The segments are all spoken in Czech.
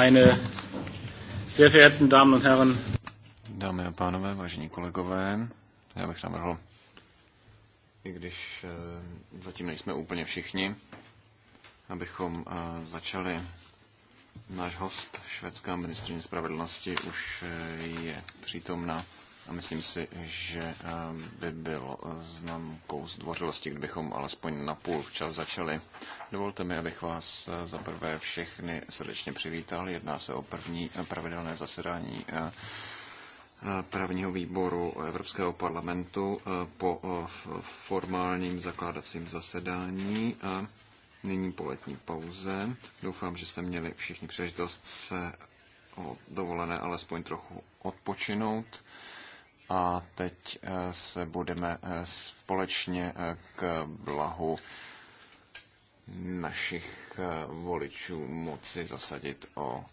meine sehr verehrten Damen und Herren. Dámy a pánové, vážení kolegové, já bych navrhl, i když eh, zatím nejsme úplně všichni, abychom eh, začali. Náš host, švédská ministrině spravedlnosti, už eh, je přítomna a myslím si, že ehm, by bylo známkou zdvořilosti, kdybychom alespoň na půl včas začali. Dovolte mi, abych vás eh, za prvé všechny srdečně přivítal. Jedná se o první eh, pravidelné zasedání eh, právního výboru Evropského parlamentu po formálním zakládacím zasedání a nyní po letní pauze. Doufám, že jste měli všichni příležitost se dovolené alespoň trochu odpočinout a teď eh, se budeme eh, společně eh, k blahu našich voličů moci zasadit o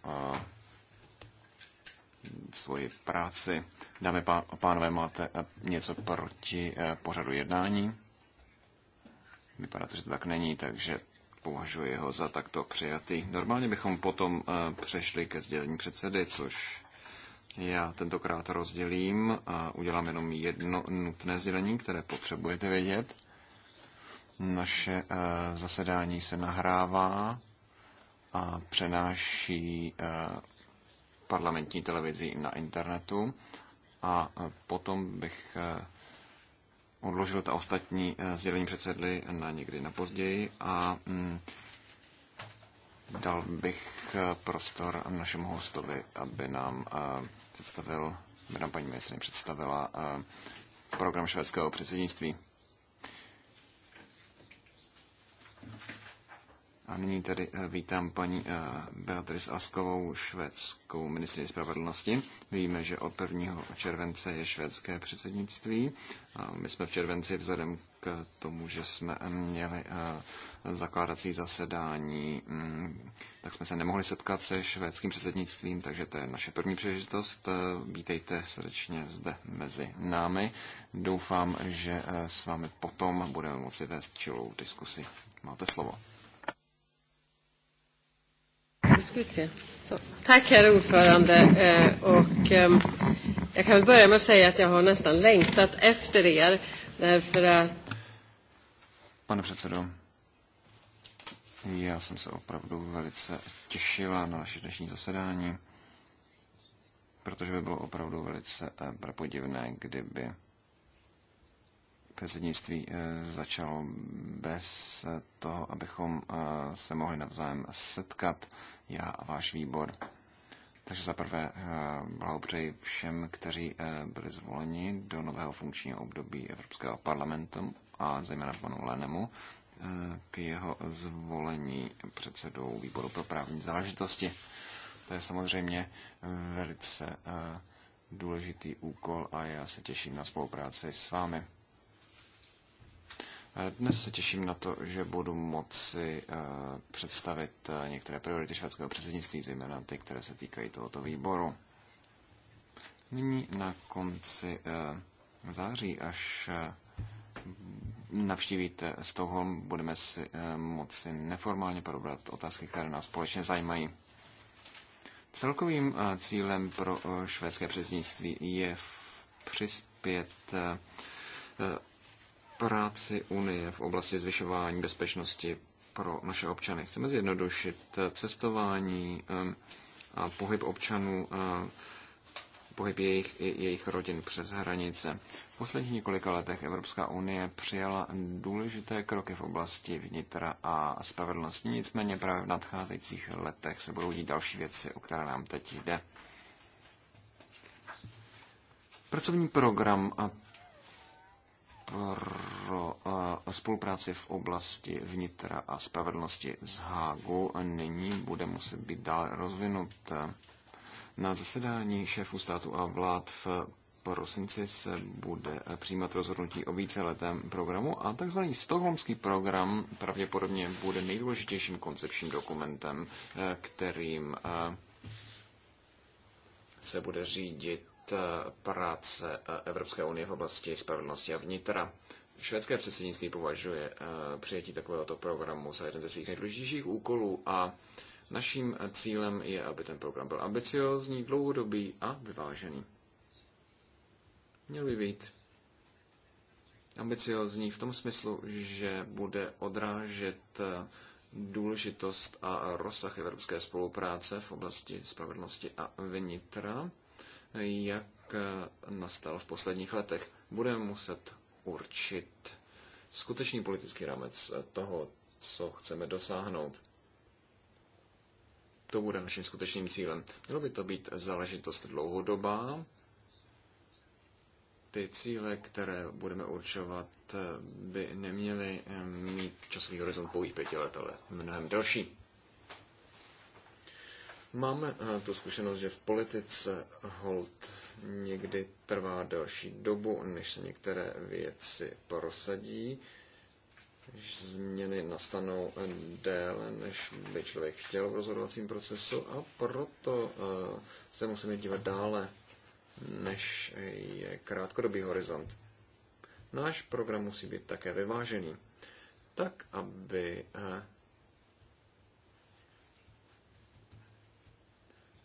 svoji práci. Dámy a pánové, máte něco proti pořadu jednání? Vypadá to, že to tak není, takže považuji ho za takto přijatý. Normálně bychom potom přešli ke sdělení předsedy, což já tentokrát rozdělím a udělám jenom jedno nutné sdělení, které potřebujete vědět. Naše eh, zasedání se nahrává a přenáší eh, parlamentní televizi na internetu. A eh, potom bych odložil ta ostatní sdělení předsedly na někdy na později a mm, dal bych prostor našemu hostovi, aby nám představil, nám paní ministrině představila eh, program švédského předsednictví. A nyní tedy eh, vítám paní eh, Beatrice Askovou, švédskou ministrině spravedlnosti. Víme, že od 1. července je švédské předsednictví. My jsme v červenci vzhledem k tomu, že jsme měli eh, zakládací zasedání, mm, tak jsme se nemohli setkat se švédským předsednictvím, takže to je naše první příležitost. Vítejte srdečně zde mezi námi. Doufám, že s vámi potom budeme moci vést čilou diskusi. Máte slovo ska Så. Tack herr ordförande. Eh, och, eh, jag kan väl börja med att säga att jag har nästan längtat efter er. Därför att... Pane předsedo, já jsem se opravdu velice těšila na naše dnešní zasedání, protože by bylo opravdu velice eh, prapodivné, kdyby předsednictví eh, začalo bez eh, toho, abychom eh, se mohli navzájem setkat, já a váš výbor. Takže za prvé blahopřeji všem, kteří byli zvoleni do nového funkčního období Evropského parlamentu a zejména panu Lenemu k jeho zvolení předsedou výboru pro právní záležitosti. To je samozřejmě velice důležitý úkol a já se těším na spolupráci s vámi. Dnes se těším na to, že budu moci eh, představit eh, některé priority švédského předsednictví, zejména ty, které se týkají tohoto výboru. Nyní na konci eh, září, až navštívíte Stockholm, budeme si moci neformálně probrat otázky, které nás společně zajímají. Celkovým cílem pro švédské předsednictví je přispět práci Unie v oblasti zvyšování bezpečnosti pro naše občany. Chceme zjednodušit eh, cestování eh, a pohyb občanů, eh, pohyb jejich i jejich rodin přes hranice. V posledních několika letech Evropská unie přijala důležité kroky v oblasti vnitra a spravedlnosti, nicméně právě v nadcházejících letech se budou dít další věci, o které nám teď jde. Pracovní program a pro eh, spolupráci v oblasti vnitra a spravedlnosti z Hágu nyní bude muset být dále rozvinut. Eh, na zasedání šéfů státu a vlád v prosinci se bude eh, přijímat rozhodnutí o víceletém programu a tzv. stokholmský program pravděpodobně bude nejdůležitějším koncepčním dokumentem, kterým se bude řídit Eh, práce eh, Evropské unie v oblasti spravedlnosti a vnitra. Švédské předsednictví považuje eh, přijetí takovéhoto programu za jeden ze svých nejdůležitějších úkolů a naším cílem je, aby ten program byl ambiciózní, dlouhodobý a vyvážený. Měl by být ambiciozní v tom smyslu, že bude odrážet důležitost a rozsah evropské spolupráce v oblasti spravedlnosti a vnitra jak eh, nastal v posledních letech. Budeme muset určit skutečný politický rámec eh, toho, co chceme dosáhnout. To bude naším skutečným cílem. Mělo by to být záležitost dlouhodobá. Ty cíle, které budeme určovat, eh, by neměly mít časový horizont pouhých pěti let, ale mnohem delší. Máme eh, tu zkušenost, že v politice hold někdy trvá další dobu, než se některé věci prosadí, změny nastanou eh, déle, než by člověk chtěl v rozhodovacím procesu a proto eh, se musíme dívat dále, než je krátkodobý horizont. Náš program musí být také vyvážený, tak aby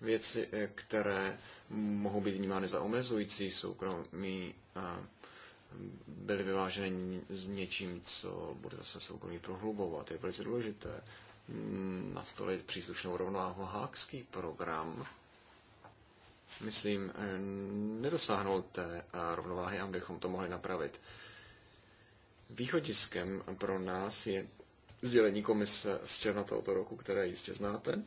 věci, eh, které mohou být vnímány za omezující soukromí, eh, byly vyváženy s něčím, co bude zase soukromí prohlubovat. Je velice důležité mm, nastolit příslušnou rovnováhu hákský program, myslím, eh, nedosáhnul té rovnováhy, abychom to mohli napravit. Východiskem pro nás je sdělení komise z června tohoto roku, které jistě znáte,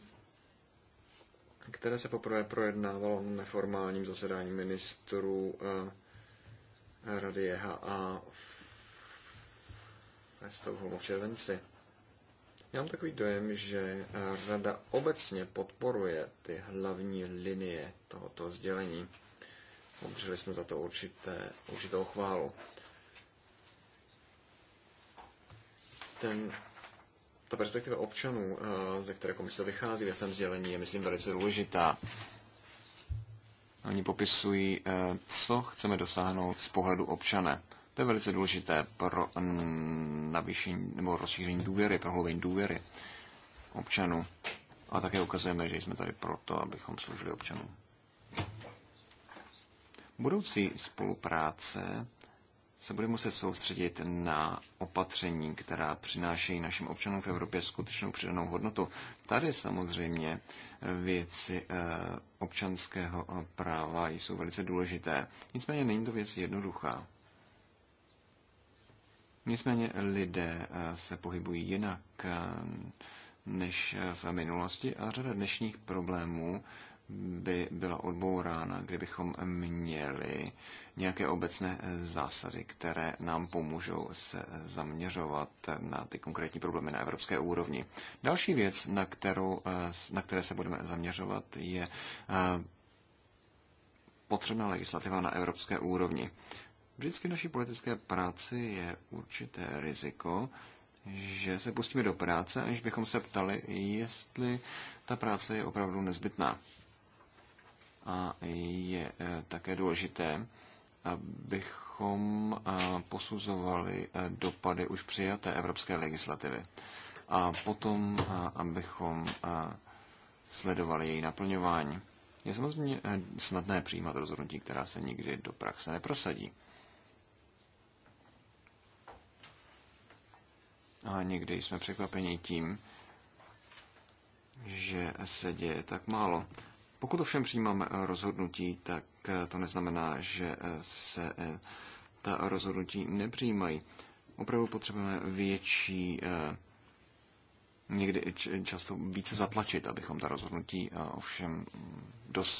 které se poprvé projednávalo na neformálním zasedání ministrů eh, Rady EHA ve Stockholmu v červenci. Já mám takový dojem, že eh, Rada obecně podporuje ty hlavní linie tohoto sdělení. Obdrželi jsme za to určité, určitou chválu. Ten ta perspektiva občanů, eh, ze které komise vychází ve svém sdělení, je, myslím, velice důležitá. Oni popisují, eh, co chceme dosáhnout z pohledu občana. To je velice důležité pro mm, navýšení nebo rozšíření důvěry, pro hlubení důvěry občanů. A také ukazujeme, že jsme tady proto, abychom sloužili občanům. Budoucí spolupráce se bude muset soustředit na opatření, která přinášejí našim občanům v Evropě skutečnou přidanou hodnotu. Tady samozřejmě věci eh, občanského eh, práva jsou velice důležité. Nicméně není to věc jednoduchá. Nicméně lidé eh, se pohybují jinak než v minulosti a řada dnešních problémů by byla odbourána, kdybychom měli nějaké obecné zásady, které nám pomůžou se zaměřovat na ty konkrétní problémy na evropské úrovni. Další věc, na, kterou, na které se budeme zaměřovat, je eh, potřebná legislativa na evropské úrovni. Vždycky v naší politické práci je určité riziko, že se pustíme do práce, aniž bychom se ptali, jestli ta práce je opravdu nezbytná a je eh, také důležité, abychom eh, posuzovali eh, dopady už přijaté evropské legislativy a potom, abychom sledovali její naplňování. Je samozřejmě snadné přijímat rozhodnutí, která se nikdy do praxe neprosadí. A někdy jsme překvapeni tím, že se děje tak málo. Pokud ovšem přijímáme eh, rozhodnutí, tak eh, to neznamená, že eh, se ta rozhodnutí nepřijímají. Opravdu potřebujeme větší, někdy často více zatlačit, abychom ta rozhodnutí ovšem mm,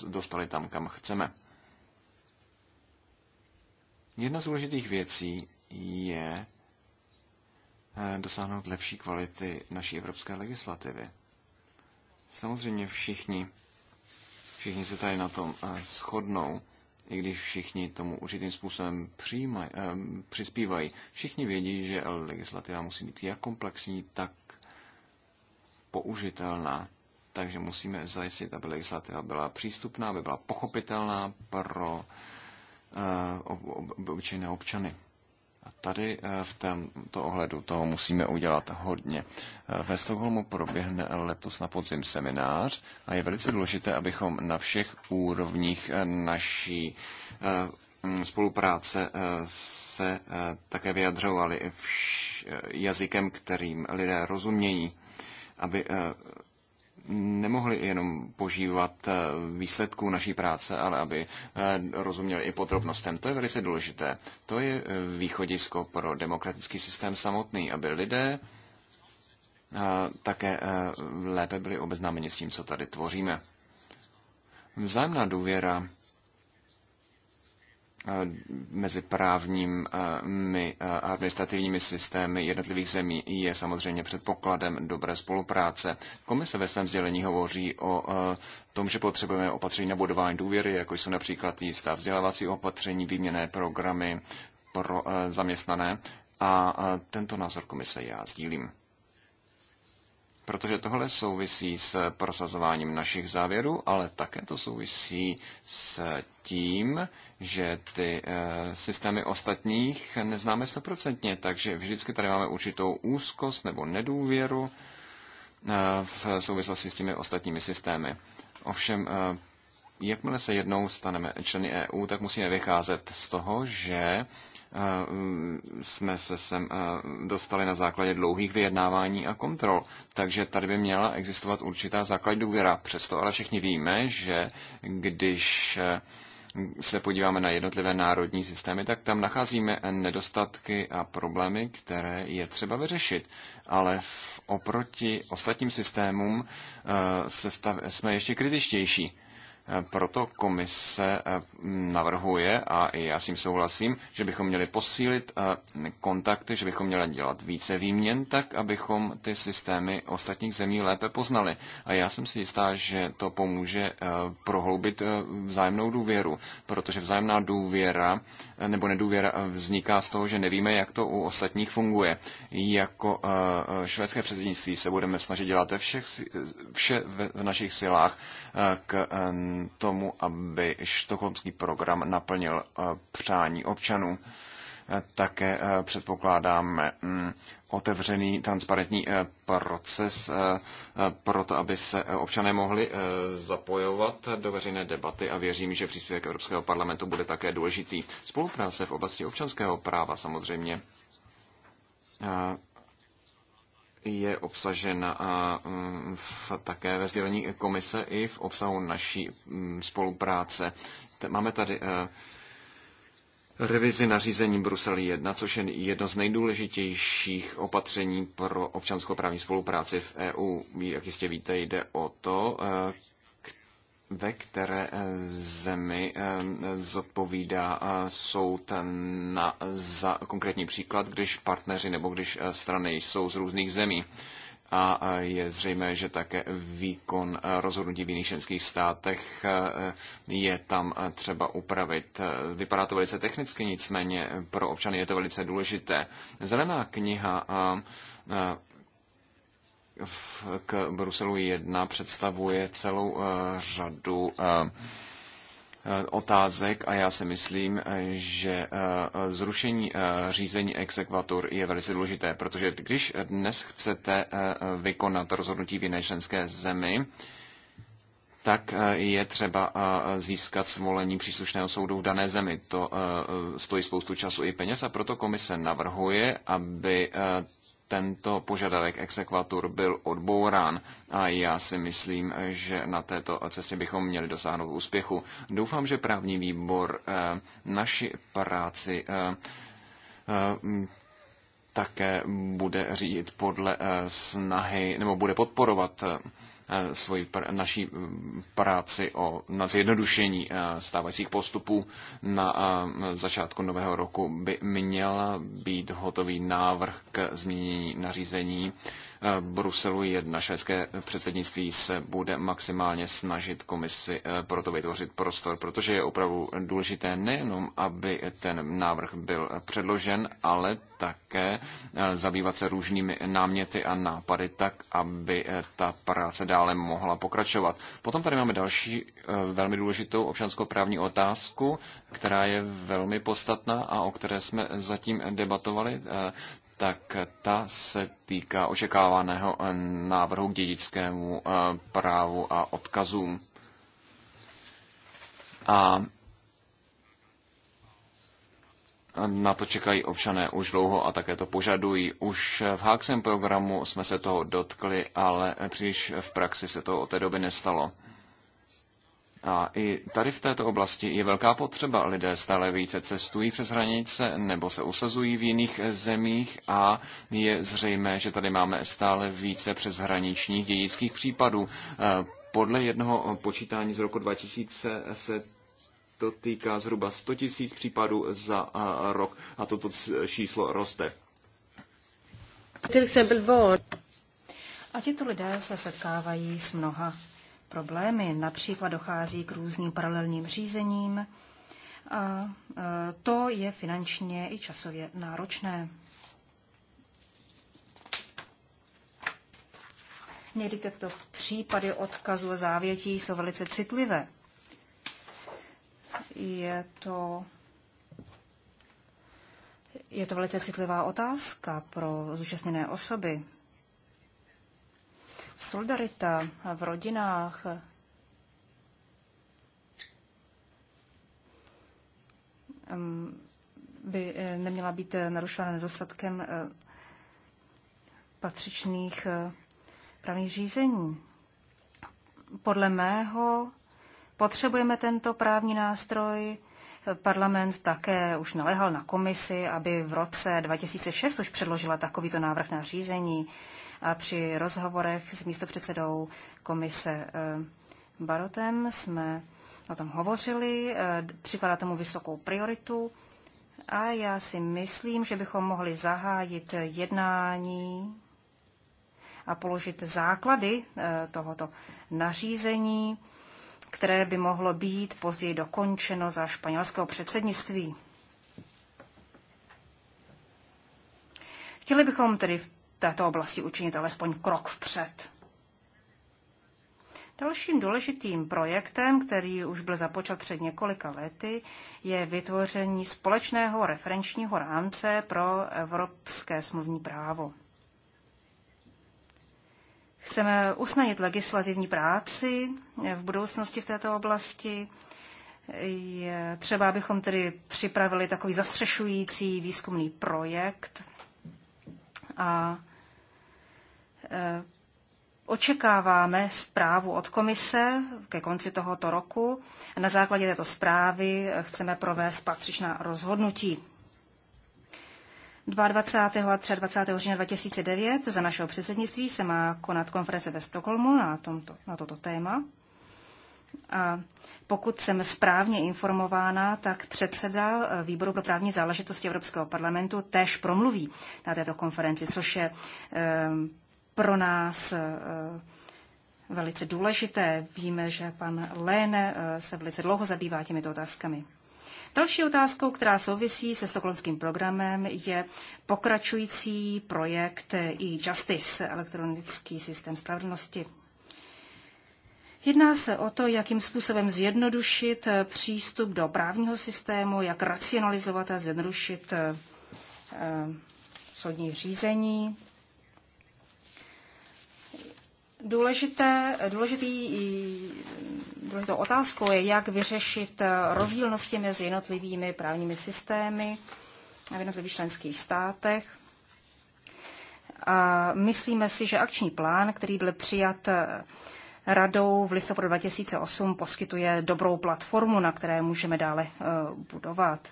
dostali tam, kam chceme. Jedna z důležitých věcí je dosáhnout lepší kvality naší evropské legislativy. Samozřejmě všichni Všichni se tady na tom eh, shodnou, i když všichni tomu určitým způsobem přijímaj, eh, přispívají. Všichni vědí, že legislativa musí být jak komplexní, tak použitelná. Takže musíme zajistit, aby legislativa byla přístupná, aby byla pochopitelná pro eh, obyčejné občany. A tady eh, v tomto ohledu toho musíme udělat hodně. Eh, ve Stockholmu proběhne letos na podzim seminář a je velice důležité, abychom na všech úrovních eh, naší spolupráce se také vyjadřovali jazykem, kterým lidé rozumějí, aby nemohli jenom požívat eh, výsledků naší práce, ale aby eh, rozuměli i podrobnostem. To je velice důležité. To je eh, východisko pro demokratický systém samotný, aby lidé také lépe byli obeznámeni s tím, co tady tvoříme. Vzájemná důvěra mezi právními a administrativními systémy jednotlivých zemí je samozřejmě předpokladem dobré spolupráce. Komise ve svém sdělení hovoří o tom, že potřebujeme opatření na budování důvěry, jako jsou například jistá vzdělávací opatření, výměné programy pro zaměstnané. A tento názor komise já sdílím protože tohle souvisí s prosazováním našich závěrů, ale také to souvisí s tím, že ty eh, systémy ostatních neznáme stoprocentně, takže vždycky tady máme určitou úzkost nebo nedůvěru eh, v souvislosti s těmi ostatními systémy. Ovšem, eh, jakmile se jednou staneme členy EU, tak musíme vycházet z toho, že Mm, jsme se sem dostali na základě dlouhých vyjednávání a kontrol. Takže tady by měla existovat určitá základní důvěra. Přesto ale všichni víme, že když e, se podíváme na jednotlivé národní systémy, tak tam nacházíme nedostatky a problémy, které je třeba vyřešit. Ale v oproti ostatním systémům e, se stav, jsme ještě kritičtější. Proto komise eh, navrhuje, a i já s tím souhlasím, že bychom měli posílit eh, kontakty, že bychom měli dělat více výměn, tak abychom ty systémy ostatních zemí lépe poznali. A já jsem si jistá, že to pomůže eh, prohloubit vzájemnou důvěru, protože vzájemná důvěra nebo nedůvěra vzniká z toho, že nevíme, jak to u ostatních funguje. Jako švédské předsednictví se budeme snažit dělat vše, vše v našich silách k tomu, aby štokholmský program naplnil eh, přání občanů. Eh, také eh, předpokládáme mm, otevřený, transparentní proces pro to, aby se občané mohli zapojovat do veřejné debaty a věřím, že příspěvek Evropského parlamentu bude také důležitý. Spolupráce v oblasti občanského práva samozřejmě je obsažena mm, v, také ve sdělení komise i v obsahu naší mm, spolupráce. Máme tady e, revizi nařízení Brusel 1, což je jedno z nejdůležitějších opatření pro občanskoprávní spolupráci v EU. Jak jistě víte, jde o to, e, ve které eh, zemi eh, zodpovídá eh, soud na, za konkrétní příklad, když partneři nebo když strany jsou z různých zemí. A je zřejmé, že také výkon rozhodnutí v jiných členských státech je tam třeba upravit. Vypadá to velice technicky, nicméně pro občany je to velice důležité. Zelená kniha v, k Bruselu 1 představuje celou eh, řadu eh, eh, otázek a já si myslím, že zrušení řízení exekvatur je velice důležité, protože když dnes chcete vykonat rozhodnutí v jiné členské zemi, tak je třeba získat svolení příslušného soudu v dané zemi. To stojí spoustu času i peněz a proto komise navrhuje, aby tento požadavek exekvatur byl odbourán a já si myslím, že na této cestě bychom měli dosáhnout úspěchu. Doufám, že právní výbor eh, naši práci eh, eh, také bude řídit podle snahy, nebo bude podporovat Eh, svoji, naší mm, práci o, na zjednodušení eh, stávajících postupů. Na eh, začátku nového roku by měl být hotový návrh k změnění nařízení Bruselu 1. Švédské předsednictví se bude maximálně snažit komisi eh, proto vytvořit prostor, protože je opravdu důležité nejenom, aby ten návrh byl předložen, ale také eh, zabývat se různými náměty a nápady tak, aby eh, ta práce dále mohla pokračovat. Potom tady máme další velmi důležitou občanskoprávní otázku, která je velmi podstatná a o které jsme zatím debatovali tak ta se týká očekávaného eh, návrhu k dědickému eh, právu a odkazům. A na to čekají občané už dlouho a také to požadují. Už v Háksem programu jsme se toho dotkli, ale příliš v praxi se to od té doby nestalo. A i tady v této oblasti je velká potřeba. Lidé stále více cestují přes hranice nebo se usazují v jiných zemích a je zřejmé, že tady máme stále více přeshraničních dědických případů. E, podle jednoho počítání z roku 2000 se to týká zhruba 100 tisíc případů za e, rok a toto číslo roste. A tito lidé se setkávají s mnoha problémy. Například dochází k různým paralelním řízením a to je finančně i časově náročné. Někdy tyto případy odkazu a závětí jsou velice citlivé. Je to, je to velice citlivá otázka pro zúčastněné osoby solidarita v rodinách, by eh, neměla být eh, narušována nedostatkem eh, patřičných právních řízení. Podle mého potřebujeme tento právní nástroj. Parlament také už nalehal na komisi, aby v roce 2006 už předložila takovýto návrh na řízení a při rozhovorech s místopředsedou komise eh, Barotem jsme o tom hovořili, eh, připadá tomu vysokou prioritu a já si myslím, že bychom mohli zahájit jednání a položit základy eh, tohoto nařízení, které by mohlo být později dokončeno za španělského předsednictví. Chtěli bychom tedy v této oblasti učinit alespoň krok vpřed. Dalším důležitým projektem, který už byl započat před několika lety, je vytvoření společného referenčního rámce pro evropské smluvní právo. Chceme usnadnit legislativní práci v budoucnosti v této oblasti. Je třeba, abychom tedy připravili takový zastřešující výzkumný projekt a Eh, očekáváme zprávu od komise ke konci tohoto roku. Na základě této zprávy eh, chceme provést patřičná rozhodnutí. 22. a 23. října 2009 za našeho předsednictví se má konat konference ve Stockholmu na, tomto, na toto téma. A pokud jsem správně informována, tak předseda eh, Výboru pro právní záležitosti Evropského parlamentu též promluví na této konferenci, což je pro nás eh, velice důležité. Víme, že pan Léne eh, se velice dlouho zabývá těmito otázkami. Další otázkou, která souvisí se stokholmským programem, je pokračující projekt e-justice, elektronický systém spravedlnosti. Jedná se o to, jakým způsobem zjednodušit eh, přístup do právního systému, jak racionalizovat a zjednodušit soudní řízení, Důležité, důležitý, důležitou otázkou je, jak vyřešit eh, rozdílnosti mezi jednotlivými právními systémy v jednotlivých členských státech. A myslíme si, že akční plán, který byl přijat eh, radou v listopadu 2008, poskytuje dobrou platformu, na které můžeme dále eh, budovat.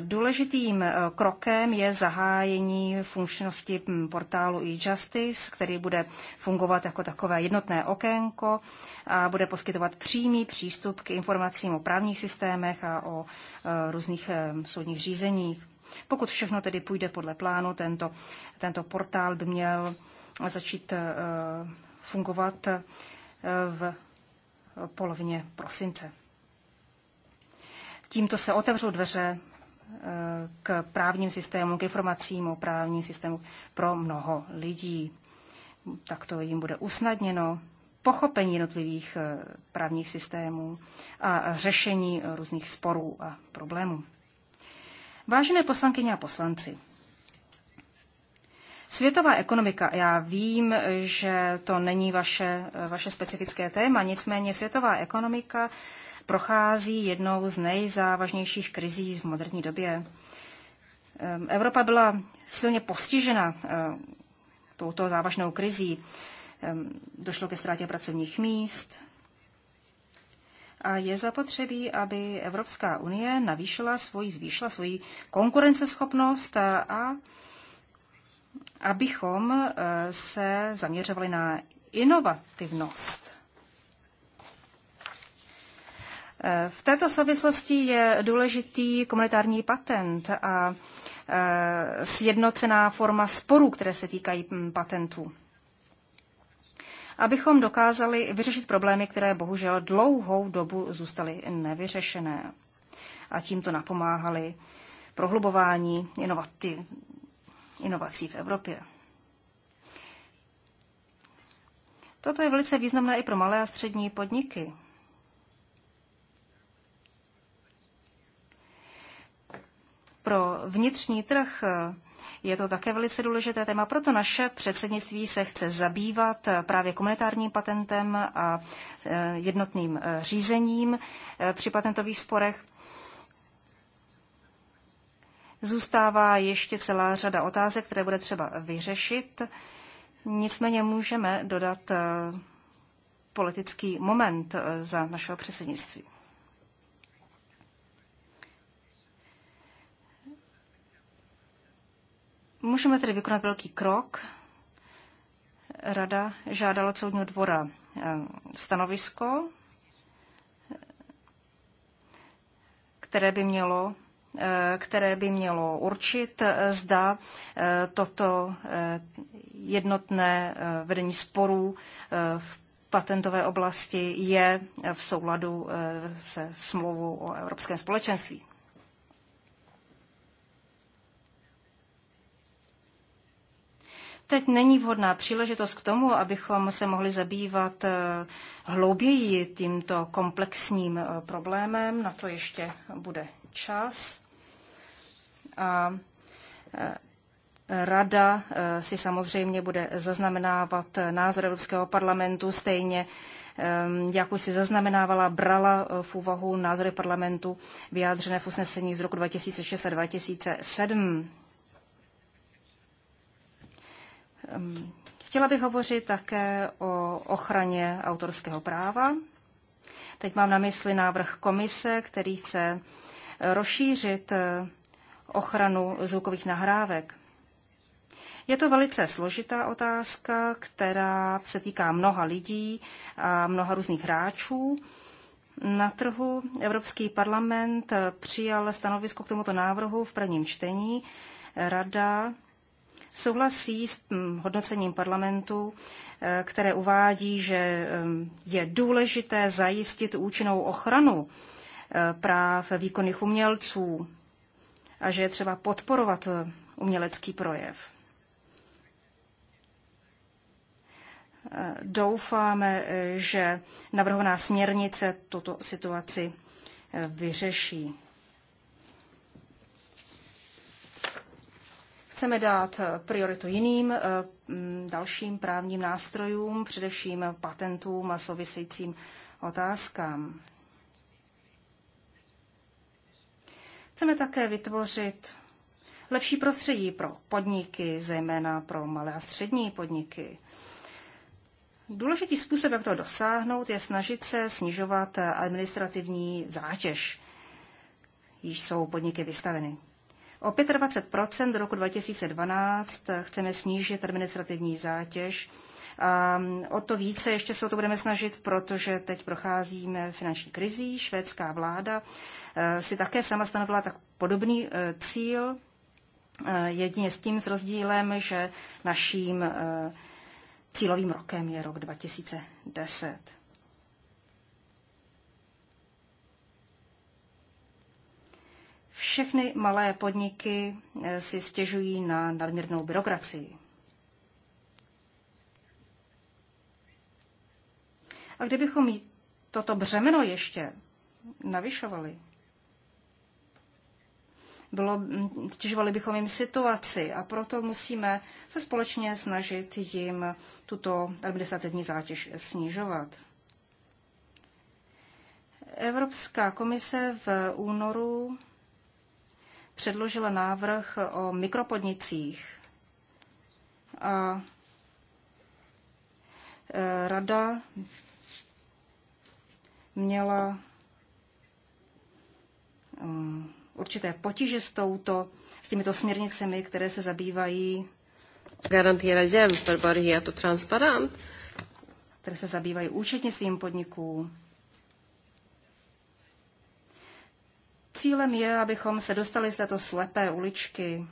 Důležitým eh, krokem je zahájení funkčnosti hm, portálu e-justice, který bude fungovat jako takové jednotné okénko a bude poskytovat přímý přístup k informacím o právních systémech a o eh, různých eh, soudních řízeních. Pokud všechno tedy půjde podle plánu, tento, tento portál by měl začít fungovat v polovině prosince. Tímto se otevřou dveře k právním systému, k informacím o právním systému pro mnoho lidí. tak to jim bude usnadněno pochopení jednotlivých eh, právních systémů a řešení různých sporů a problémů. Vážené poslankyně a poslanci, Světová ekonomika, já vím, že to není vaše, eh, vaše specifické téma, nicméně světová ekonomika prochází jednou z nejzávažnějších krizí v moderní době. Ehm, Evropa byla silně postižena ehm, touto závažnou krizí. Ehm, došlo ke ztrátě pracovních míst, a je zapotřebí, aby Evropská unie navýšila svoji, zvýšila svoji konkurenceschopnost a, a abychom se zaměřovali na inovativnost. V této souvislosti je důležitý komunitární patent a e, sjednocená forma sporů, které se týkají patentů. Abychom dokázali vyřešit problémy, které bohužel dlouhou dobu zůstaly nevyřešené a tímto napomáhali prohlubování inovaty, inovací v Evropě. Toto je velice významné i pro malé a střední podniky, Pro vnitřní trh je to také velice důležité téma, proto naše předsednictví se chce zabývat právě komunitárním patentem a e, jednotným e, řízením e, při patentových sporech. Zůstává ještě celá řada otázek, které bude třeba vyřešit. Nicméně můžeme dodat politický moment za našeho předsednictví. Můžeme tedy vykonat velký krok. Rada žádala soudního dvora eh, stanovisko, které by mělo eh, které by mělo určit, eh, zda toto jednotné vedení sporů v patentové oblasti je v souladu se smlouvou o Evropském společenství. Teď není vhodná příležitost k tomu, abychom se mohli zabývat eh, hlouběji tímto komplexním eh, problémem. Na to ještě bude čas. A eh, Rada si samozřejmě bude zaznamenávat názor Evropského parlamentu stejně, jak už si zaznamenávala, brala v úvahu názory parlamentu vyjádřené v usnesení z roku 2006 a 2007. Chtěla bych hovořit také o ochraně autorského práva. Teď mám na mysli návrh komise, který chce eh, rozšířit eh, ochranu zvukových nahrávek. Je to velice složitá otázka, která se týká mnoha lidí a mnoha různých hráčů. Na trhu Evropský parlament eh, přijal stanovisko k tomuto návrhu v prvním čtení. Rada souhlasí s mm, hodnocením parlamentu, eh, které uvádí, že mm, je důležité zajistit účinnou ochranu eh, práv výkonných umělců a že je třeba podporovat eh, umělecký projev. Doufáme, že navrhovaná směrnice tuto situaci vyřeší. Chceme dát eh, prioritu jiným eh, dalším právním nástrojům, především patentům a souvisejícím otázkám. Chceme také vytvořit lepší prostředí pro podniky, zejména pro malé a střední podniky. Důležitý způsob, jak to dosáhnout, je snažit se snižovat eh, administrativní zátěž, již jsou podniky vystaveny. O 25 do roku 2012 chceme snížit administrativní zátěž. A mm, o to více ještě se o to budeme snažit, protože teď procházíme finanční krizí. Švédská vláda e, si také sama stanovila tak podobný e, cíl, e, jedině s tím s rozdílem, že naším cílovým rokem je rok 2010. Všechny malé podniky eh, si stěžují na nadměrnou byrokracii. A kdybychom toto břemeno ještě navyšovali, bylo, stěžovali bychom jim situaci a proto musíme se společně snažit jim tuto administrativní zátěž snižovat. Evropská komise v únoru předložila návrh o mikropodnicích. A e, rada měla e, určité potíže s, touto, s těmito směrnicemi, které se zabývají garantiera jämförbarhet och transparent, které se zabývají účetnictvím podniků Cílem je, abychom se dostali z této slepé uličky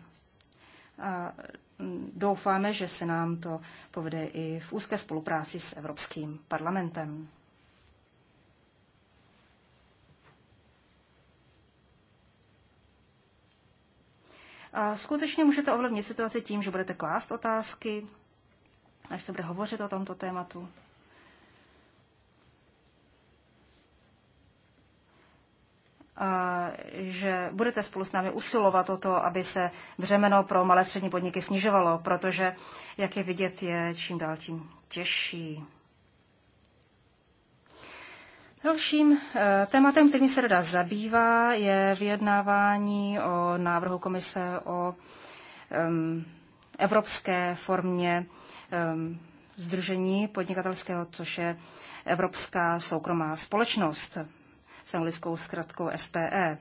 a mm, doufáme, že se nám to povede i v úzké spolupráci s Evropským parlamentem. A skutečně můžete ovlivnit situaci tím, že budete klást otázky, až se bude hovořit o tomto tématu. že budete spolu s námi usilovat o to, aby se břemeno pro malé střední podniky snižovalo, protože, jak je vidět, je čím dál tím těžší. Dalším eh, tématem, kterým se rada zabývá, je vyjednávání o návrhu komise o um, evropské formě um, združení podnikatelského, což je Evropská soukromá společnost s anglickou zkratkou SPE.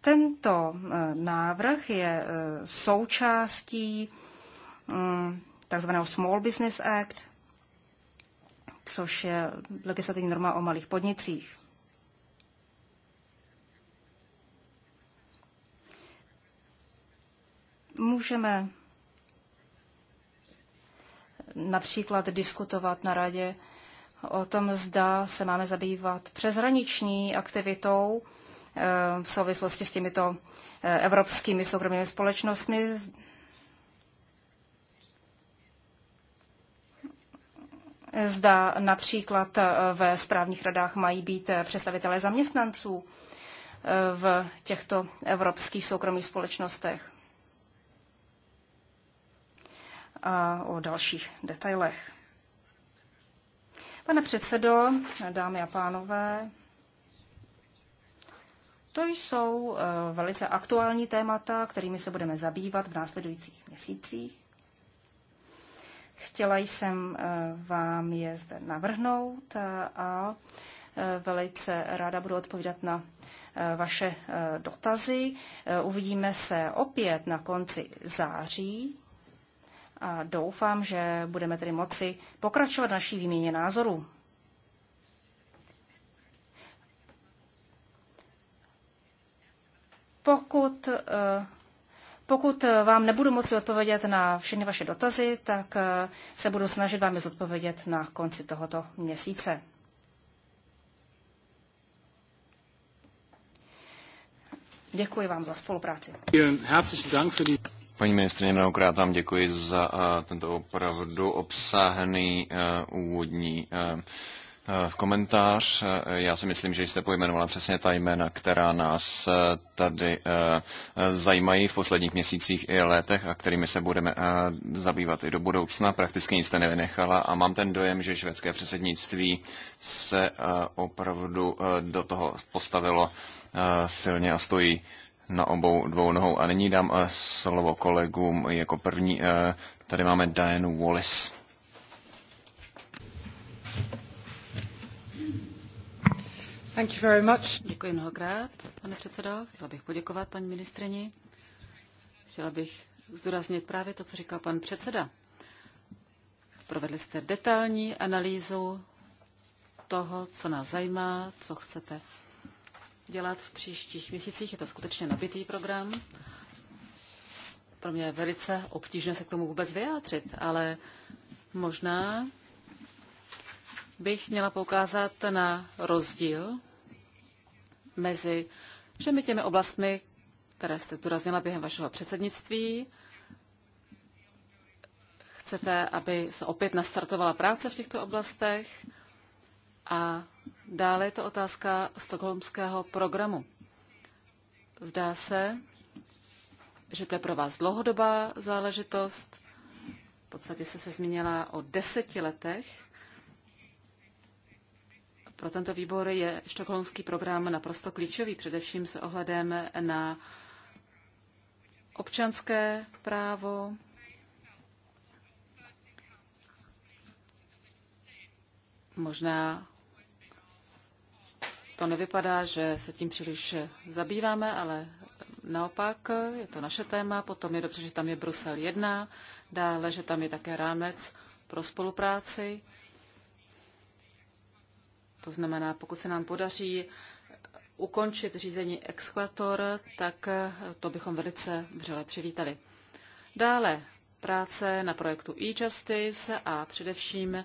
Tento eh, návrh je eh, součástí eh, takzvaného Small Business Act, což je legislativní norma o malých podnicích. Můžeme například diskutovat na radě o tom, zda se máme zabývat přeshraniční aktivitou eh, v souvislosti s těmito eh, evropskými soukromými společnostmi. Zda například eh, ve správních radách mají být představitelé zaměstnanců v těchto evropských soukromých společnostech. A o dalších detailech. Pane předsedo, dámy a pánové, to jsou eh, velice aktuální témata, kterými se budeme zabývat v následujících měsících. Chtěla jsem eh, vám je zde navrhnout eh, a velice ráda budu odpovídat na vaše dotazy. Uvidíme se opět na konci září a doufám, že budeme tedy moci pokračovat naší výměně názorů. Pokud, eh, pokud vám nebudu moci odpovědět na všechny vaše dotazy, tak eh, se budu snažit vám je zodpovědět na konci tohoto měsíce. Děkuji vám za spolupráci. Paní ministrině, mnohokrát vám děkuji za eh, tento opravdu obsáhný eh, úvodní v eh, komentář. Já si myslím, že jste pojmenovala přesně ta jména, která nás tady zajímají v posledních měsících i letech a kterými se budeme zabývat i do budoucna. Prakticky nic jste nevynechala a mám ten dojem, že švédské předsednictví se opravdu do toho postavilo silně a stojí na obou dvou nohou. A nyní dám eh, slovo kolegům jako první. Eh, tady máme Diane Wallace. Thank you very much. Děkuji mnohokrát, pane předsedo. Chtěla bych poděkovat paní ministrini. Chtěla bych zdůraznit právě to, co říkal pan předseda. Provedli jste detailní analýzu toho, co nás zajímá, co chcete dělat v příštích měsících. Je to skutečně nabitý program. Pro mě je velice obtížné se k tomu vůbec vyjádřit, ale možná bych měla poukázat na rozdíl mezi všemi těmi oblastmi, které jste raznila, během vašeho předsednictví. Chcete, aby se opět nastartovala práce v těchto oblastech? A dále je to otázka stokholmského programu. Zdá se, že to je pro vás dlouhodobá záležitost. V podstatě se se zmínila o deseti letech. Pro tento výbor je štokholmský program naprosto klíčový, především se ohledem na občanské právo, možná to nevypadá, že se tím příliš zabýváme, ale naopak je to naše téma. Potom je dobře, že tam je Brusel 1, dále, že tam je také rámec pro spolupráci. To znamená, pokud se nám podaří ukončit řízení exkvator, tak to bychom velice vřele přivítali. Dále práce na projektu e-justice a především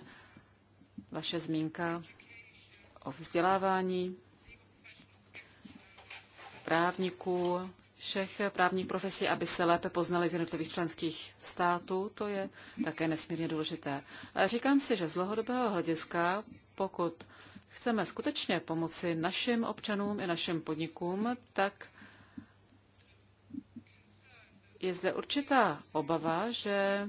vaše zmínka o vzdělávání právníků, všech právních profesí, aby se lépe poznali z jednotlivých členských států. To je také nesmírně důležité. říkám si, že z dlouhodobého hlediska, pokud chceme skutečně pomoci našim občanům i našim podnikům, tak je zde určitá obava, že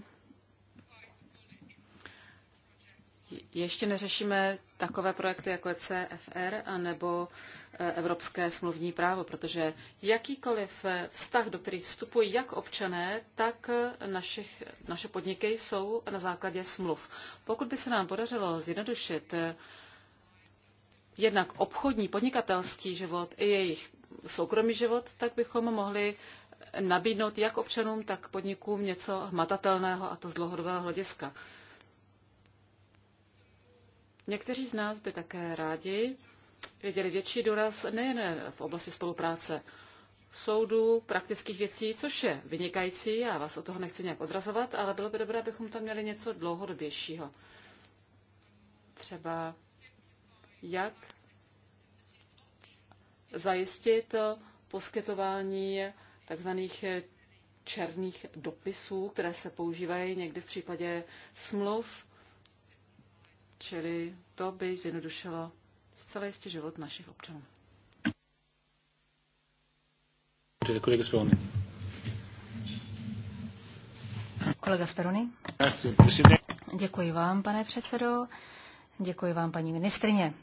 ještě neřešíme takové projekty jako je CFR anebo evropské smluvní právo, protože jakýkoliv vztah, do kterých vstupují jak občané, tak našich, naše podniky jsou na základě smluv. Pokud by se nám podařilo zjednodušit eh, jednak obchodní, podnikatelský život i jejich soukromý život, tak bychom mohli nabídnout jak občanům, tak podnikům něco hmatatelného a to z dlouhodobého hlediska. Někteří z nás by také rádi věděli větší doraz nejen v oblasti spolupráce soudů, praktických věcí, což je vynikající, já vás od toho nechci nějak odrazovat, ale bylo by dobré, abychom tam měli něco dlouhodobějšího. Třeba jak zajistit poskytování takzvaných černých dopisů, které se používají někdy v případě smluv, čili to by zjednodušilo zcela jistě život našich občanů. Kolega Speroni. Kolega Speroni. Děkuji vám, pane předsedo. Děkuji vám, paní ministrině.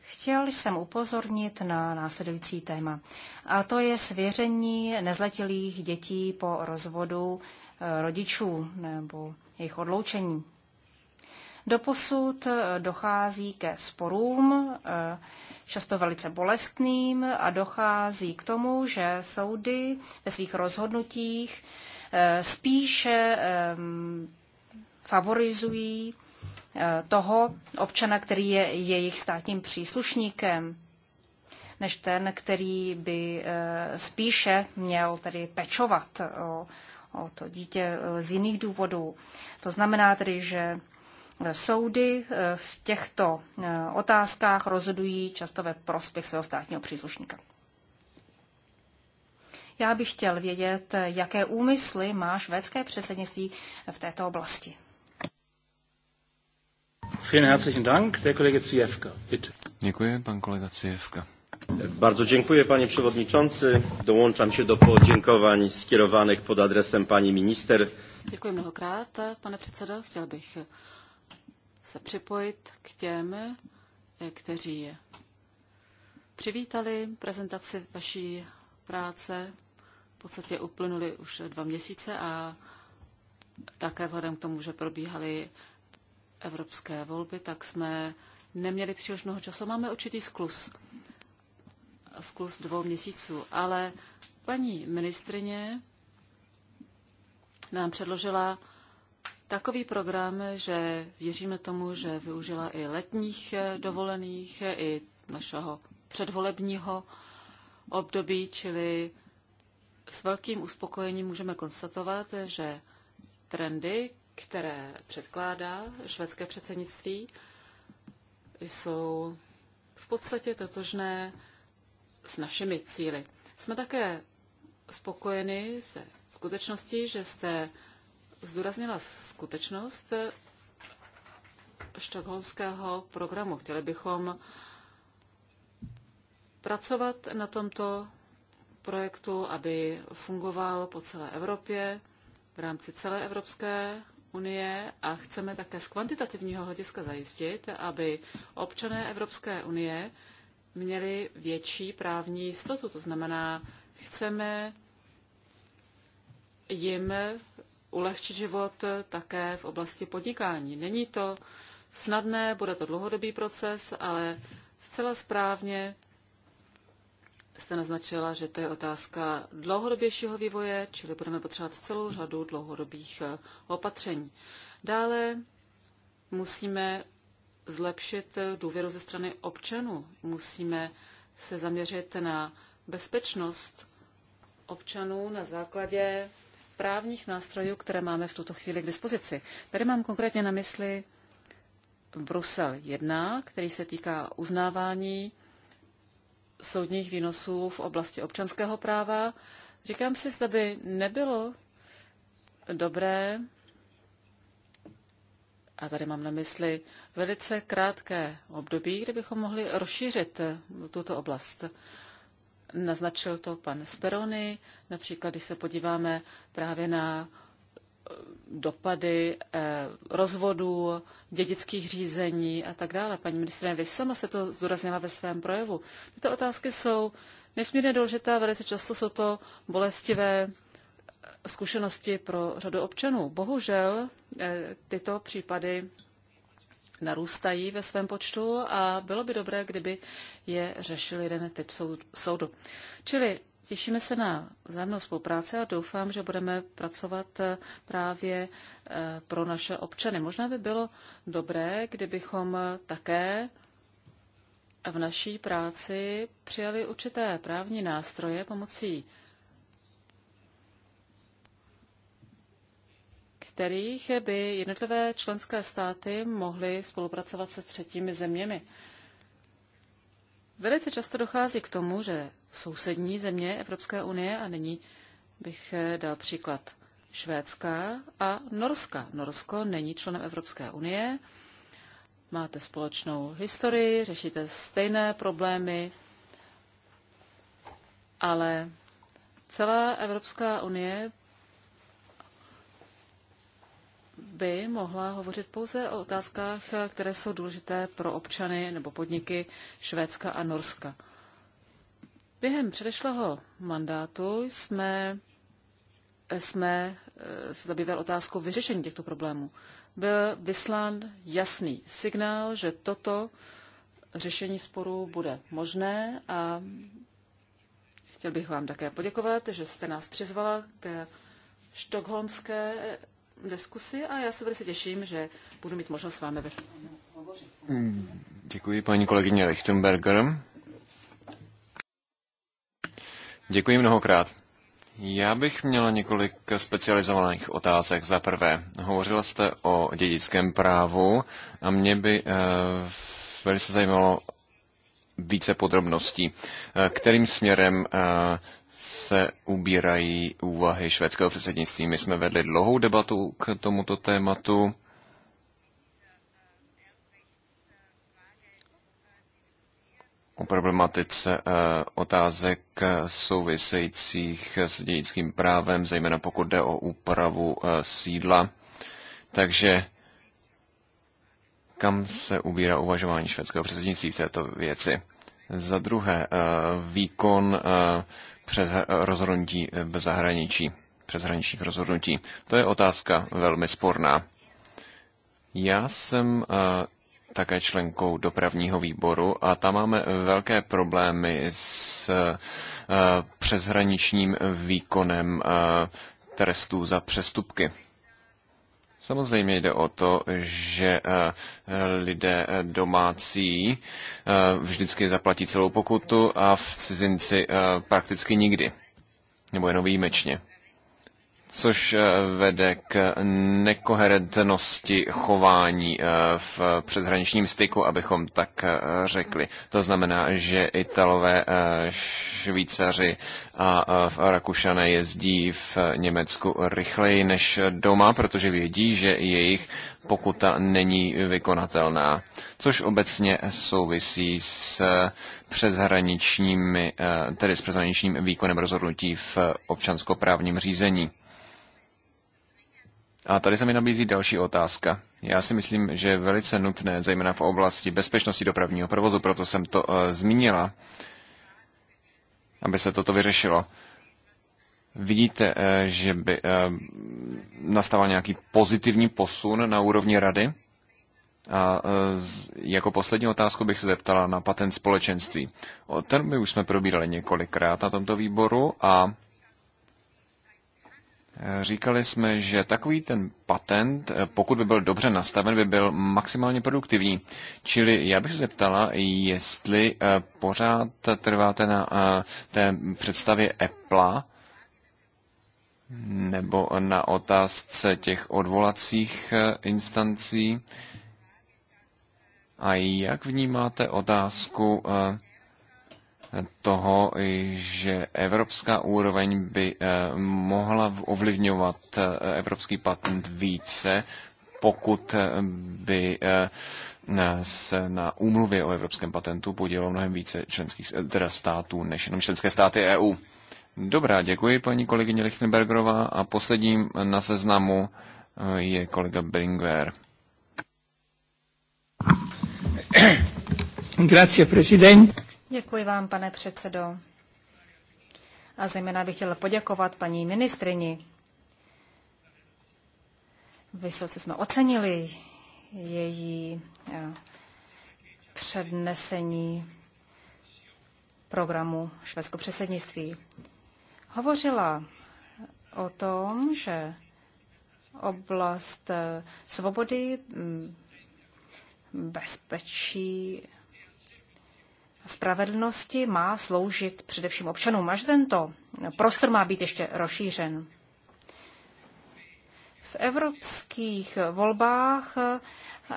Chtěl jsem upozornit na následující téma, a to je svěření nezletilých dětí po rozvodu eh, rodičů nebo jejich odloučení. Doposud eh, dochází ke sporům, eh, často velice bolestným, a dochází k tomu, že soudy ve svých rozhodnutích eh, spíše ehm, favorizují toho občana, který je jejich státním příslušníkem, než ten, který by spíše měl tedy pečovat o, o to dítě z jiných důvodů. To znamená tedy, že Soudy eh, v těchto eh, otázkách rozhodují často ve prospěch svého státního příslušníka. Já bych chtěl vědět, eh, jaké úmysly má švédské předsednictví v této oblasti. Děkuji, pan kolega Cijevka. Bardzo dziękuję panie przewodniczący. Dołączam się do podziękowań skierowanych pod adresem pani minister. Děkuji mnohokrát, pane předsedo. Chtěl bych se připojit k těm, eh, kteří přivítali prezentaci vaší práce. V podstatě uplynuly už dva měsíce a také vzhledem k tomu, že probíhaly evropské volby, tak jsme neměli příliš mnoho času. Máme určitý sklus. Sklus dvou měsíců. Ale paní ministrině nám předložila takový program, že věříme tomu, že využila i letních eh, dovolených, i našeho předvolebního období, čili s velkým uspokojením můžeme konstatovat, že trendy, které předkládá švédské předsednictví, jsou v podstatě totožné s našimi cíly. Jsme také spokojeni se skutečností, že jste zdůraznila skutečnost štokholmského programu. Chtěli bychom pracovat na tomto projektu, aby fungoval po celé Evropě, v rámci celé Evropské unie a chceme také z kvantitativního hlediska zajistit, aby občané Evropské unie měli větší právní jistotu. To znamená, chceme jim ulehčit život také v oblasti podnikání. Není to snadné, bude to dlouhodobý proces, ale zcela správně jste naznačila, že to je otázka dlouhodobějšího vývoje, čili budeme potřebovat celou řadu dlouhodobých eh, opatření. Dále musíme zlepšit eh, důvěru ze strany občanů. Musíme se zaměřit na bezpečnost občanů na základě právních nástrojů, které máme v tuto chvíli k dispozici. Tady mám konkrétně na mysli Brusel 1, který se týká uznávání soudních výnosů v oblasti občanského práva. Říkám si, zda by nebylo dobré, a tady mám na mysli velice krátké období, kde bychom mohli rozšířit tuto oblast. Naznačil to pan Speroni, Například, když se podíváme právě na eh, dopady eh, rozvodů, dědických řízení a tak dále. Paní ministrině, vy sama se to zdůraznila ve svém projevu. Tyto otázky jsou nesmírně důležité, velice často jsou to bolestivé eh, zkušenosti pro řadu občanů. Bohužel tyto případy narůstají ve svém počtu a bylo by dobré, kdyby je řešil jeden typ soudu. Čili Těšíme se na vzájemnou spolupráci a doufám, že budeme pracovat eh, právě eh, pro naše občany. Možná by bylo dobré, kdybychom eh, také v naší práci přijali určité právní nástroje, pomocí kterých by jednotlivé členské státy mohly spolupracovat se třetími zeměmi. Velice často dochází k tomu, že sousední země Evropské unie, a nyní bych eh, dal příklad Švédska a Norska. Norsko není členem Evropské unie, máte společnou historii, řešíte stejné problémy, ale celá Evropská unie by mohla hovořit pouze o otázkách, které jsou důležité pro občany nebo podniky Švédska a Norska. Během předešlého mandátu jsme, jsme eh, se zabývali otázkou vyřešení těchto problémů. Byl vyslán jasný signál, že toto řešení sporů bude možné a chtěl bych vám také poděkovat, že jste nás přizvala ke štokholmské diskusi a já se velice těším, že budu mít možnost s vámi hovořit. Děkuji paní kolegyně Lichtenberger. Děkuji mnohokrát. Já bych měla několik specializovaných otázek. Za prvé, hovořila jste o dědickém právu a mě by eh, velice zajímalo více podrobností. Eh, kterým směrem eh, se ubírají úvahy švédského předsednictví. My jsme vedli dlouhou debatu k tomuto tématu. o problematice eh, otázek souvisejících s dědickým právem, zejména pokud jde o úpravu eh, sídla. Takže kam se ubírá uvažování švédského předsednictví v této věci? Za druhé, eh, výkon přes rozhodnutí v zahraničí, hraničních rozhodnutí. To je otázka velmi sporná. Já jsem eh, také členkou dopravního výboru a tam máme velké problémy s eh, přeshraničním výkonem eh, trestů za přestupky. Samozřejmě jde o to, že eh, lidé eh, domácí eh, vždycky zaplatí celou pokutu a v cizinci prakticky nikdy, nebo jenom výjimečně což eh, vede k nekoherentnosti chování eh, v přeshraničním styku, abychom tak eh, řekli. To znamená, že Italové, Švýcaři a Rakušané jezdí v Německu rychleji než doma, protože vědí, že jejich pokuta není vykonatelná, což obecně souvisí s přeshraničním, tedy s přeshraničním výkonem rozhodnutí v občanskoprávním řízení. A tady se mi nabízí další otázka. Já si myslím, že je velice nutné, zejména v oblasti bezpečnosti dopravního provozu, proto jsem to uh, zmínila, aby se toto vyřešilo. Vidíte, uh, že by uh, eh, nastával nějaký pozitivní posun na úrovni rady? A z, jako poslední otázku bych se zeptala na patent společenství. O ten my už jsme probírali několikrát na tomto výboru a Říkali jsme, že takový ten patent, eh, pokud by byl dobře nastaven, by byl maximálně produktivní. Čili já bych se zeptala, jestli eh, pořád trváte na eh, té představě Apple nebo na otázce těch odvolacích instancí. A jak vnímáte otázku toho, že evropská úroveň by eh, mohla ovlivňovat eh, evropský patent více, pokud eh, by se na úmluvě o evropském patentu podílelo mnohem více členských teda států než jenom členské státy EU. Dobrá, děkuji paní kolegyně Lichtenbergerová a posledním na seznamu je kolega Bringwer. Grazie, presidente. Děkuji vám, pane předsedo. A zejména bych chtěla poděkovat paní ministrini. Vysoce jsme ocenili její eh, přednesení programu švédského předsednictví. Hovořila o tom, že oblast eh, svobody, mm, bezpečí spravedlnosti má sloužit především občanům. Až tento prostor má být ještě rozšířen. V evropských volbách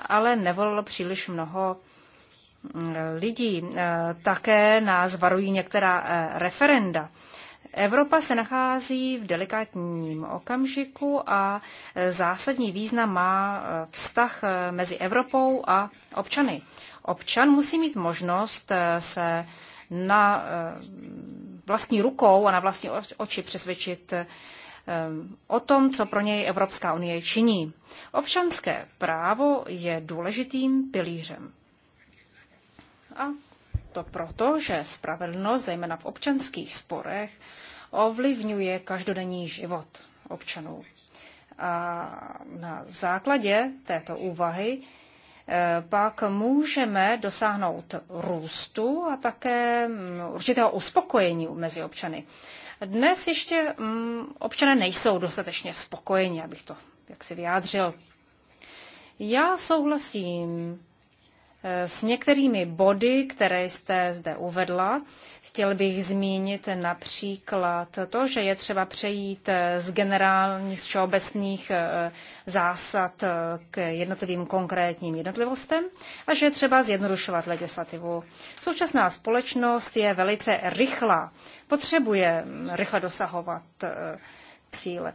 ale nevolilo příliš mnoho mm, lidí. E, také nás varují některá e, referenda. Evropa se nachází v delikátním okamžiku a e, zásadní význam má vztah mezi Evropou a občany. Občan musí mít možnost eh, se na eh, vlastní rukou a na vlastní oči přesvědčit eh, o tom, co pro něj Evropská unie činí. Občanské právo je důležitým pilířem. A to proto, že spravedlnost, zejména v občanských sporech, ovlivňuje každodenní život občanů. A na základě této úvahy pak můžeme dosáhnout růstu a také mm, určitého uspokojení mezi občany. Dnes ještě mm, občané nejsou dostatečně spokojeni, abych to jak si vyjádřil. Já souhlasím s některými body, které jste zde uvedla, chtěl bych zmínit například to, že je třeba přejít z generálních, z všeobecných eh, zásad eh, k jednotlivým konkrétním jednotlivostem a že je třeba zjednodušovat legislativu. Současná společnost je velice rychlá, potřebuje mm, rychle dosahovat eh, cíle.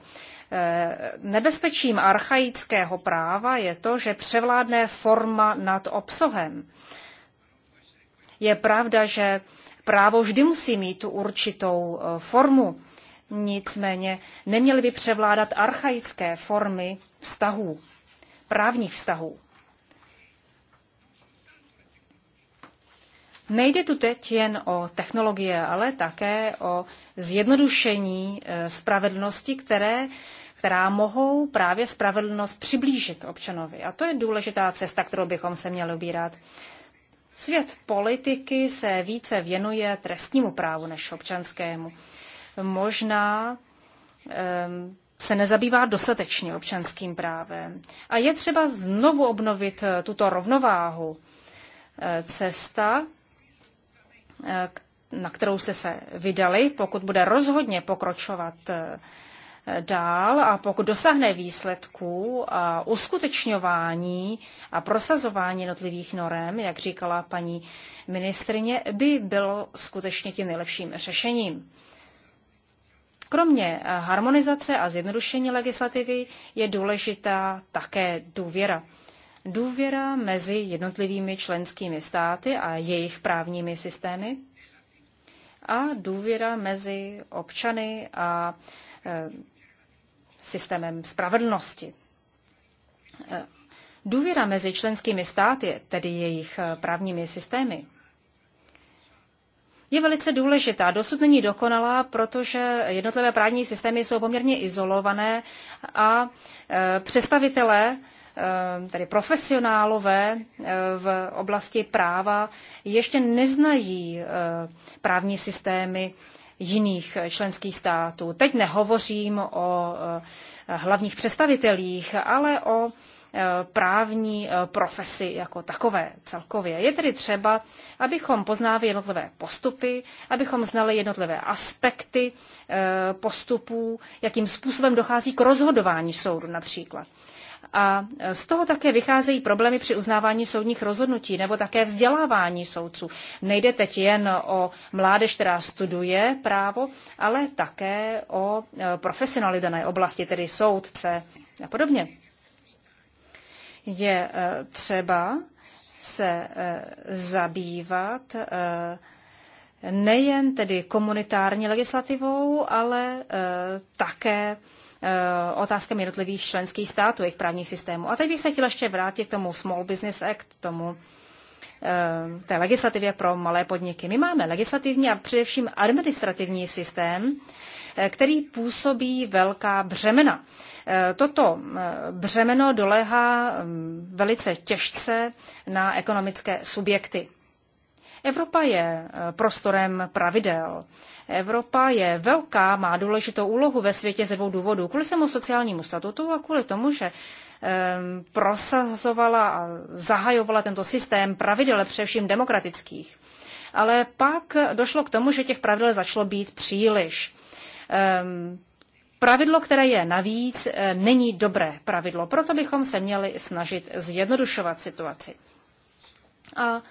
Eh, nebezpečím archaického práva je to, že převládne forma nad obsahem. Je pravda, že právo vždy musí mít tu určitou eh, formu, nicméně neměly by převládat archaické formy vztahů, právních vztahů. Nejde tu teď jen o technologie, ale také o zjednodušení eh, spravedlnosti, které, která mohou právě spravedlnost přiblížit občanovi. A to je důležitá cesta, kterou bychom se měli obírat. Svět politiky se více věnuje trestnímu právu než občanskému. Možná ehm, se nezabývá dostatečně občanským právem. A je třeba znovu obnovit eh, tuto rovnováhu. Eh, cesta Eh, na kterou jste se vydali, pokud bude rozhodně pokročovat eh, dál a pokud dosáhne výsledků a uskutečňování a prosazování jednotlivých norem, jak říkala paní ministrině, by bylo skutečně tím nejlepším řešením. Kromě harmonizace a zjednodušení legislativy je důležitá také důvěra důvěra mezi jednotlivými členskými státy a jejich právními systémy a důvěra mezi občany a e, systémem spravedlnosti. E, důvěra mezi členskými státy, tedy jejich e, právními systémy, je velice důležitá. Dosud není dokonalá, protože jednotlivé právní systémy jsou poměrně izolované a představitelé Eh, tedy profesionálové eh, v oblasti práva ještě neznají eh, právní systémy jiných členských států. Teď nehovořím o hlavních představitelích, ale o právní profesi jako takové celkově. Je tedy třeba, abychom poznávali jednotlivé postupy, abychom znali jednotlivé aspekty postupů, jakým způsobem dochází k rozhodování soudu například. A z toho také vycházejí problémy při uznávání soudních rozhodnutí nebo také vzdělávání soudců. Nejde teď jen o mládež, která studuje právo, ale také o e, profesionály dané oblasti, tedy soudce a podobně. Je e, třeba se e, zabývat nejen tedy komunitární legislativou, ale také Eh, otázkami jednotlivých členských států, jejich právních systémů. A teď bych se chtěla ještě vrátit k tomu Small Business Act, tomu eh, té legislativě pro malé podniky. My máme legislativní a především administrativní systém, eh, který působí velká břemena. Toto břemeno dolehá mm, velice těžce na ekonomické subjekty. Evropa je eh, prostorem pravidel. Evropa je velká, má důležitou úlohu ve světě ze dvou důvodů. Kvůli svému sociálnímu statutu a kvůli tomu, že ehm, prosazovala a zahajovala tento systém pravidel, především demokratických. Ale pak došlo k tomu, že těch pravidel začalo být příliš. Ehm, pravidlo, které je navíc, eh, není dobré pravidlo. Proto bychom se měli snažit zjednodušovat situaci. A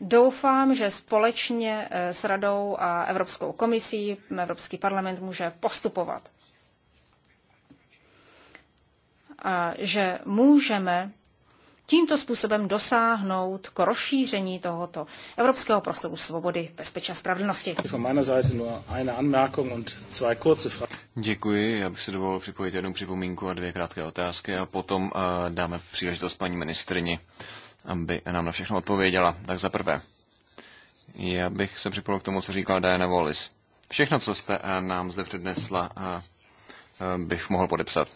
Doufám, že společně eh, s Radou a Evropskou komisí Evropský parlament může postupovat. A že můžeme tímto způsobem dosáhnout k rozšíření tohoto evropského prostoru svobody, bezpečí a spravedlnosti. Děkuji, já bych si dovolil připojit jednu připomínku a dvě krátké otázky a potom eh, dáme příležitost paní ministrini aby nám na všechno odpověděla. Tak za prvé, já bych se připojil k tomu, co říkala Diana Wallis. Všechno, co jste eh, nám zde přednesla, eh, eh, bych mohl podepsat.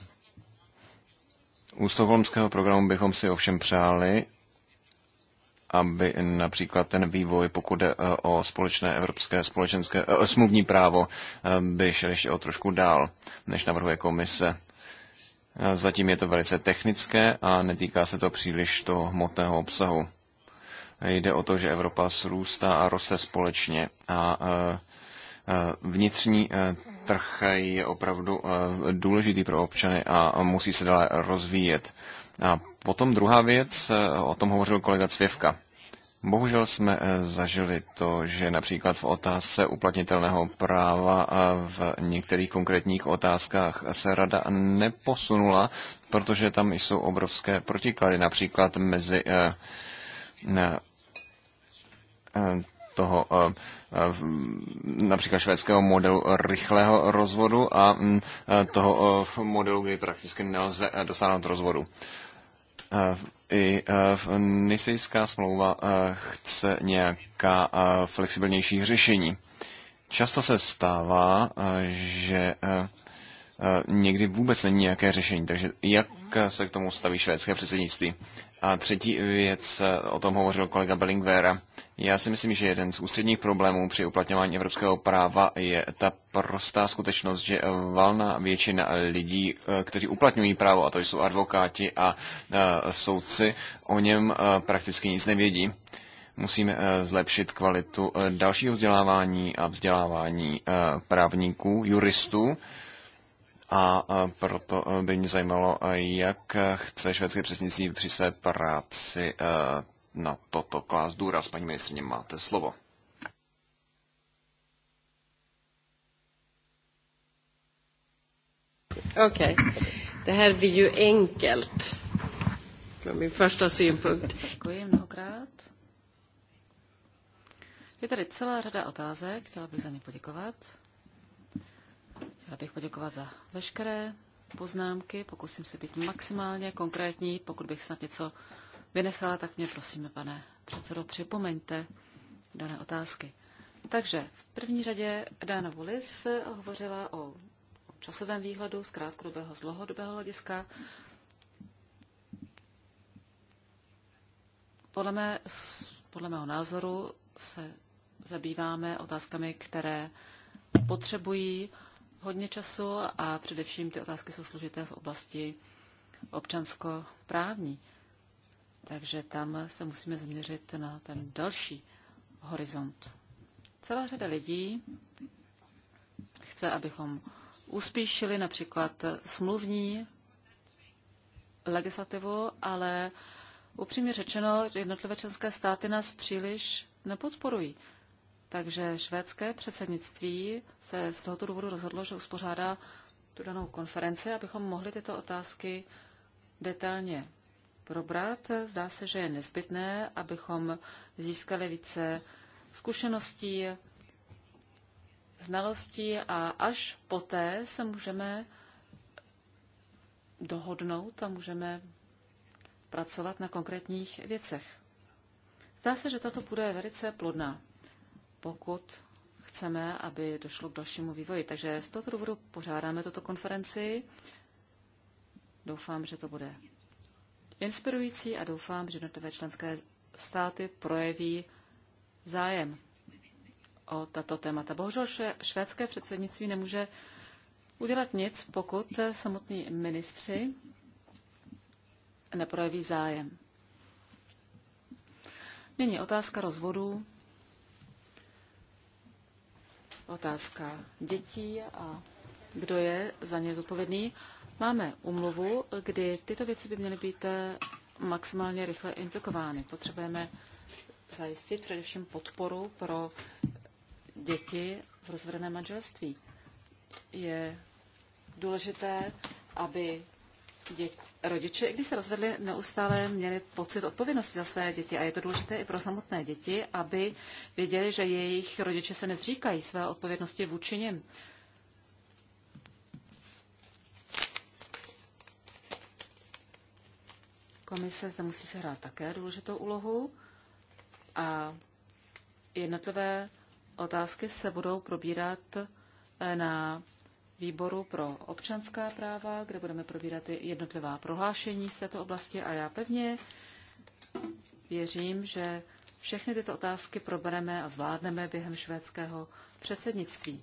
U stokholmského programu bychom si ovšem přáli, aby například ten vývoj, pokud jde o společné evropské společenské smluvní právo, by šel ještě o trošku dál, než navrhuje komise. Zatím je to velice technické a netýká se to příliš toho hmotného obsahu. Jde o to, že Evropa srůstá a roste společně a e, e, vnitřní e, trh je opravdu důležitý pro občany a musí se dále rozvíjet. A potom druhá věc, o tom hovořil kolega Cvěvka. Bohužel jsme eh, zažili to, že například v otázce uplatnitelného práva a eh, v některých konkrétních otázkách se rada neposunula, protože tam jsou obrovské protiklady, například mezi eh, toho například švédského modelu rychlého rozvodu a mm, toho modelu, kdy prakticky nelze dosáhnout rozvodu. Eh, I eh, Nisejská smlouva eh, chce nějaká flexibilnější řešení. Často se stává, že někdy vůbec není nějaké řešení. Takže jak se k tomu staví švédské předsednictví? A třetí věc, o tom hovořil kolega Bellingwera, já si myslím, že jeden z ústředních problémů při uplatňování evropského práva je ta prostá skutečnost, že valná většina lidí, eh, kteří uplatňují právo, a to jsou advokáti a eh, soudci, o něm eh, prakticky nic nevědí. Musíme zlepšit kvalitu dalšího vzdělávání a vzdělávání právníků, juristů. A proto by mě zajímalo, jak chce švédské předsednictví při své práci na toto klást důraz. Paní ministrně, máte slovo. OK. Det här blir ju enkelt. Från min första synpunkt. Děkuji mnohokrát. Je tady celá řada otázek, chtěla bych za ně poděkovat. Chtěla bych poděkovat za veškeré poznámky, pokusím se být maximálně konkrétní, pokud bych snad něco vynechala, tak mě prosím, pane předsedo, připomeňte dané otázky. Takže v první řadě Dana Wallis hovořila o časovém výhledu z krátkodobého, z dlouhodobého hlediska. Podle, mé, podle mého názoru se zabýváme otázkami, které potřebují hodně času a především ty otázky jsou složité v oblasti občanskoprávní. právní takže tam se musíme zaměřit na ten další horizont. Celá řada lidí chce, abychom uspíšili například smluvní legislativu, ale upřímně řečeno, jednotlivé členské státy nás příliš nepodporují. Takže švédské předsednictví se z tohoto důvodu rozhodlo, že uspořádá tu danou konferenci, abychom mohli tyto otázky detailně probrat. Zdá se, že je nezbytné, abychom získali více zkušeností, znalostí a až poté se můžeme dohodnout a můžeme pracovat na konkrétních věcech. Zdá se, že tato bude velice plodná, pokud chceme, aby došlo k dalšímu vývoji. Takže z tohoto důvodu pořádáme tuto konferenci. Doufám, že to bude inspirující a doufám, že jednotlivé členské státy projeví zájem o tato témata. Bohužel švédské předsednictví nemůže udělat nic, pokud samotní ministři neprojeví zájem. Nyní otázka rozvodů, otázka dětí a kdo je za ně zodpovědný. Máme umluvu, kdy tyto věci by měly být eh, maximálně rychle implikovány. Potřebujeme zajistit především podporu pro děti v rozvedeném manželství. Je důležité, aby děti, rodiče, i když se rozvedli, neustále měli pocit odpovědnosti za své děti. A je to důležité i pro samotné děti, aby věděli, že jejich rodiče se nezříkají své odpovědnosti vůči nim. Komise zde musí se hrát také důležitou úlohu a jednotlivé otázky se budou probírat eh, na výboru pro občanská práva, kde budeme probírat i jednotlivá prohlášení z této oblasti a já pevně věřím, že všechny tyto otázky probereme a zvládneme během švédského předsednictví.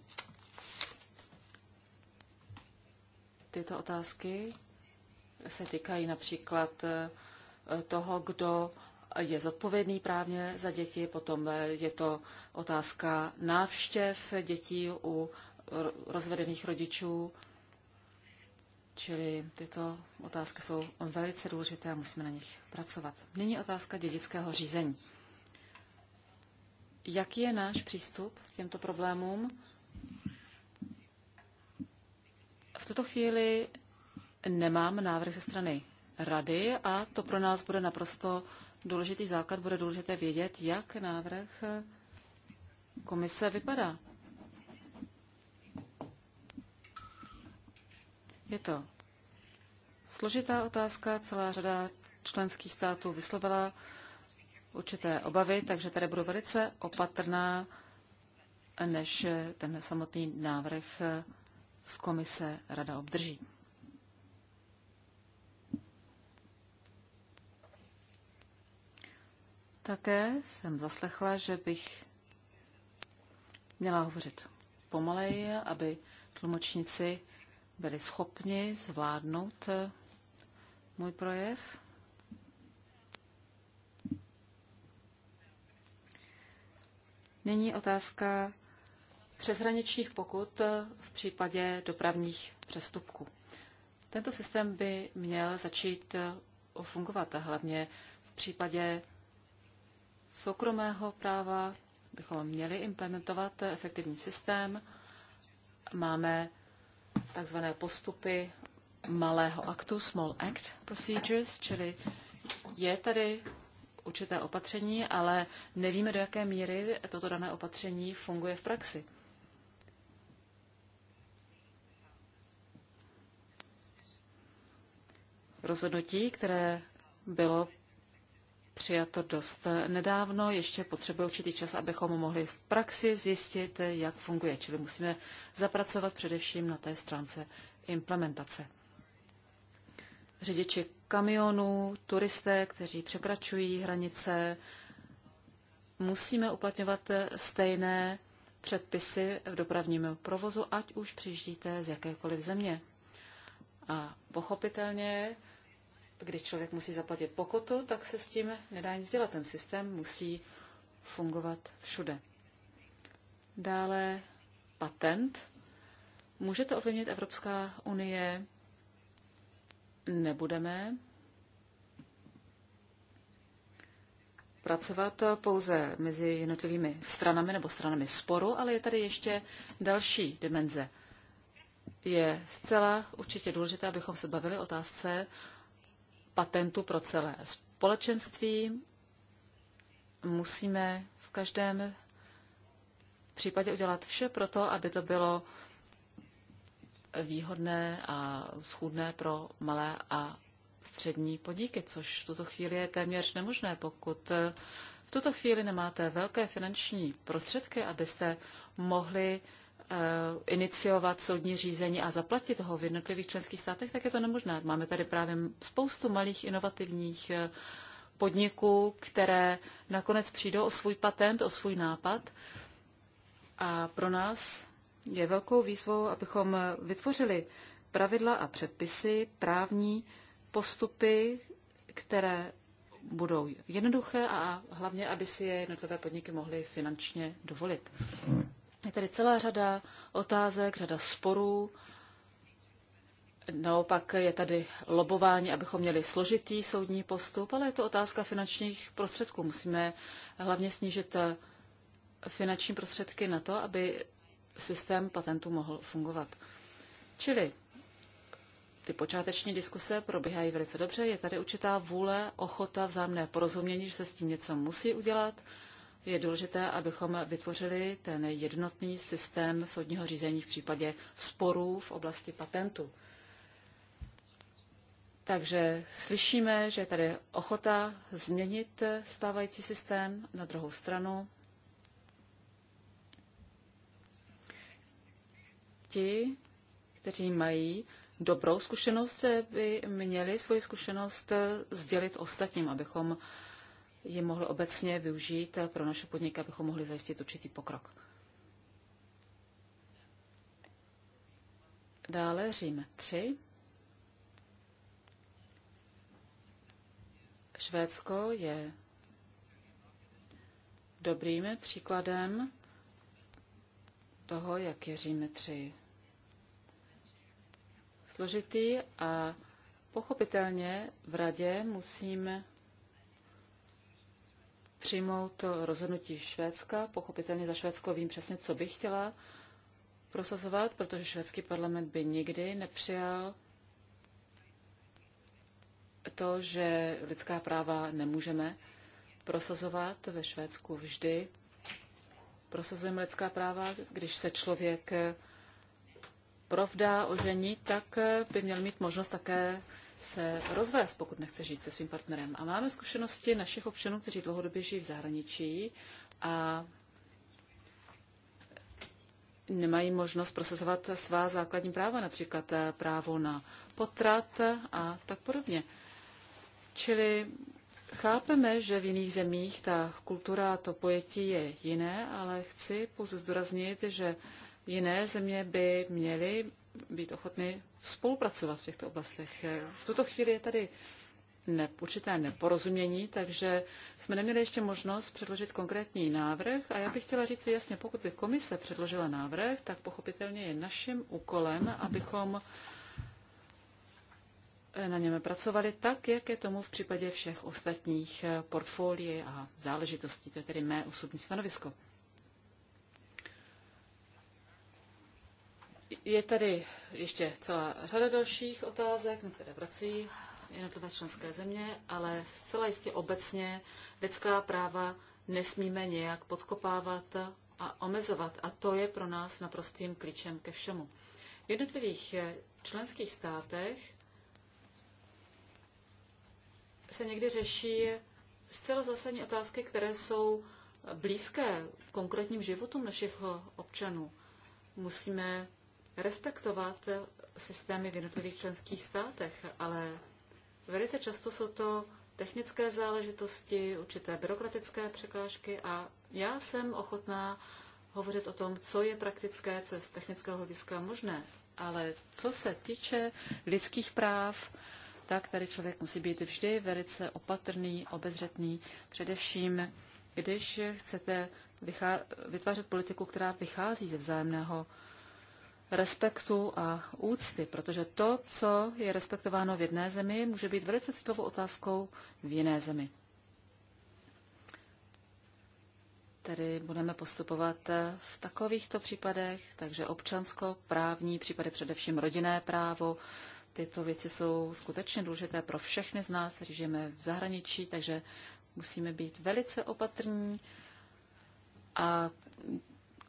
Tyto otázky se týkají například eh, toho, kdo je zodpovědný právně za děti, potom eh, je to otázka návštěv dětí u rozvedených rodičů, čili tyto otázky jsou velice důležité a musíme na nich pracovat. Nyní otázka dědického řízení. Jaký je náš přístup k těmto problémům? V tuto chvíli nemám návrh ze strany rady a to pro nás bude naprosto důležitý základ, bude důležité vědět, jak návrh komise vypadá. Je to složitá otázka, celá řada členských států vyslovila určité obavy, takže tady budu velice opatrná, než ten samotný návrh z komise rada obdrží. Také jsem zaslechla, že bych měla hovořit pomaleji, aby tlumočníci byli schopni zvládnout eh, můj projev. Nyní otázka přeshraničních pokut eh, v případě dopravních přestupků. Tento systém by měl začít eh, fungovat hlavně v případě soukromého práva bychom měli implementovat efektivní systém. Máme takzvané postupy malého aktu, Small Act Procedures, čili je tady určité opatření, ale nevíme, do jaké míry toto dané opatření funguje v praxi. Rozhodnutí, které bylo přijato dost nedávno, ještě potřebuje určitý čas, abychom mohli v praxi zjistit, jak funguje. Čili musíme zapracovat především na té stránce implementace. Řidiči kamionů, turisté, kteří překračují hranice, musíme uplatňovat stejné předpisy v dopravním provozu, ať už přijíždíte z jakékoliv země. A pochopitelně když člověk musí zaplatit pokotu, tak se s tím nedá nic dělat. Ten systém musí fungovat všude. Dále patent. Může to ovlivnit Evropská unie? Nebudeme pracovat pouze mezi jednotlivými stranami nebo stranami sporu, ale je tady ještě další dimenze. Je zcela určitě důležité, abychom se bavili otázce patentu pro celé společenství. Musíme v každém případě udělat vše pro to, aby to bylo výhodné a schůdné pro malé a střední podniky, což v tuto chvíli je téměř nemožné, pokud v tuto chvíli nemáte velké finanční prostředky, abyste mohli Eh, iniciovat soudní řízení a zaplatit ho v jednotlivých členských státech, tak je to nemožné. Máme tady právě spoustu malých inovativních eh, podniků, které nakonec přijdou o svůj patent, o svůj nápad. A pro nás je velkou výzvou, abychom vytvořili pravidla a předpisy, právní postupy, které budou jednoduché a hlavně, aby si je jednotlivé podniky mohly finančně dovolit. Hmm. Je tady celá řada otázek, řada sporů. Naopak je tady lobování, abychom měli složitý soudní postup, ale je to otázka finančních prostředků. Musíme hlavně snížit finanční prostředky na to, aby systém patentů mohl fungovat. Čili ty počáteční diskuse probíhají velice dobře, je tady určitá vůle, ochota, vzájemné porozumění, že se s tím něco musí udělat je důležité, abychom vytvořili ten jednotný systém soudního řízení v případě sporů v oblasti patentů. Takže slyšíme, že je tady ochota změnit stávající systém na druhou stranu. Ti, kteří mají dobrou zkušenost, by měli svoji zkušenost sdělit ostatním, abychom je mohl obecně využít pro naše podniky, abychom mohli zajistit určitý pokrok. Dále Řím 3. Švédsko je dobrým příkladem toho, jak je Řím 3 složitý a pochopitelně v radě musím přijmout to rozhodnutí Švédska. Pochopitelně za Švédsko vím přesně, co bych chtěla prosazovat, protože švédský parlament by nikdy nepřijal to, že lidská práva nemůžeme prosazovat ve Švédsku vždy. Prosazujeme lidská práva, když se člověk provdá, ožení, tak by měl mít možnost také se rozvést, pokud nechce žít se svým partnerem. A máme zkušenosti našich občanů, kteří dlouhodobě žijí v zahraničí a nemají možnost procesovat svá základní práva, například právo na potrat a tak podobně. Čili chápeme, že v jiných zemích ta kultura a to pojetí je jiné, ale chci pouze zdůraznit, že jiné země by měly být ochotny spolupracovat v těchto oblastech. V tuto chvíli je tady ne, určité neporozumění, takže jsme neměli ještě možnost předložit konkrétní návrh. A já bych chtěla říct jasně, pokud by komise předložila návrh, tak pochopitelně je naším úkolem, abychom na něm pracovali tak, jak je tomu v případě všech ostatních portfolií a záležitostí. To je tedy mé osobní stanovisko. Je tady ještě celá řada dalších otázek, na které pracují jednotlivé členské země, ale zcela jistě obecně lidská práva nesmíme nějak podkopávat a omezovat. A to je pro nás naprostým klíčem ke všemu. V jednotlivých členských státech se někdy řeší zcela zásadní otázky, které jsou blízké konkrétním životům našich občanů. Musíme respektovat systémy v jednotlivých členských státech, ale velice často jsou to technické záležitosti, určité byrokratické překážky a já jsem ochotná hovořit o tom, co je praktické, co je z technického hlediska možné. Ale co se týče lidských práv, tak tady člověk musí být vždy velice opatrný, obezřetný, především když chcete vytvářet politiku, která vychází ze vzájemného respektu a úcty, protože to, co je respektováno v jedné zemi, může být velice citlivou otázkou v jiné zemi. Tedy budeme postupovat v takovýchto případech, takže občansko-právní případy, především rodinné právo. Tyto věci jsou skutečně důležité pro všechny z nás, kteří žijeme v zahraničí, takže musíme být velice opatrní a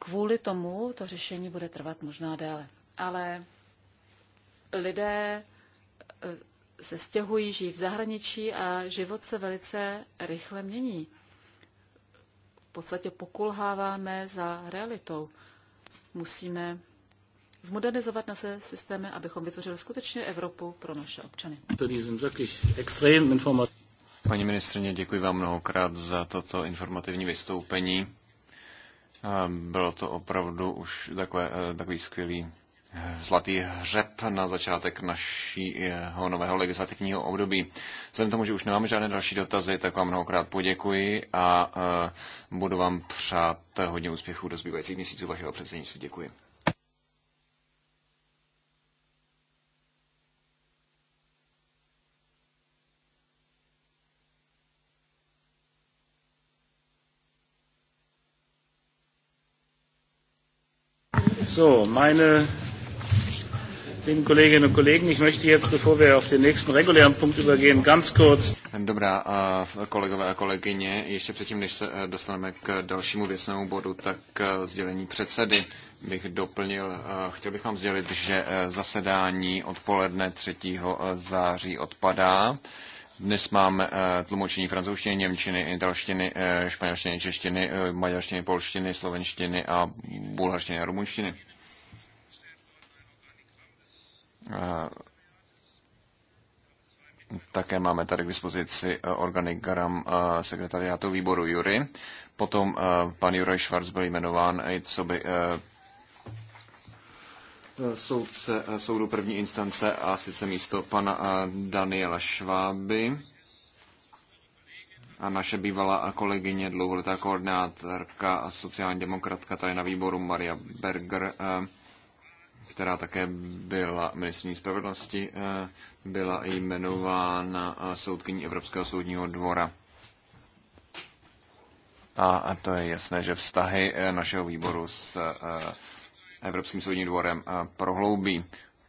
kvůli tomu to řešení bude trvat možná déle. Ale lidé eh, se stěhují, žijí v zahraničí a život se velice rychle mění. V podstatě pokulháváme za realitou. Musíme zmodernizovat naše systémy, abychom vytvořili skutečně Evropu pro naše občany. Paní ministrině, děkuji vám mnohokrát za toto informativní vystoupení. Bylo to opravdu už takové, eh, takový skvělý eh, zlatý hřeb na začátek našího eh, nového legislativního období. Vzhledem tomu, že už nemáme žádné další dotazy, tak vám mnohokrát poděkuji a budu vám přát hodně úspěchů do zbývajících měsíců vašeho předsednictví. Děkuji. So, meine lieben Kolleginnen und Kollegen, ich möchte jetzt, bevor wir auf den nächsten regulären Punkt übergehen, ganz kurz. Dobrá, kolegové a kolegyně, ještě předtím, než se eh, dostaneme k dalšímu věcnému bodu, tak eh, sdělení předsedy bych doplnil. Eh, chtěl bych vám sdělit, že zasedání odpoledne 3. září odpadá dnes máme eh, tlumočení francouzštiny, němčiny, italštiny, eh, španělštiny, češtiny, eh, maďarštiny, polštiny, slovenštiny a bulharštiny a rumunštiny. Také máme tady k dispozici organigram sekretariátu výboru Jury. Potom pan Juraj Švarc byl jmenován i co by soudce eh, soudu první instance a sice místo pana eh, Daniela Šváby a naše bývalá kolegyně, dlouholetá koordinátorka a sociální demokratka tady na výboru Maria Berger, eh, která také byla ministrní spravedlnosti, byla jmenována soudkyní Evropského soudního dvora. A to je jasné, že vztahy našeho výboru s Evropským soudním dvorem eh, prohloubí.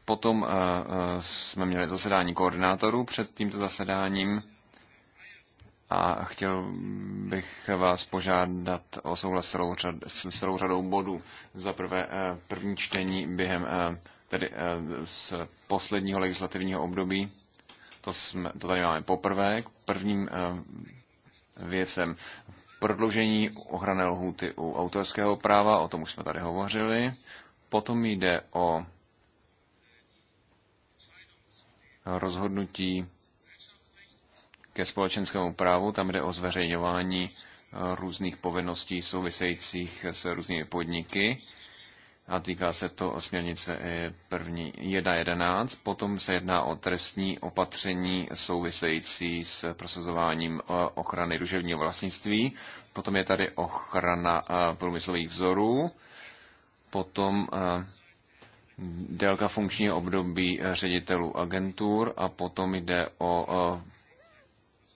Potom eh, eh, jsme měli zasedání koordinátorů před tímto zasedáním a chtěl bych vás požádat o souhlas s celou řadou bodů. Za prvé první čtení během tedy z posledního legislativního období, to, jsme, to tady máme poprvé, k prvním věcem prodloužení ochranné lhůty u autorského práva, o tom už jsme tady hovořili. Potom jde o rozhodnutí ke společenskému právu, tam jde o zveřejňování eh, různých povinností souvisejících s různými podniky a týká se to směrnice e první 1.11. Potom se jedná o trestní opatření související s prosazováním eh, ochrany duševního vlastnictví. Potom je tady ochrana eh, průmyslových vzorů potom eh, délka funkčního období eh, ředitelů agentur a potom jde o eh,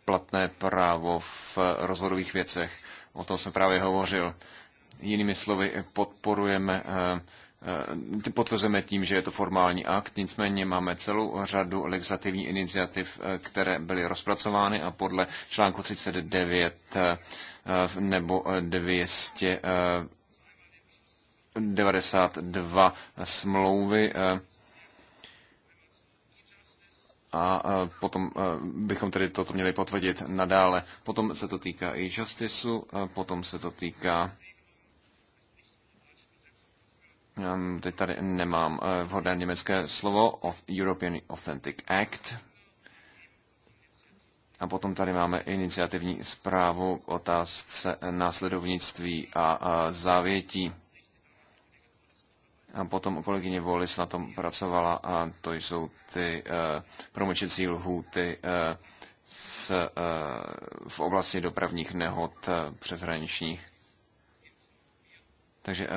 platné právo v rozhodových věcech. O tom jsem právě hovořil. Jinými slovy, podporujeme, potvrzujeme tím, že je to formální akt, nicméně máme celou řadu legislativních iniciativ, které byly rozpracovány a podle článku 39 nebo 200 92 smlouvy eh, a eh, potom eh, bychom tedy toto měli potvrdit nadále. Potom se to týká i Justisu, potom se to týká ehm, teď tady nemám vhodné německé slovo, of European Authentic Act. A potom tady máme iniciativní zprávu k otázce následovnictví a závětí. A potom kolegyně Volis na tom pracovala a to jsou ty uh, promlčecí lhůty uh, s, uh, v oblasti dopravních nehod uh, přeshraničních. Takže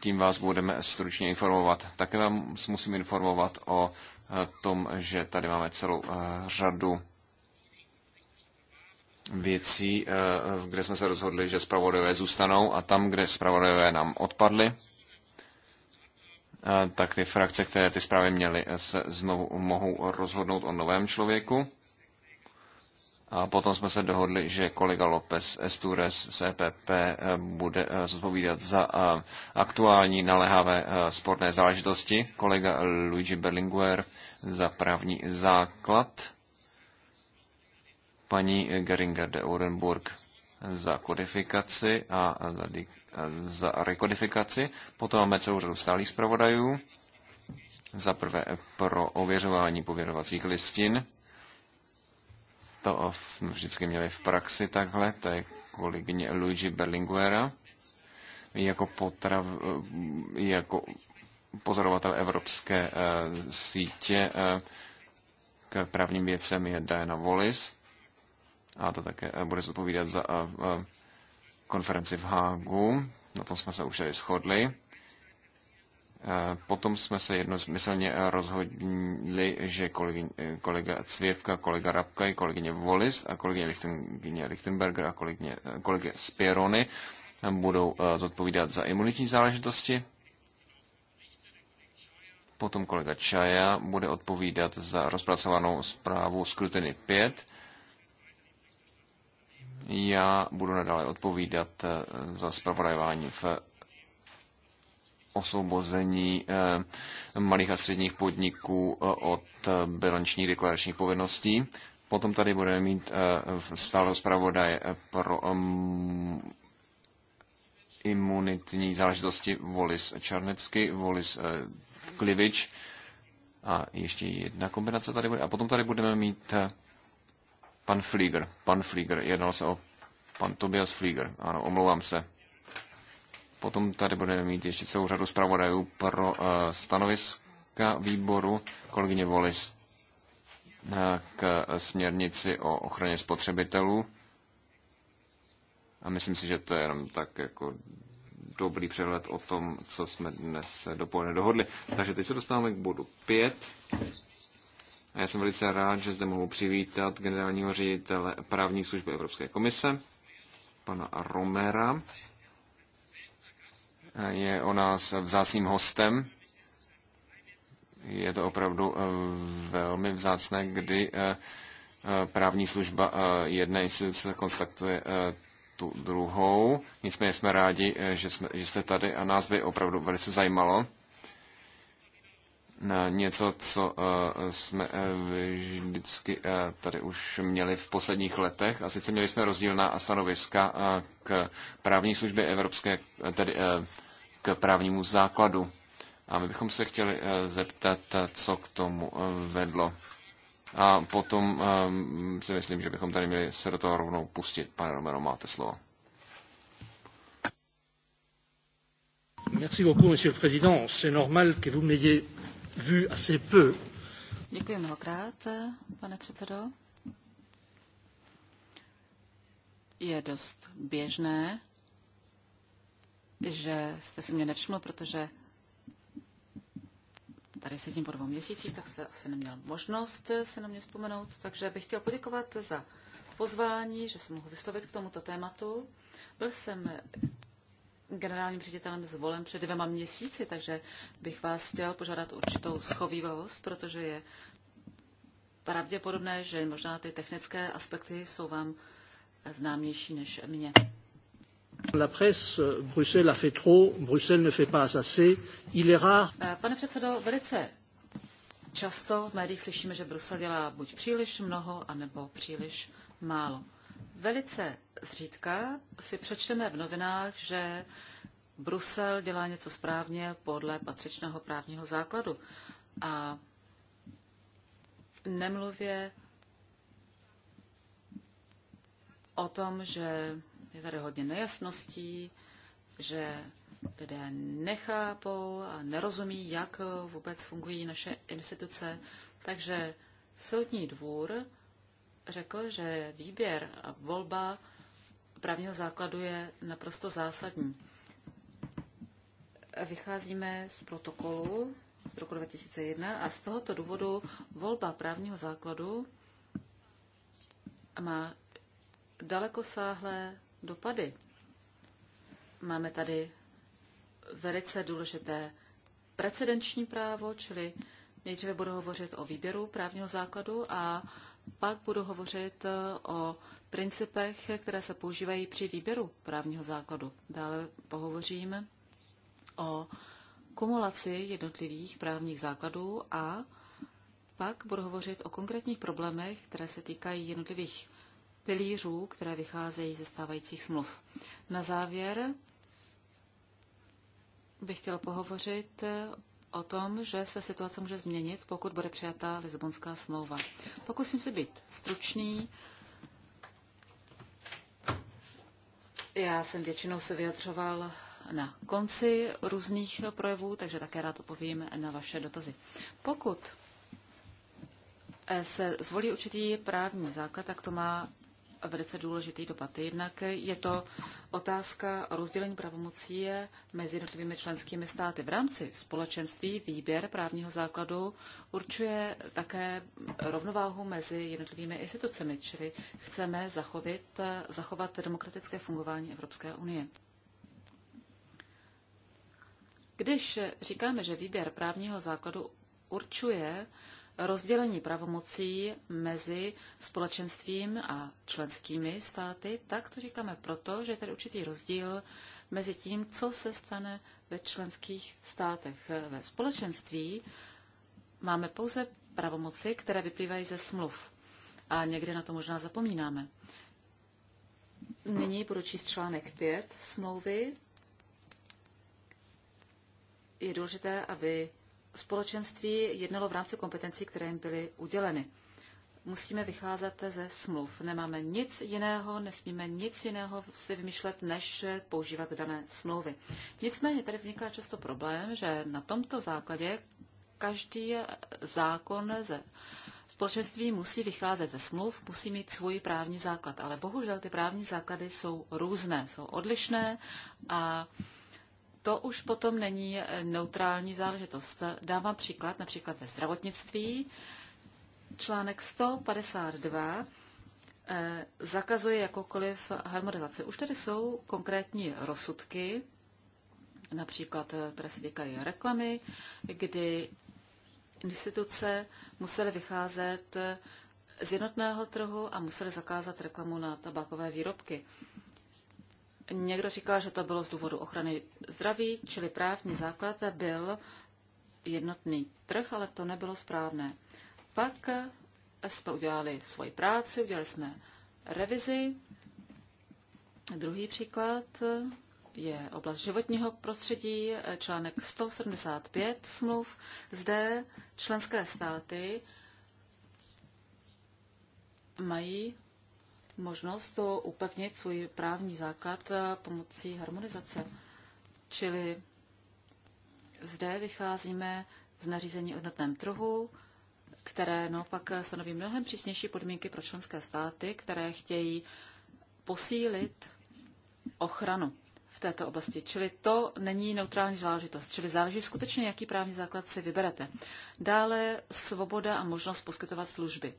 tím vás budeme stručně informovat. Také vám musím informovat o tom, že tady máme celou řadu věcí, kde jsme se rozhodli, že zpravodajové zůstanou a tam, kde zpravodajové nám odpadly, tak ty frakce, které ty zprávy měly, se znovu mohou rozhodnout o novém člověku. A potom jsme se dohodli, že kolega López Estures z EPP eh, bude eh, zodpovídat za eh, aktuální naléhavé sporné záležitosti, kolega Luigi Berlinguer za právní základ, paní Geringer de Orenburg za kodifikaci a tady za rekodifikaci, potom máme celou řadu stálých zpravodajů, za prvé pro ověřování pověřovacích listin, to jsme vždycky měli v praxi takhle, to je kolegyně Luigi Berlinguera, jako, potrav, jako pozorovatel evropské eh, sítě eh, k právním věcem je Diana Wallis a to také eh, bude zodpovídat za konferenci v Hágu, na tom jsme se už tady shodli. E, potom jsme se jednozmyslně rozhodli, že kolega Cvěvka, kolega Rabka, kolegyně Volist a kolegyně Lichtenberger a kolegyně, kolegy Spirony budou e, zodpovídat za imunitní záležitosti. Potom kolega Čaja bude odpovídat za rozpracovanou zprávu Skrutiny 5 já budu nadále odpovídat eh, za zpravodajování v osvobození eh, malých a středních podniků eh, od bilančních deklaračních povinností. Potom tady budeme mít stále zpravodaj pro imunitní záležitosti Volis Čarnecky, Volis Klivič a ještě jedna kombinace tady bude. A potom tady budeme mít Pan Flieger, pan Flieger, jednal se o pan Tobias Flieger, ano, omlouvám se. Potom tady budeme mít ještě celou řadu zpravodajů pro uh, stanoviska výboru kolegyně Volis uh, eh, k směrnici o ochraně spotřebitelů. A myslím si, že to je jenom tak jako dobrý přehled o tom, co jsme dnes dopoledne dohodli. Takže teď se dostáváme k bodu 5. A já jsem velice rád, že zde mohu přivítat generálního ředitele právní služby Evropské komise, pana Romera. Je o nás vzácným hostem. Je to opravdu eh, velmi vzácné, kdy eh, eh, právní služba jedné instituce kontaktuje tu druhou. Nicméně jsme rádi, že, jsme, že jste tady a nás by opravdu velice zajímalo, něco, co eh, jsme eh, vždycky eh, tady už měli v posledních letech. A sice měli jsme rozdílná stanoviska k právní službě evropské, tedy k právnímu základu. A my bychom se chtěli zeptat, co k tomu vedlo. A potom ehm, si myslím, že bychom tady měli se do toho rovnou pustit. Pane Romero, máte slovo. Merci beaucoup, monsieur le président. C'est normal que vous m'ayez vu assez peu. Děkuji mnohokrát, pane předsedo. Je dost běžné, že jste si mě nevšiml, protože tady sedím po dvou měsících, tak se asi neměl možnost se na mě vzpomenout, takže bych chtěl poděkovat za pozvání, že se mohu vyslovit k tomuto tématu. Byl jsem generálním ředitelem zvolen před dvěma měsíci, takže bych vás chtěl požádat určitou schovývavost, protože je pravděpodobné, že možná ty technické aspekty jsou vám známější než mě. La presse, euh, Bruxelles a fait trop, Bruxelles ne fait pas assez, il est rare. Eh, pane předsedo, velice často v médiích slyšíme, že Brusel dělá buď příliš mnoho, anebo příliš málo. Velice zřídka si přečteme v novinách, že Brusel dělá něco správně podle patřičného právního základu. A nemluvě o tom, že je tady hodně nejasností, že lidé nechápou a nerozumí, jak vůbec fungují naše instituce. Takže Soudní dvůr řekl, že výběr a volba právního základu je naprosto zásadní. Vycházíme z protokolu z roku 2001 a z tohoto důvodu volba právního základu má dalekosáhlé dopady. Máme tady velice důležité precedenční právo, čili nejdříve budu hovořit o výběru právního základu a pak budu hovořit o principech, které se používají při výběru právního základu. Dále pohovořím o kumulaci jednotlivých právních základů a pak budu hovořit o konkrétních problémech, které se týkají jednotlivých pilířů, které vycházejí ze stávajících smluv. Na závěr bych chtěla pohovořit o tom, že se situace může změnit, pokud bude přijata Lisabonská smlouva. Pokusím se být stručný Já jsem většinou se vyjadřoval na konci různých projevů, takže také rád odpovím na vaše dotazy. Pokud se zvolí určitý právní základ, tak to má velice důležitý dopad. Jednak je to otázka rozdělení pravomocí mezi jednotlivými členskými státy. V rámci společenství výběr právního základu určuje také rovnováhu mezi jednotlivými institucemi, čili chceme zachovit, zachovat demokratické fungování Evropské unie. Když říkáme, že výběr právního základu určuje rozdělení pravomocí mezi společenstvím a členskými státy, tak to říkáme proto, že je tady určitý rozdíl mezi tím, co se stane ve členských státech. Ve společenství máme pouze pravomoci, které vyplývají ze smluv. A někde na to možná zapomínáme. Nyní budu číst článek 5 smlouvy. Je důležité, aby společenství jednalo v rámci kompetencí, které jim byly uděleny. Musíme vycházet ze smluv. Nemáme nic jiného, nesmíme nic jiného si vymýšlet, než používat dané smlouvy. Nicméně tady vzniká často problém, že na tomto základě každý zákon ze společenství musí vycházet ze smluv, musí mít svůj právní základ. Ale bohužel ty právní základy jsou různé, jsou odlišné a to už potom není neutrální záležitost. Dávám příklad, například ve zdravotnictví. Článek 152 eh, zakazuje jakoukoliv harmonizaci. Už tady jsou konkrétní rozsudky, například, eh, které se týkají reklamy, kdy instituce musely vycházet eh, z jednotného trhu a musely zakázat reklamu na tabakové výrobky. Někdo říkal, že to bylo z důvodu ochrany zdraví, čili právní základ byl jednotný trh, ale to nebylo správné. Pak jsme udělali svoji práci, udělali jsme revizi. Druhý příklad je oblast životního prostředí, článek 175 smluv. Zde členské státy mají možnost upevnit svůj právní základ eh, pomocí harmonizace. Čili zde vycházíme z nařízení o jednotném trhu, které naopak stanoví mnohem přísnější podmínky pro členské státy, které chtějí posílit ochranu v této oblasti. Čili to není neutrální záležitost. Čili záleží skutečně, jaký právní základ si vyberete. Dále svoboda a možnost poskytovat služby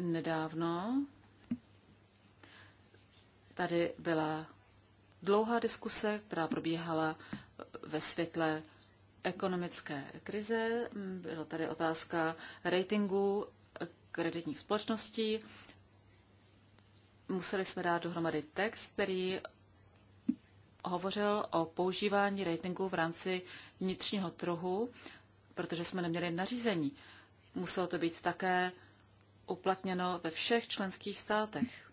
nedávno. Tady byla dlouhá diskuse, která probíhala ve světle ekonomické krize. Byla tady otázka ratingu kreditních společností. Museli jsme dát dohromady text, který hovořil o používání ratingu v rámci vnitřního trhu, protože jsme neměli nařízení. Muselo to být také uplatněno ve všech členských státech.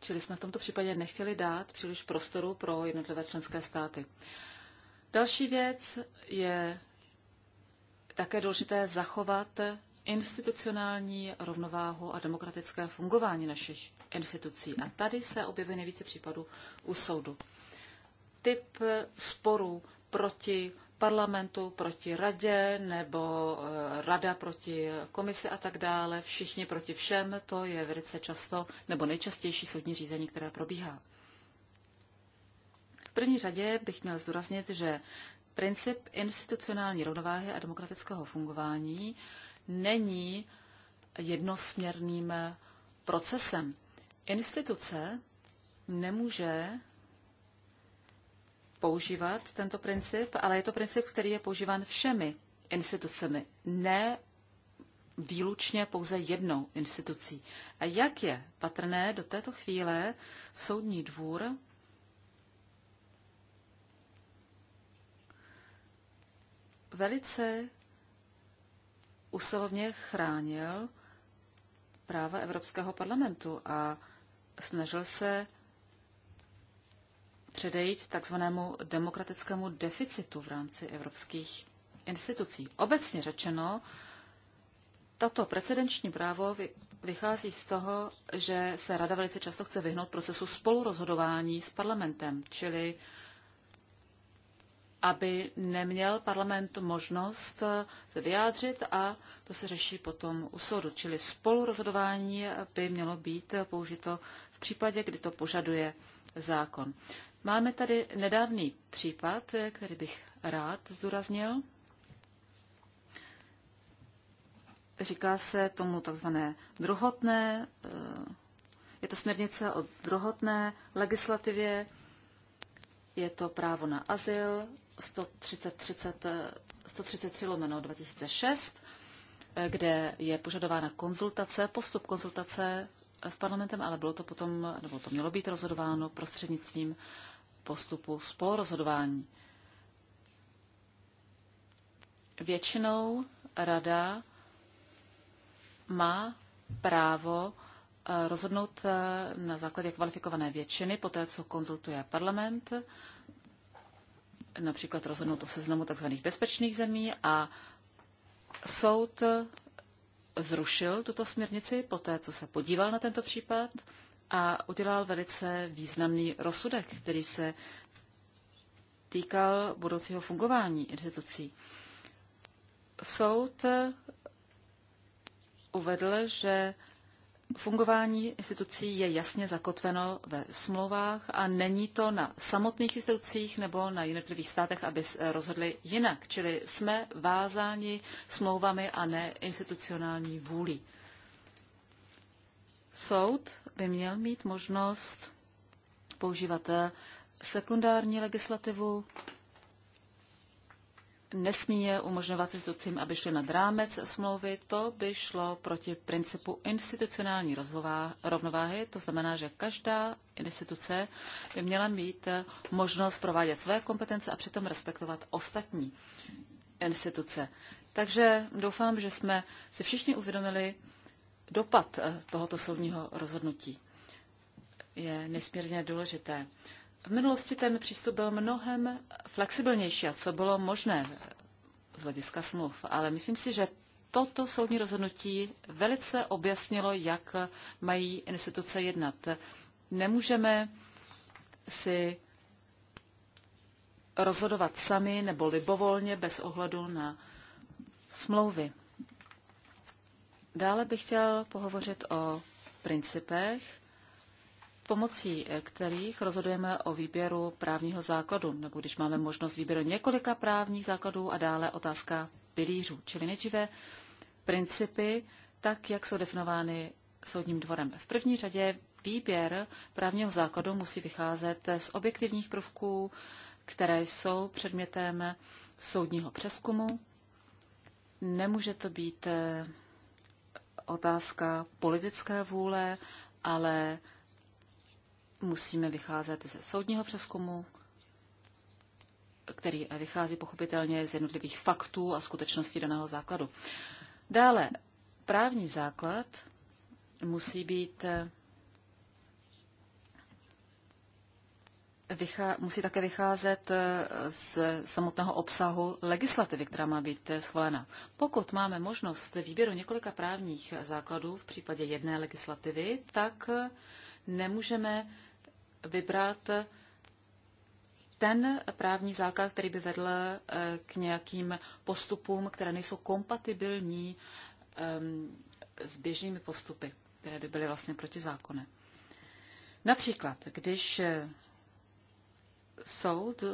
Čili jsme v tomto případě nechtěli dát příliš prostoru pro jednotlivé členské státy. Další věc je také důležité zachovat institucionální rovnováhu a demokratické fungování našich institucí. A tady se objevuje nejvíce případů u soudu. Typ sporů proti parlamentu proti radě nebo eh, rada proti komisi a tak dále, všichni proti všem, to je velice často nebo nejčastější soudní řízení, které probíhá. V první řadě bych měl zdůraznit, že princip institucionální rovnováhy a demokratického fungování není jednosměrným procesem. Instituce nemůže používat tento princip, ale je to princip, který je používán všemi institucemi, ne výlučně pouze jednou institucí. A jak je patrné, do této chvíle soudní dvůr velice usilovně chránil práva Evropského parlamentu a snažil se předejít takzvanému demokratickému deficitu v rámci evropských institucí. Obecně řečeno, tato precedenční právo vychází z toho, že se Rada velice často chce vyhnout procesu spolurozhodování s parlamentem, čili aby neměl parlament možnost se vyjádřit a to se řeší potom u soudu. Čili spolurozhodování by mělo být použito v případě, kdy to požaduje zákon. Máme tady nedávný případ, který bych rád zdůraznil. Říká se tomu takzvané druhotné, eh, je to směrnice o druhotné legislativě, je to právo na azyl 133 eh, lomeno 2006, eh, kde je požadována konzultace, postup konzultace s parlamentem, ale bylo to potom, nebo to mělo být rozhodováno prostřednictvím postupu spolurozhodování. Většinou rada má právo eh, rozhodnout eh, na základě kvalifikované většiny, poté co konzultuje parlament, například rozhodnout o seznamu tzv. bezpečných zemí a soud zrušil tuto směrnici poté, co se podíval na tento případ a udělal velice významný rozsudek, který se týkal budoucího fungování institucí. Soud uvedl, že fungování institucí je jasně zakotveno ve smlouvách a není to na samotných institucích nebo na jednotlivých státech, aby rozhodli jinak. Čili jsme vázáni smlouvami a ne institucionální vůlí. Soud by měl mít možnost používat eh, sekundární legislativu, nesmí je umožňovat institucím, aby šly nad rámec smlouvy. To by šlo proti principu institucionální rovnováhy. To znamená, že každá instituce by měla mít eh, možnost provádět své kompetence a přitom respektovat ostatní instituce. Takže doufám, že jsme si všichni uvědomili, dopad eh, tohoto soudního rozhodnutí je nesmírně důležité. V minulosti ten přístup byl mnohem flexibilnější a co bylo možné eh, z hlediska smluv, ale myslím si, že toto soudní rozhodnutí velice objasnilo, jak eh, mají instituce jednat. Nemůžeme si rozhodovat sami nebo libovolně bez ohledu na smlouvy. Dále bych chtěl pohovořit o principech, pomocí kterých rozhodujeme o výběru právního základu, nebo když máme možnost výběru několika právních základů a dále otázka pilířů, čili nejdříve principy, tak jak jsou definovány soudním dvorem. V první řadě výběr právního základu musí vycházet z objektivních prvků, které jsou předmětem soudního přeskumu. Nemůže to být otázka politické vůle, ale musíme vycházet ze soudního přeskumu, který vychází pochopitelně z jednotlivých faktů a skutečností daného základu. Dále, právní základ musí být vychá, musí také vycházet eh, z samotného obsahu legislativy, která má být eh, schválena. Pokud máme možnost výběru několika právních základů v případě jedné legislativy, tak eh, nemůžeme vybrat ten právní základ, který by vedl k nějakým postupům, které nejsou kompatibilní ehm, s běžnými postupy, které by byly vlastně protizákonné. Například, když soud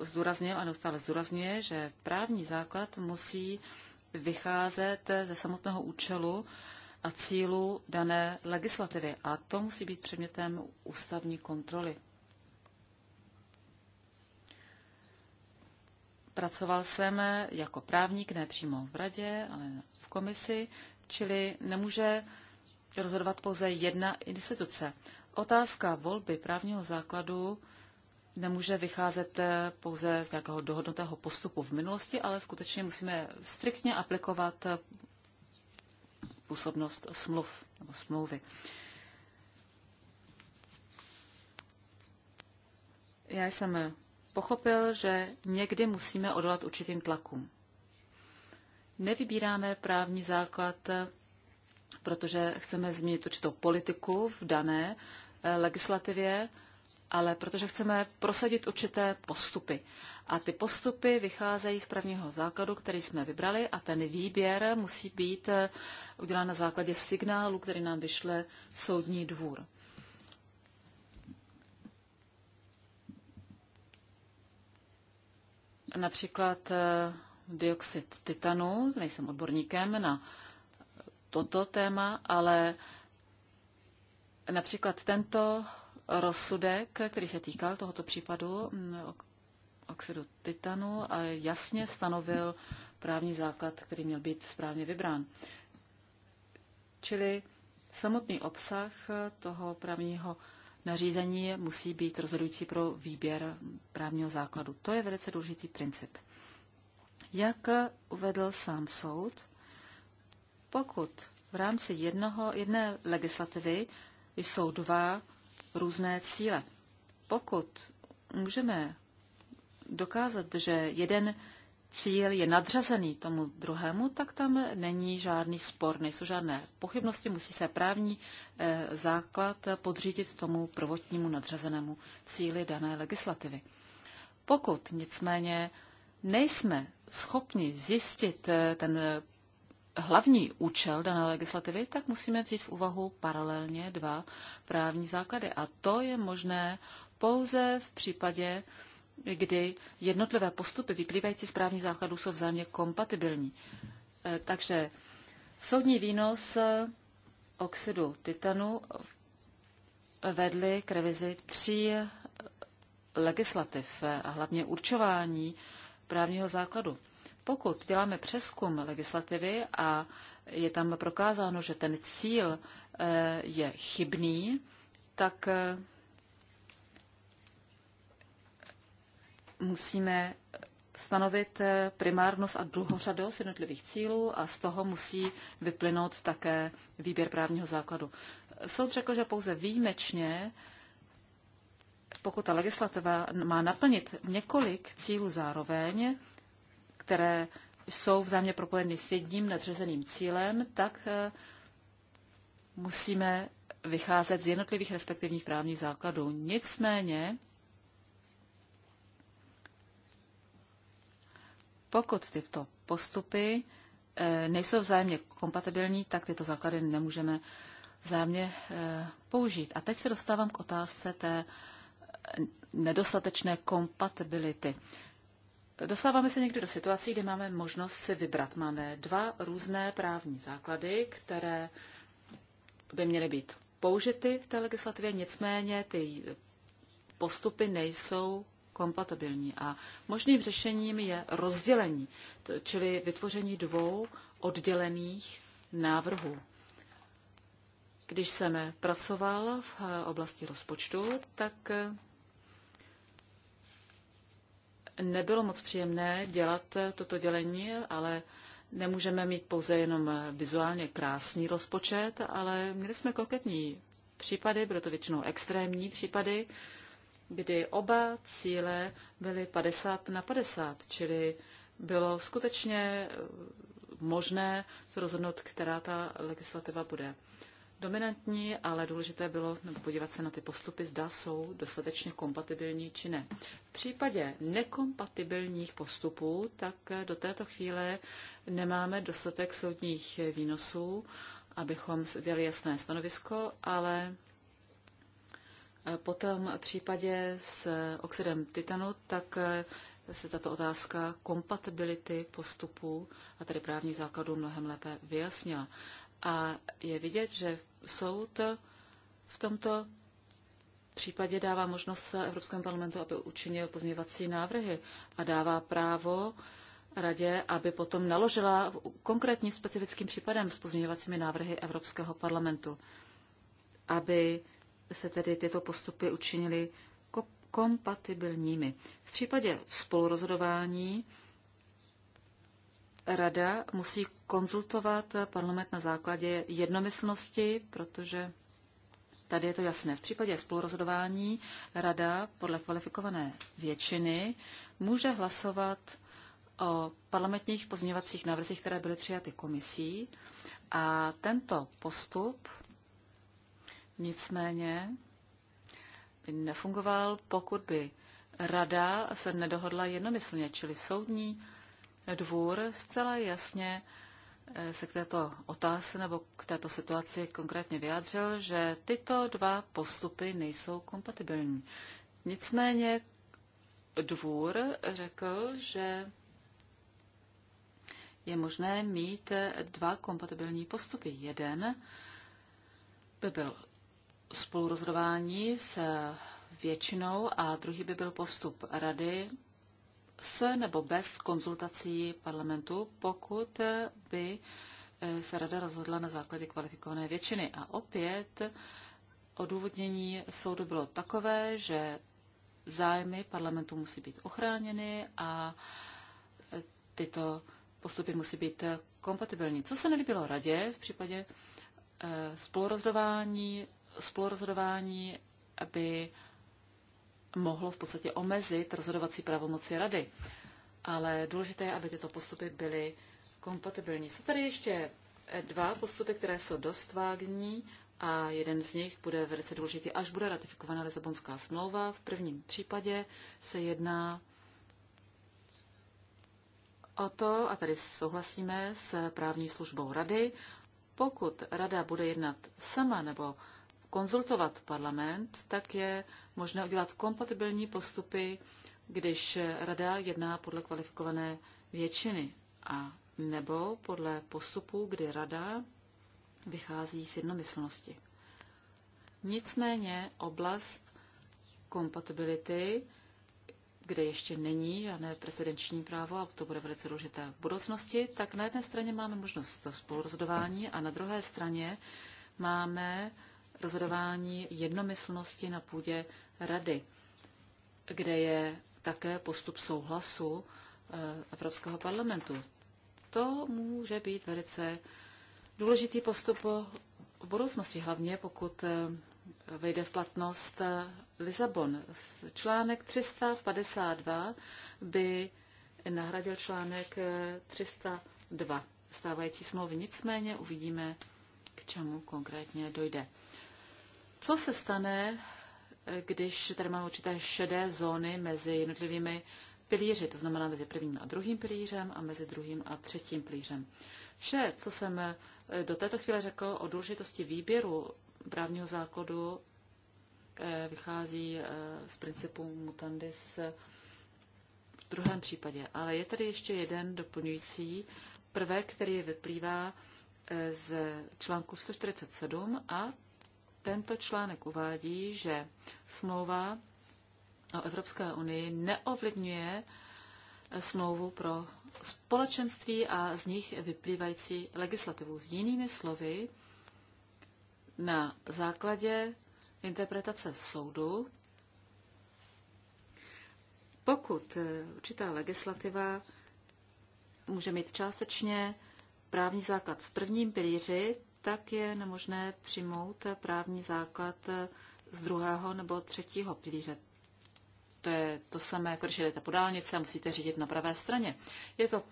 zdůraznil a neustále zdůrazňuje, že právní základ musí vycházet ze samotného účelu a cílu dané legislativy. A to musí být předmětem ústavní kontroly. Pracoval jsem jako právník, ne přímo v radě, ale v komisi, čili nemůže rozhodovat pouze jedna instituce. Otázka volby právního základu nemůže vycházet eh, pouze z nějakého dohodnutého postupu v minulosti, ale skutečně musíme striktně aplikovat eh, působnost smluv nebo smlouvy. Já jsem pochopil, že někdy musíme odolat určitým tlakům. Nevybíráme právní základ, eh, protože chceme změnit určitou politiku v dané legislativě, ale protože chceme prosadit určité postupy. A ty postupy vycházejí z prvního základu, který jsme vybrali a ten výběr musí být eh, udělán na základě signálu, který nám vyšle soudní dvůr. Například eh, dioxid titanu, nejsem odborníkem na toto téma, ale například tento rozsudek, který se týkal tohoto případu mm, oxidu titanu a jasně stanovil právní základ, který měl být správně vybrán. Čili samotný obsah toho právního nařízení musí být rozhodující pro výběr právního základu. To je velice důležitý princip. Jak uvedl sám soud, pokud v rámci jednoho, jedné legislativy jsou dva různé cíle. Pokud můžeme dokázat, že jeden cíl je nadřazený tomu druhému, tak tam není žádný spor, nejsou žádné pochybnosti, musí se právní eh, základ podřídit tomu prvotnímu nadřazenému cíli dané legislativy. Pokud nicméně nejsme schopni zjistit eh, ten hlavní účel dané legislativy, tak musíme vzít v úvahu paralelně dva právní základy. A to je možné pouze v případě, kdy jednotlivé postupy vyplývající z právních základů jsou vzájemně kompatibilní. Eh, takže soudní výnos oxidu titanu vedly k revizi tří eh, legislativ eh, a hlavně určování právního základu pokud děláme přeskum legislativy a je tam prokázáno, že ten cíl eh, je chybný, tak eh, musíme stanovit eh, primárnost a dlouhořadost jednotlivých cílů a z toho musí vyplynout také výběr právního základu. Soud řekl, že pouze výjimečně, pokud ta legislativa má naplnit několik cílů zároveň, které jsou vzájemně propojeny s jedním nadřazeným cílem, tak eh, musíme vycházet z jednotlivých respektivních právních základů. Nicméně, pokud tyto postupy eh, nejsou vzájemně kompatibilní, tak tyto základy nemůžeme vzájemně eh, použít. A teď se dostávám k otázce té nedostatečné kompatibility. Dostáváme se někdy do situací, kdy máme možnost si vybrat. Máme dva různé právní základy, které by měly být použity v té legislativě, nicméně ty postupy nejsou kompatibilní. A možným řešením je rozdělení, čili vytvoření dvou oddělených návrhů. Když jsem pracoval v eh, oblasti rozpočtu, tak eh, nebylo moc příjemné dělat toto dělení, ale nemůžeme mít pouze jenom vizuálně krásný rozpočet, ale měli jsme koketní případy, bylo to většinou extrémní případy, kdy oba cíle byly 50 na 50, čili bylo skutečně možné se rozhodnout, která ta legislativa bude dominantní, ale důležité bylo podívat se na ty postupy, zda jsou dostatečně kompatibilní či ne. V případě nekompatibilních postupů, tak do této chvíle nemáme dostatek soudních výnosů, abychom dali jasné stanovisko, ale eh, potom v případě s oxidem titanu, tak eh, se tato otázka kompatibility postupů a tedy právní základů mnohem lépe vyjasnila a je vidět, že soud v tomto případě dává možnost Evropskému parlamentu, aby učinil pozměňovací návrhy a dává právo radě, aby potom naložila konkrétním specifickým případem s pozměňovacími návrhy Evropského parlamentu, aby se tedy tyto postupy učinily kompatibilními. V případě spolurozhodování Rada musí konzultovat parlament na základě jednomyslnosti, protože tady je to jasné. V případě spolurozhodování Rada podle kvalifikované většiny může hlasovat o parlamentních pozměňovacích návrzích, které byly přijaty komisí. A tento postup nicméně by nefungoval, pokud by rada se nedohodla jednomyslně, čili soudní dvůr zcela jasně eh, se k této otázce nebo k této situaci konkrétně vyjádřil, že tyto dva postupy nejsou kompatibilní. Nicméně dvůr řekl, že je možné mít dva kompatibilní postupy. Jeden by byl spolurozhodování s většinou a druhý by byl postup rady s nebo bez konzultací parlamentu, pokud by eh, se rada rozhodla na základě kvalifikované většiny. A opět odůvodnění soudu bylo takové, že zájmy parlamentu musí být ochráněny a eh, tyto postupy musí být kompatibilní. Co se nelíbilo radě v případě eh, spolurozhodování, spolurozhodování aby mohlo v podstatě omezit rozhodovací pravomoci rady. Ale důležité je, aby tyto postupy byly kompatibilní. Jsou tady ještě dva postupy, které jsou dost vágní a jeden z nich bude velice důležitý, až bude ratifikovaná Lisabonská smlouva. V prvním případě se jedná o to, a tady souhlasíme s právní službou rady, pokud rada bude jednat sama nebo konzultovat parlament, tak je možné udělat kompatibilní postupy, když rada jedná podle kvalifikované většiny a nebo podle postupu, kdy rada vychází z jednomyslnosti. Nicméně oblast kompatibility, kde ještě není žádné precedenční právo, a to bude velice důležité v budoucnosti, tak na jedné straně máme možnost to spolurozhodování a na druhé straně máme rozhodování jednomyslnosti na půdě rady, kde je také postup souhlasu eh, Evropského parlamentu. To může být velice důležitý postup v budoucnosti, hlavně pokud eh, vejde v platnost eh, Lisabon. Článek 352 by nahradil článek 302 stávající smlouvy. Nicméně uvidíme, k čemu konkrétně dojde. Co se stane, eh, když tady máme určité šedé zóny mezi jednotlivými pilíři, to znamená mezi prvním a druhým pilířem a mezi druhým a třetím pilířem. Vše, co jsem eh, do této chvíle řekl o důležitosti výběru právního základu, eh, vychází z principu mutandis v druhém případě. Ale je tady ještě jeden doplňující prvek, který vyplývá z článku 147 a tento článek uvádí, že smlouva o Evropské unii neovlivňuje smlouvu pro společenství a z nich vyplývající legislativu. S jinými slovy, na základě interpretace soudu, pokud určitá legislativa může mít částečně právní základ v prvním pilíři, tak je nemožné přijmout právní základ z druhého nebo třetího pilíře. To je to samé, jako když jdete po dálnici a musíte řídit na pravé straně. Je to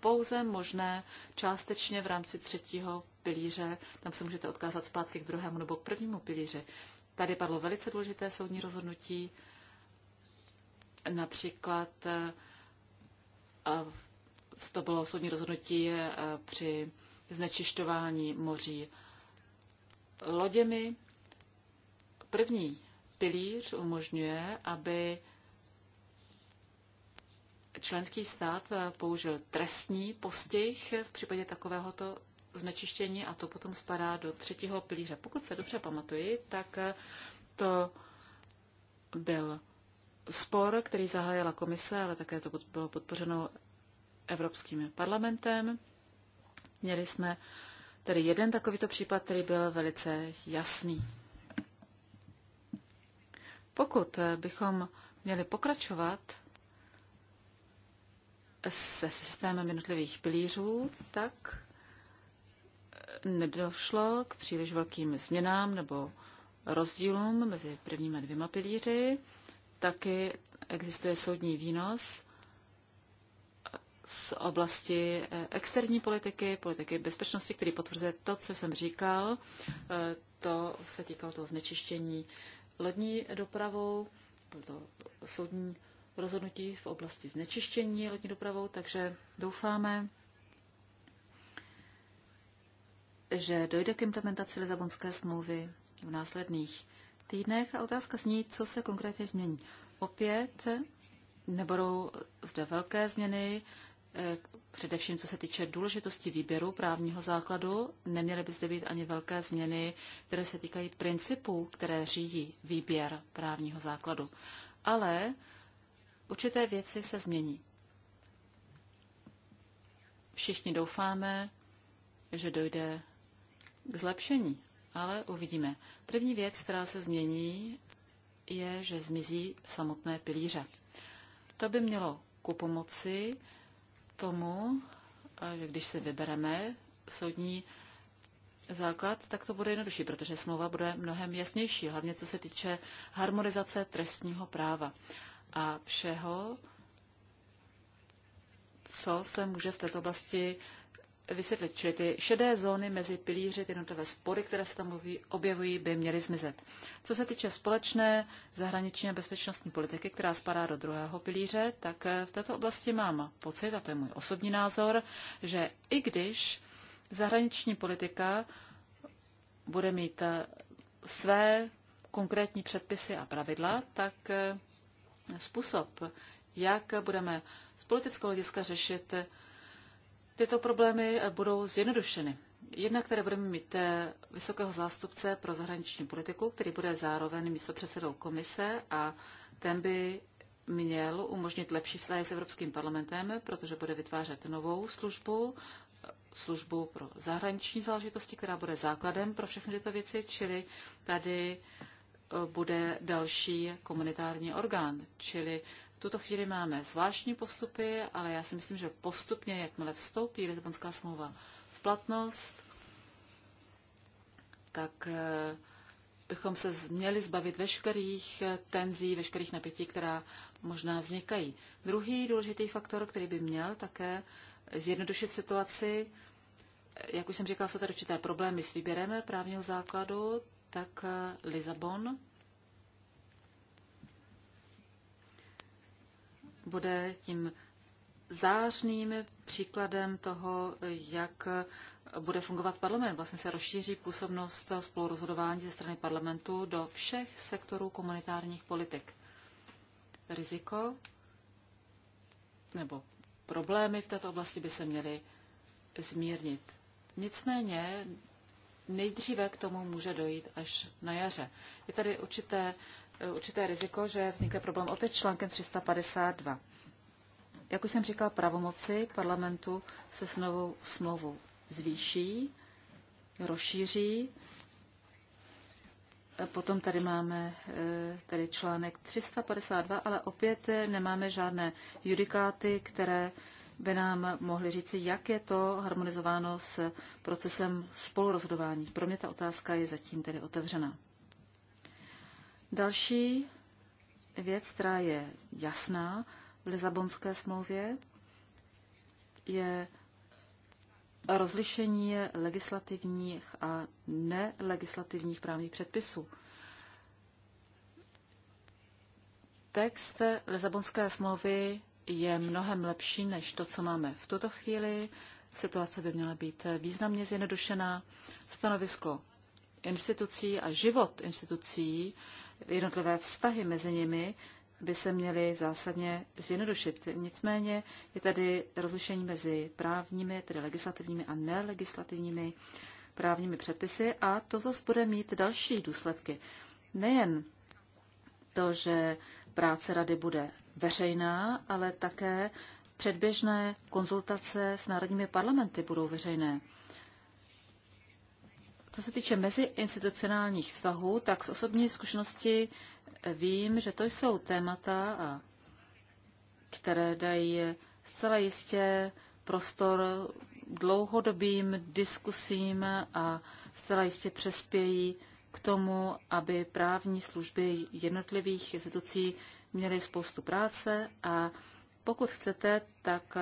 pouze možné částečně v rámci třetího pilíře. Tam se můžete odkázat zpátky k druhému nebo k prvnímu pilíři. Tady padlo velice důležité soudní rozhodnutí, například eh, to bylo soudní rozhodnutí eh, při znečišťování moří loděmi. První pilíř umožňuje, aby členský stát použil trestní postih v případě takovéhoto znečištění a to potom spadá do třetího pilíře. Pokud se dobře pamatuji, tak to byl spor, který zahájila komise, ale také to bylo podpořeno Evropským parlamentem. Měli jsme tedy jeden takovýto případ, který byl velice jasný. Pokud bychom měli pokračovat se systémem jednotlivých pilířů, tak nedošlo k příliš velkým změnám nebo rozdílům mezi prvními dvěma pilíři. Taky existuje soudní výnos z oblasti eh, externí politiky, politiky bezpečnosti, který potvrzuje to, co jsem říkal. Eh, to se týkalo toho znečištění lodní dopravou, to soudní rozhodnutí v oblasti znečištění lodní dopravou, takže doufáme, že dojde k implementaci Lizabonské smlouvy v následných týdnech a otázka zní, co se konkrétně změní. Opět nebudou zde velké změny, Eh, především co se týče důležitosti výběru právního základu, neměly by zde být ani velké změny, které se týkají principů, které řídí výběr právního základu. Ale určité věci se změní. Všichni doufáme, že dojde k zlepšení, ale uvidíme. První věc, která se změní, je, že zmizí samotné pilíře. To by mělo ku pomoci tomu, eh, že když si vybereme soudní základ, tak to bude jednodušší, protože smlouva bude mnohem jasnější, hlavně co se týče harmonizace trestního práva a všeho, co se může v této oblasti vysvětlit. Čili ty šedé zóny mezi pilíři, ty jednotlivé spory, které se tam objevují, by měly zmizet. Co se týče společné zahraniční a bezpečnostní politiky, která spadá do druhého pilíře, tak eh, v této oblasti mám pocit, a to je můj osobní názor, že i když zahraniční politika bude mít eh, své konkrétní předpisy a pravidla, tak eh, způsob, jak budeme z politického hlediska řešit tyto problémy eh, budou zjednodušeny. Jedna, které budeme mít eh, vysokého zástupce pro zahraniční politiku, který bude zároveň místopředsedou komise a ten by měl umožnit lepší vztahy s Evropským parlamentem, protože bude vytvářet novou službu, eh, službu pro zahraniční záležitosti, která bude základem pro všechny tyto věci, čili tady bude další komunitární orgán, čili tuto chvíli máme zvláštní postupy, ale já si myslím, že postupně, jakmile vstoupí Lisabonská smlouva v platnost, tak eh, bychom se měli zbavit veškerých eh, tenzí, veškerých napětí, která možná vznikají. Druhý důležitý faktor, který by měl také zjednodušit situaci, eh, jak už jsem říkal, jsou tady určité problémy s výběrem právního základu, tak Lisabon bude tím zářným příkladem toho, jak bude fungovat parlament. Vlastně se rozšíří působnost spolurozhodování ze strany parlamentu do všech sektorů komunitárních politik. Riziko nebo problémy v této oblasti by se měly zmírnit. Nicméně nejdříve k tomu může dojít až na jaře. Je tady určité Eh, určité riziko, že vznikne problém opět článkem 352. Jak už jsem říkal, pravomoci parlamentu se s novou smlouvou zvýší, rozšíří. Eh, potom tady máme eh, tady článek 352, ale opět nemáme žádné judikáty, které by nám mohly říci, jak je to harmonizováno s procesem spolurozhodování. Pro mě ta otázka je zatím tedy otevřená. Další věc, která je jasná v Lizabonské smlouvě, je rozlišení legislativních a nelegislativních právních předpisů. Text Lizabonské smlouvy je mnohem lepší než to, co máme v tuto chvíli. Situace by měla být významně zjednodušená. Stanovisko institucí a život institucí jednotlivé vztahy mezi nimi by se měly zásadně zjednodušit. Nicméně je tady rozlišení mezi právními, tedy legislativními a nelegislativními právními předpisy a to zase bude mít další důsledky. Nejen to, že práce rady bude veřejná, ale také předběžné konzultace s národními parlamenty budou veřejné. Co se týče meziinstitucionálních vztahů, tak z osobní zkušenosti eh, vím, že to jsou témata, které dají zcela jistě prostor dlouhodobým diskusím a zcela jistě přespějí k tomu, aby právní služby jednotlivých institucí měly spoustu práce a pokud chcete, tak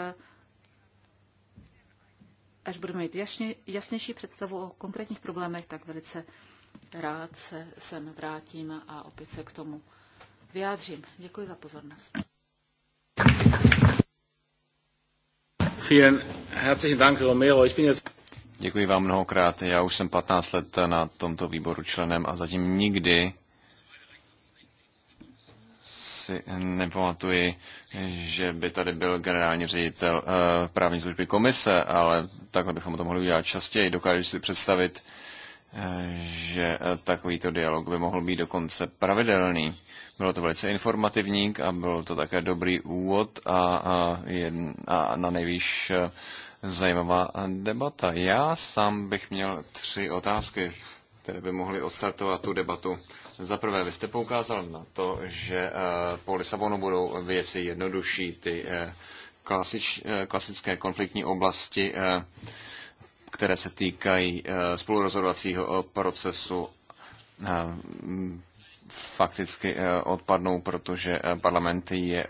až budeme mít jasně, jasnější představu o konkrétních problémech, tak velice rád se sem vrátím a opět se k tomu vyjádřím. Děkuji za pozornost. Děkuji vám mnohokrát. Já už jsem 15 let na tomto výboru členem a zatím nikdy si nepamatuji, že by tady byl generální ředitel eh, právní služby komise, ale takhle bychom to mohli udělat častěji. Dokážu si představit, eh, že eh, takovýto dialog by mohl být dokonce pravidelný. Bylo to velice informativní a byl to také dobrý úvod a, a, jedn, a na nejvýš zajímavá debata. Já sám bych měl tři otázky které by mohly odstartovat tu debatu. Za prvé, vy jste poukázal na to, že eh, po Lisabonu budou věci jednodušší, ty eh, klasič, eh, klasické konfliktní oblasti, které se týkají spolurozhodovacího procesu, fakticky odpadnou, protože parlament je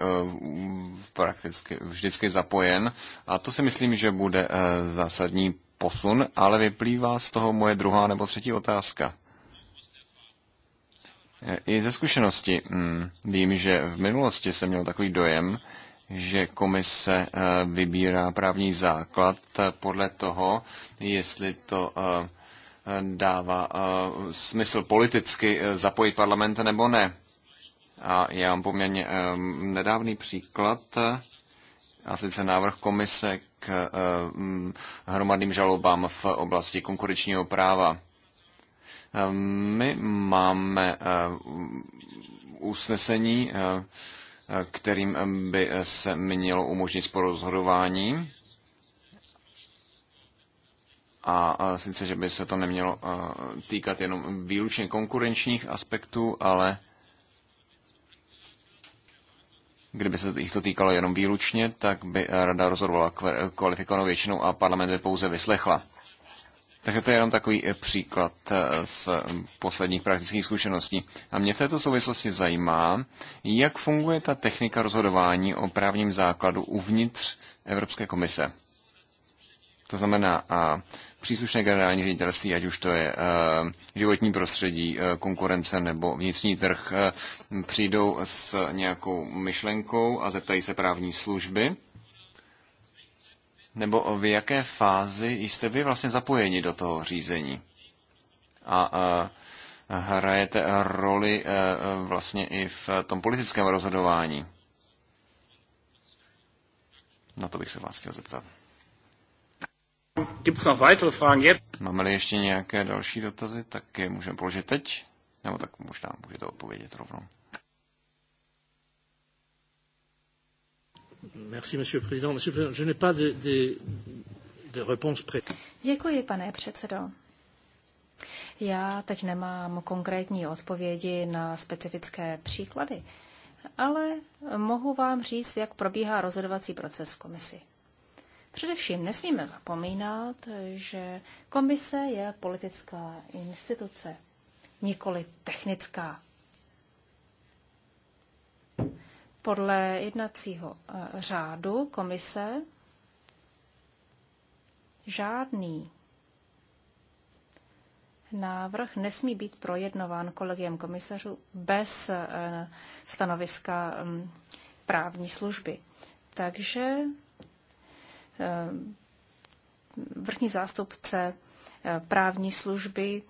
prakticky vždycky zapojen. A to si myslím, že bude zásadní posun, ale vyplývá z toho moje druhá nebo třetí otázka. I ze zkušenosti hmm, vím, že v minulosti jsem měl takový dojem, že komise eh, vybírá právní základ eh, podle toho, jestli to eh, dává smysl politicky zapojit parlament nebo ne. A já mám poměrně nedávný příklad, a sice návrh komise k eh, mm, hromadným žalobám v oblasti konkurenčního práva. Eh, my máme eh, usnesení, kterým by se mělo umožnit sporozhodování. A sice, že by se to nemělo týkat jenom výlučně konkurenčních aspektů, ale Kdyby se jich to týkalo jenom výlučně, tak by rada rozhodovala kvalifikovanou většinou a parlament by pouze vyslechla. Takže to je jenom takový eh, příklad eh, z posledních praktických zkušeností. A mě v této souvislosti zajímá, jak funguje ta technika rozhodování o právním základu uvnitř Evropské komise. To znamená, a příslušné generální ředitelství, ať už to je eh, životní prostředí, eh, konkurence nebo vnitřní trh, eh, přijdou s nějakou myšlenkou a zeptají se právní služby? Nebo v jaké fázi jste vy vlastně zapojeni do toho řízení? A, hrajete roli vlastně i v tom politickém rozhodování? Na to bych se vás chtěl zeptat. Máme-li ještě nějaké další dotazy, tak je můžeme položit teď, nebo tak možná můžete odpovědět rovnou. Děkuji, pane předsedo. Já teď nemám konkrétní odpovědi na specifické příklady, ale mohu vám říct, jak probíhá rozhodovací proces v komisi. Především nesmíme zapomínat, že komise je politická instituce, nikoli technická. Podle jednacího eh, řádu komise žádný návrh nesmí být projednován kolegiem komisařů bez eh, stanoviska mm, právní služby. Takže Eh, vrchní zástupce eh, právní služby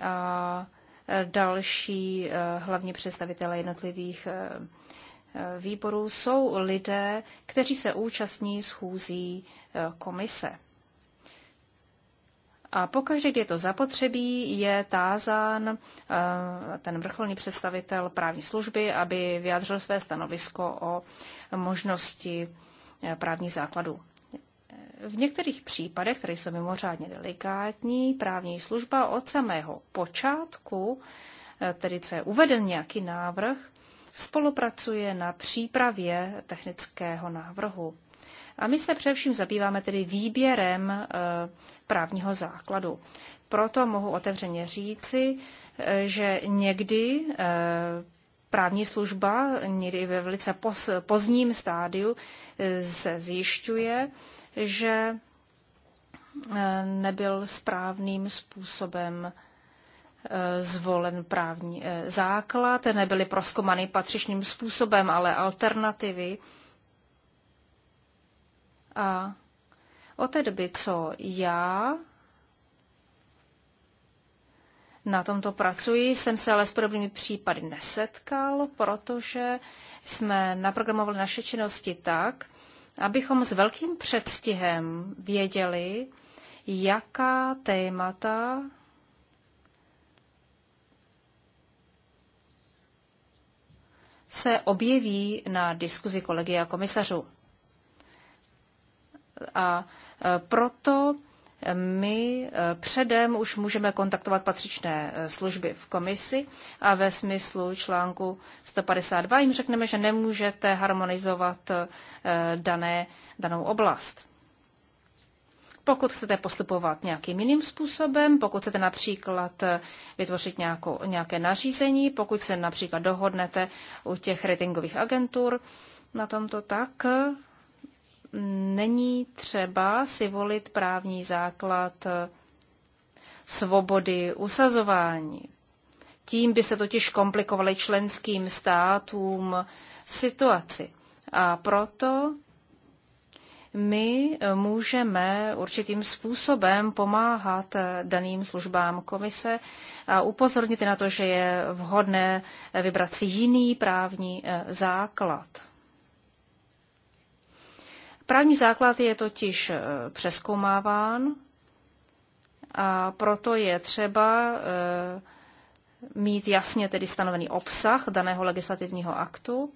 a eh, další hlavní představitelé jednotlivých výborů jsou lidé, kteří se účastní schůzí komise. A pokaždé, kdy je to zapotřebí, je tázán ten vrcholný představitel právní služby, aby vyjádřil své stanovisko o možnosti právní základu v některých případech, které jsou mimořádně delikátní, právní služba od samého počátku, eh, tedy co je uveden nějaký návrh, spolupracuje na přípravě technického návrhu. A my se především zabýváme tedy výběrem eh, právního základu. Proto mohu otevřeně říci, eh, že někdy právní služba, někdy ve velice pozdním stádiu, se zjišťuje, že eh, nebyl správným způsobem eh, zvolen právní eh, základ, nebyly proskomany patřičným způsobem, ale alternativy. A od té doby, co já na tomto pracuji, jsem se ale s podobnými případy nesetkal, protože jsme naprogramovali naše činnosti tak, abychom s velkým předstihem věděli, jaká témata se objeví na diskuzi kolegy a komisařů. A e, proto my eh, předem už můžeme kontaktovat patřičné eh, služby v komisi a ve smyslu článku 152 jim řekneme, že nemůžete harmonizovat eh, dané, danou oblast. Pokud chcete postupovat nějakým jiným způsobem, pokud chcete například vytvořit nějakou, nějaké nařízení, pokud se například dohodnete u těch ratingových agentur na tomto, tak není třeba si volit právní základ eh, svobody usazování. Tím by se totiž komplikovali členským státům situaci. A proto my eh, můžeme určitým způsobem pomáhat eh, daným službám komise a upozornit na to, že je vhodné vybrat si jiný právní základ. Právní základ je totiž eh, přeskoumáván a proto je třeba eh, mít jasně tedy stanovený obsah daného legislativního aktu,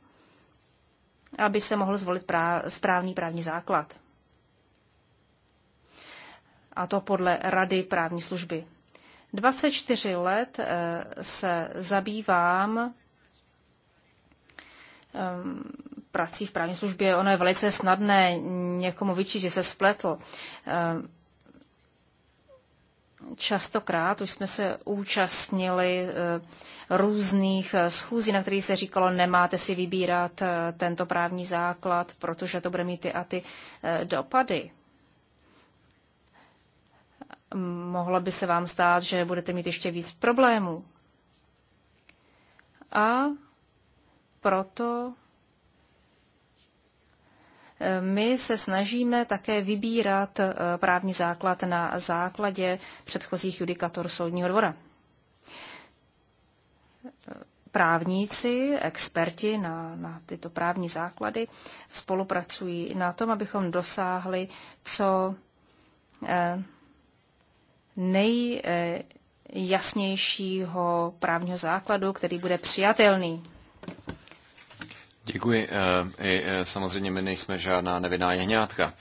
aby se mohl zvolit správný právní základ. A to podle Rady právní služby. 24 let eh, se zabývám ehm, prací v právní službě, ono je velice snadné někomu vyčít, že se spletl. Ehm, častokrát už jsme se účastnili eh, různých eh, schůzí, na kterých se říkalo, nemáte si vybírat eh, tento právní základ, protože to bude mít ty a ty dopady mohlo by se vám stát, že budete mít ještě víc problémů. A proto my se snažíme také vybírat eh, právní základ na základě předchozích judikator soudního dvora. Právníci, experti na, na tyto právní základy spolupracují na tom, abychom dosáhli co eh, nejjasnějšího právního základu, který bude přijatelný Děkuji. Eh, I eh, samozřejmě my nejsme žádná nevinná jehňátka.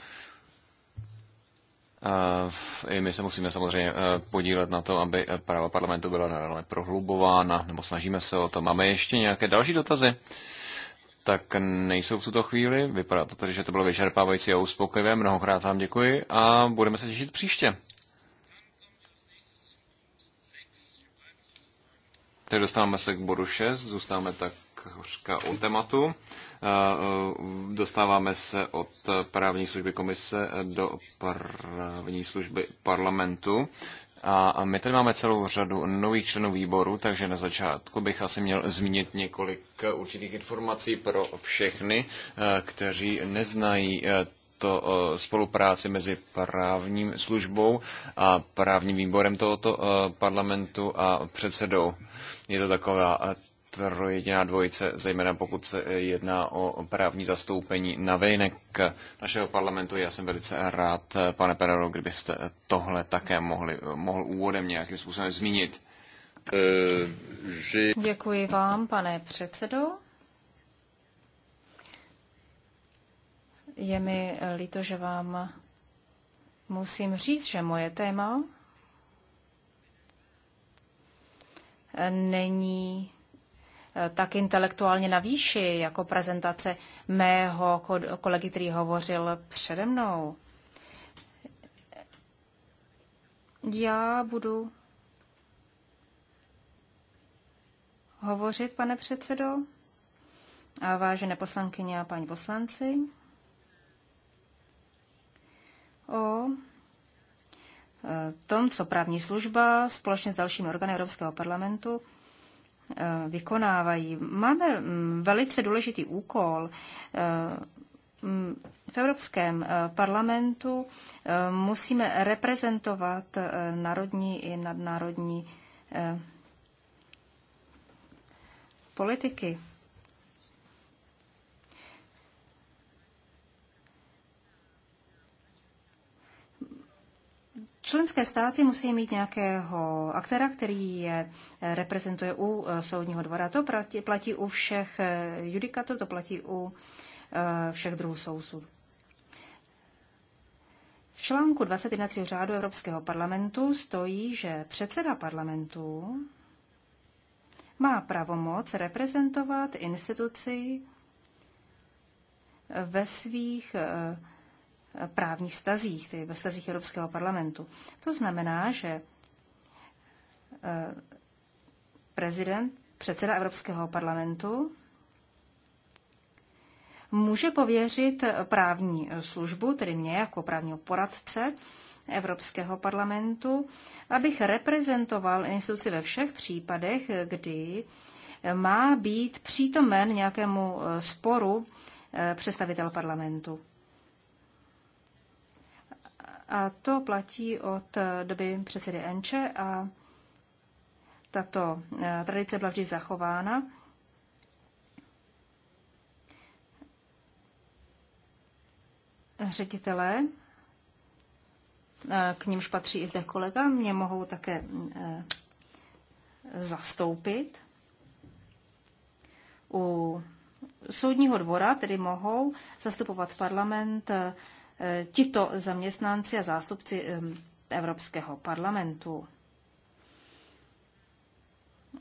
Eh, I my se musíme samozřejmě podílet na tom, aby práva parlamentu byla nadále prohlubována, nebo snažíme se o to. Máme ještě nějaké další dotazy? Tak nejsou v tuto chvíli. Vypadá to tedy, že to bylo vyčerpávající a uspokojivé. Mnohokrát vám děkuji a budeme se těšit příště. Teď dostáváme se k bodu 6, zůstáváme tak hořka u tématu. Eh, eh, dostáváme se od právní služby komise do právní služby parlamentu. A my tady máme celou řadu nových členů výboru, takže na začátku bych asi měl zmínit několik určitých informací pro všechny, eh, kteří neznají to spolupráci mezi právním službou a právním výborem tohoto parlamentu a předsedou. Je to taková trojjediná dvojice, zejména pokud se jedná o právní zastoupení na vejnek našeho parlamentu. Já jsem velice rád, pane Perero, kdybyste tohle také mohli, mohl úvodem nějakým způsobem zmínit. Eh, že... Děkuji vám, pane předsedo. Je mi líto, že vám musím říct, že moje téma není tak intelektuálně na výši, jako prezentace mého kolegy, který hovořil přede mnou. Já budu hovořit, pane předsedo, a vážené poslankyně a paní poslanci, o e, tom, co právní služba společně s dalšími orgány Evropského parlamentu Eh, vykonávají. Máme mm, velice důležitý úkol eh, mm, v Evropském eh, parlamentu musíme reprezentovat národní i nadnárodní politiky. Členské státy musí mít nějakého aktéra, který je eh, reprezentuje u eh, soudního dvora. To platí, platí u všech eh, judikatů, to platí u všech druhů sousudů. V článku 20 řádu Evropského parlamentu stojí, že předseda parlamentu má pravomoc reprezentovat instituci ve svých uh, právních stazích, tedy ve stazích Evropského parlamentu. To znamená, že eh, prezident, předseda Evropského parlamentu může pověřit právní službu, tedy mě jako právního poradce Evropského parlamentu, abych reprezentoval instituci ve všech případech, kdy eh, má být přítomen nějakému eh, sporu představitel parlamentu. A to platí od doby předsedy Enče a tato eh, tradice byla vždy zachována. Ředitelé, eh, k nímž patří i zde kolega, mě mohou také eh, zastoupit. U soudního dvora tedy mohou zastupovat parlament tito zaměstnanci a zástupci Evropského parlamentu.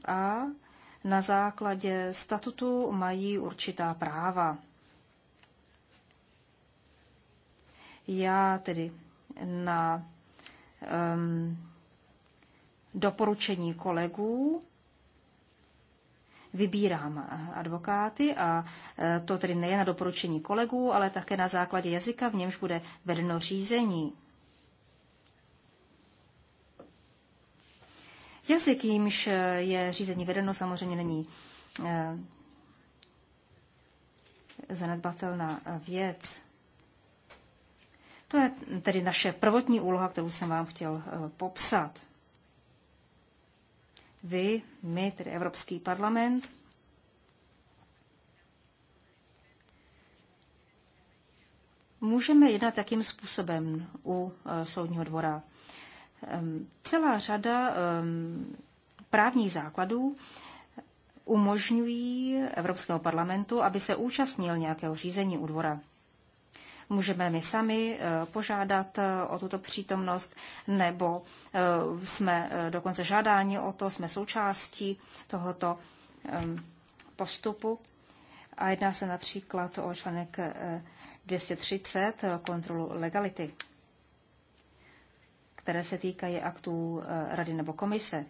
A na základě statutu mají určitá práva. Já tedy na um, doporučení kolegů vybírám eh, advokáty a eh, to tedy nejen na doporučení kolegů, ale také na základě jazyka, v němž bude vedeno řízení. Jazyk, jímž eh, je řízení vedeno, samozřejmě není zanedbatelná věc. To je tedy naše prvotní úloha, kterou jsem vám chtěl popsat vy, my, tedy Evropský parlament, můžeme jednat takým způsobem u eh, soudního dvora. Ehm, celá řada ehm, právních základů umožňují Evropskému parlamentu, aby se účastnil nějakého řízení u dvora můžeme my sami eh, požádat eh, o tuto přítomnost, nebo eh, jsme dokonce žádáni o to, jsme součástí tohoto postupu. A jedná se například o článek 230 kontrolu legality, které se týkají aktů Rady nebo komise.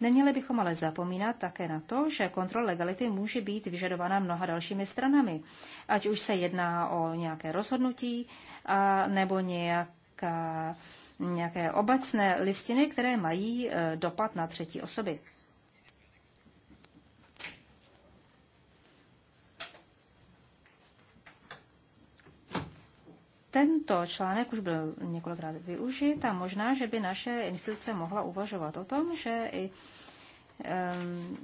Neměli bychom ale zapomínat také na to, že kontrola legality může být vyžadována mnoha dalšími stranami, ať už se jedná o nějaké rozhodnutí a, nebo nějaká, nějaké obecné listiny, které mají e, dopad na třetí osoby. Tento článek už byl několikrát využit a možná, že by naše instituce mohla uvažovat o tom, že i um,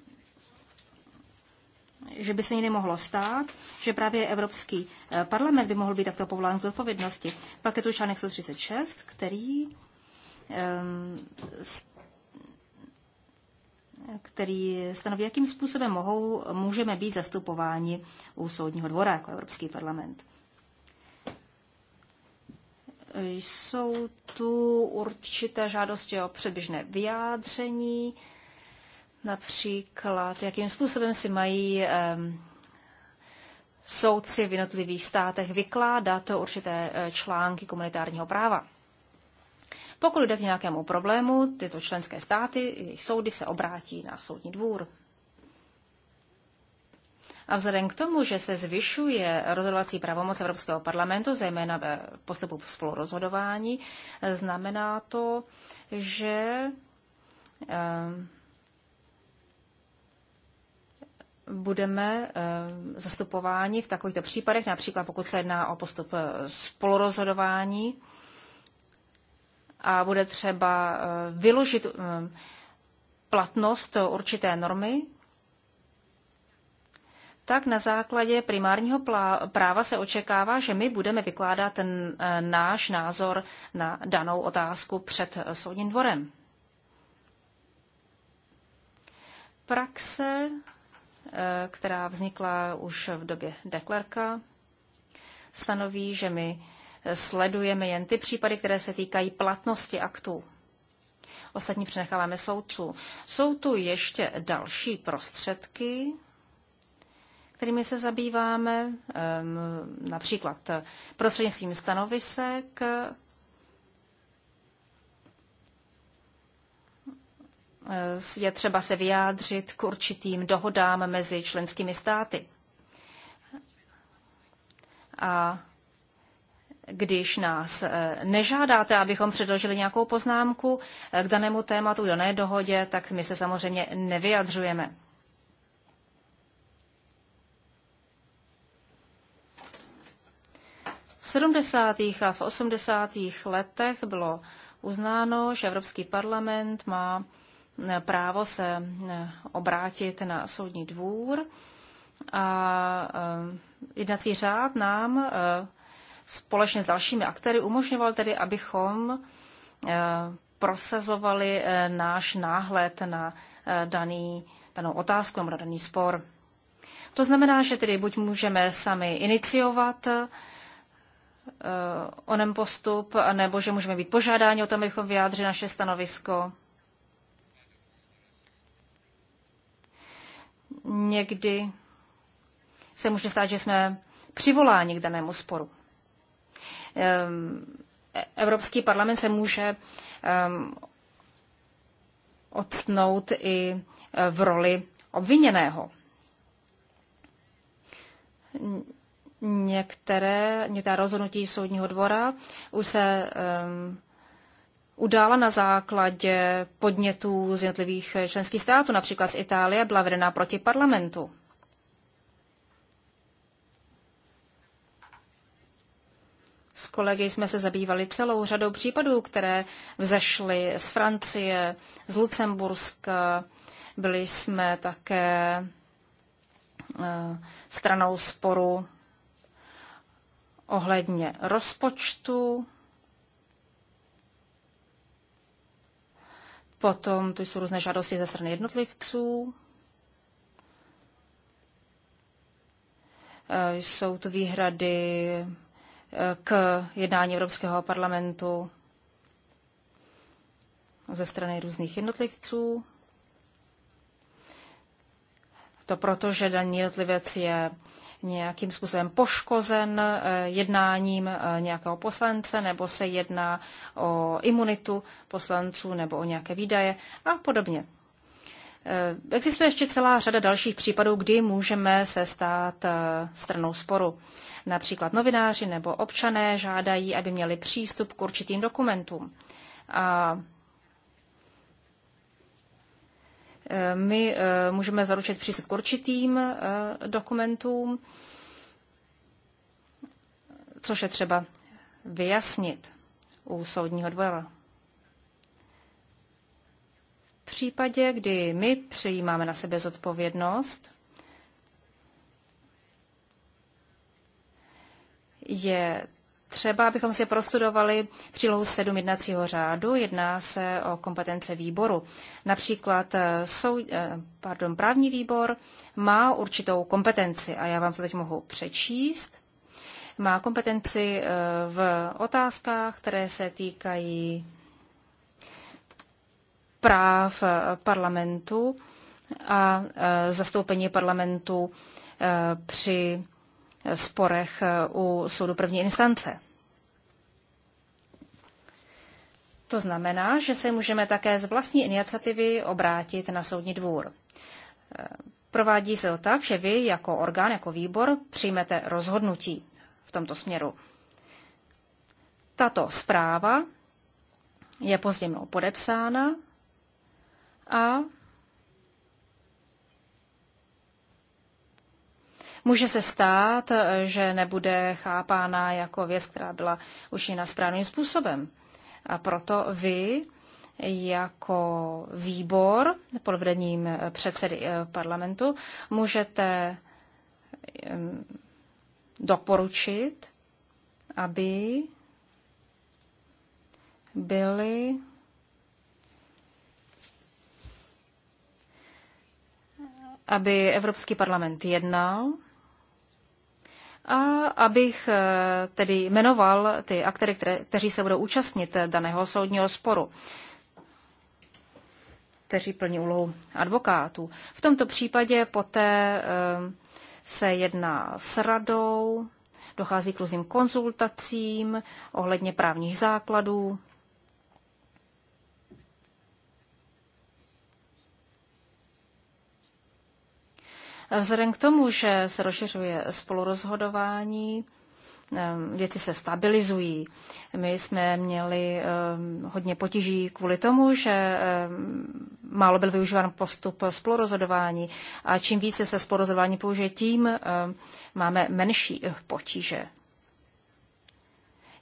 že by se někdy mohlo stát, že právě Evropský eh, parlament by mohl být takto povolán k odpovědnosti. Pak je tu článek 136, který, ehm, který stanoví, jakým způsobem mohou, můžeme být zastupováni u soudního dvora jako Evropský parlament. Jsou tu určité žádosti o předběžné vyjádření, například jakým způsobem si mají soudci v jednotlivých státech vykládat určité e, články komunitárního práva. Pokud jde k nějakému problému, tyto členské státy, jejich soudy se obrátí na soudní dvůr. A vzhledem k tomu, že se zvyšuje rozhodovací pravomoc Evropského parlamentu, zejména ve postupu spolurozhodování, znamená to, že eh, budeme eh, zastupováni v takovýchto případech, například pokud se jedná o postup eh, spolurozhodování a bude třeba vyložit platnost určité normy, tak na základě primárního práva se očekává, že my budeme vykládat ten eh, náš názor na danou otázku před eh, soudním dvorem. Praxe, eh, která vznikla už v době deklerka, stanoví, že my sledujeme jen ty případy, které se týkají platnosti aktů. Ostatní přenecháváme soudců. Jsou tu ještě další prostředky, kterými se zabýváme, například prostřednictvím stanovisek, je třeba se vyjádřit k určitým dohodám mezi členskými státy. A když nás eh, nežádáte, abychom předložili nějakou poznámku eh, k danému tématu, dané dohodě, tak my se samozřejmě nevyjadřujeme. 70. a v 80. letech bylo uznáno, že Evropský parlament má eh, právo se eh, obrátit na soudní dvůr a eh, jednací řád nám společně s dalšími aktéry umožňoval tedy, abychom prosazovali náš náhled na daný, danou otázku nebo na daný spor. To znamená, že tedy buď můžeme sami iniciovat Eh, onem postup, nebo že můžeme být požádáni o tom, abychom vyjádřili naše stanovisko. Někdy se může stát, že jsme přivoláni k danému sporu. Eh, Evropský parlament se může eh, odstnout i v roli obviněného Některé, některé rozhodnutí soudního dvora už se um, udála na základě podnětů z jednotlivých členských států, například z Itálie, byla vedená proti parlamentu. S kolegy jsme se zabývali celou řadou případů, které vzešly z Francie, z Lucemburska. Byli jsme také eh, stranou sporu ohledně rozpočtu. Potom tu jsou různé žádosti ze strany jednotlivců. Eh, jsou tu výhrady eh, k jednání Evropského parlamentu ze strany různých jednotlivců. To proto, že daný jednotlivec je nějakým způsobem poškozen eh, jednáním eh, nějakého poslance, nebo se jedná o imunitu poslanců nebo o nějaké výdaje a podobně. Eh, existuje ještě celá řada dalších případů, kdy můžeme se stát stranou sporu. Například novináři nebo občané žádají, aby měli přístup k určitým dokumentům. A My eh, můžeme zaručit přístup k určitým eh, dokumentům, což je třeba vyjasnit u soudního dvora. V případě, kdy my přijímáme na sebe zodpovědnost, je třeba, abychom si prostudovali přílohu 7 jednacího řádu. Jedná se o kompetence výboru. Například eh, sou, eh, pardon, právní výbor má určitou kompetenci a já vám to teď mohu přečíst. Má kompetenci eh, v otázkách, které se týkají práv parlamentu a zastoupení parlamentu při sporech eh, u soudu první instance. To znamená, že se můžeme také z vlastní iniciativy obrátit na soudní dvůr. Eh, provádí se to tak, že vy jako orgán, jako výbor přijmete rozhodnutí v tomto směru. Tato zpráva je pozděmnou podepsána a Může se stát, že nebude chápána jako věc, která byla učiněna správným způsobem. A proto vy jako výbor pod vedením předsedy eh, parlamentu můžete doporučit, aby byly aby Evropský parlament jednal a abych eh, tedy jmenoval ty aktéry, kteří se budou účastnit daného soudního sporu, kteří plní úlohu advokátů. V tomto případě poté eh, se jedná s radou, dochází k různým konzultacím ohledně právních základů Vzhledem k tomu, že se rozšiřuje spolurozhodování, věci se stabilizují. My jsme měli hodně potíží kvůli tomu, že málo byl využíván postup spolurozhodování a čím více se spolurozhodování použije, tím máme menší potíže.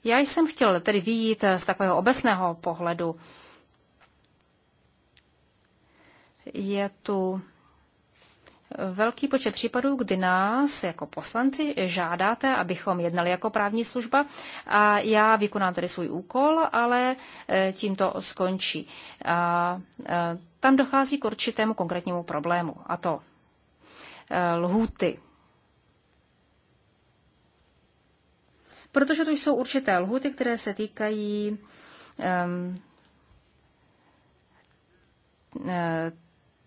Já jsem chtěl tedy vyjít eh, z takového obecného pohledu. Je tu velký počet případů, kdy nás jako poslanci žádáte, abychom jednali jako právní služba a já vykonám tady svůj úkol, ale e, tím to skončí. A e, tam dochází k určitému konkrétnímu problému a to e, lhuty. Protože tu jsou určité lhuty, které se týkají um,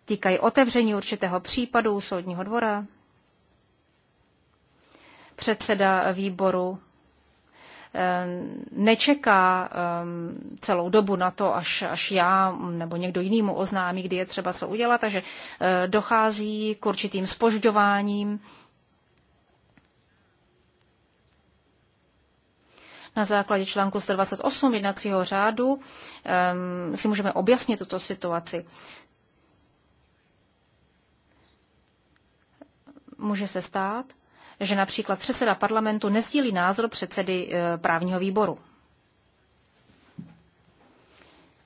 týkají otevření určitého případu soudního dvora. Předseda výboru eh, nečeká eh, celou dobu na to, až, až já nebo někdo jiný mu oznámí, kdy je třeba co udělat, takže eh, dochází k určitým spožďováním. Na základě článku 128 jednacího řádu um, si můžeme objasnit tuto situaci. může se stát, že například předseda parlamentu nezdílí názor předsedy e, právního výboru.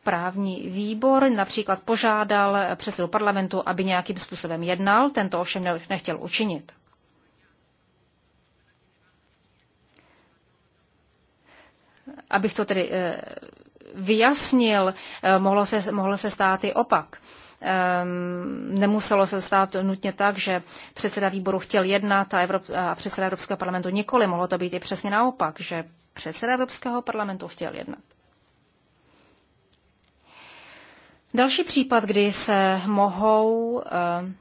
Právní výbor například požádal předsedu parlamentu, aby nějakým způsobem jednal, tento ovšem nechtěl učinit. Abych to tedy e, vyjasnil, e, mohlo se, mohlo se stát i opak. Ehm, nemuselo se stát nutně tak, že předseda výboru chtěl jednat a, Evrop, a předseda Evropského parlamentu nikoli. Mohlo to být i přesně naopak, že předseda Evropského parlamentu chtěl jednat. Další případ, kdy se mohou ehm,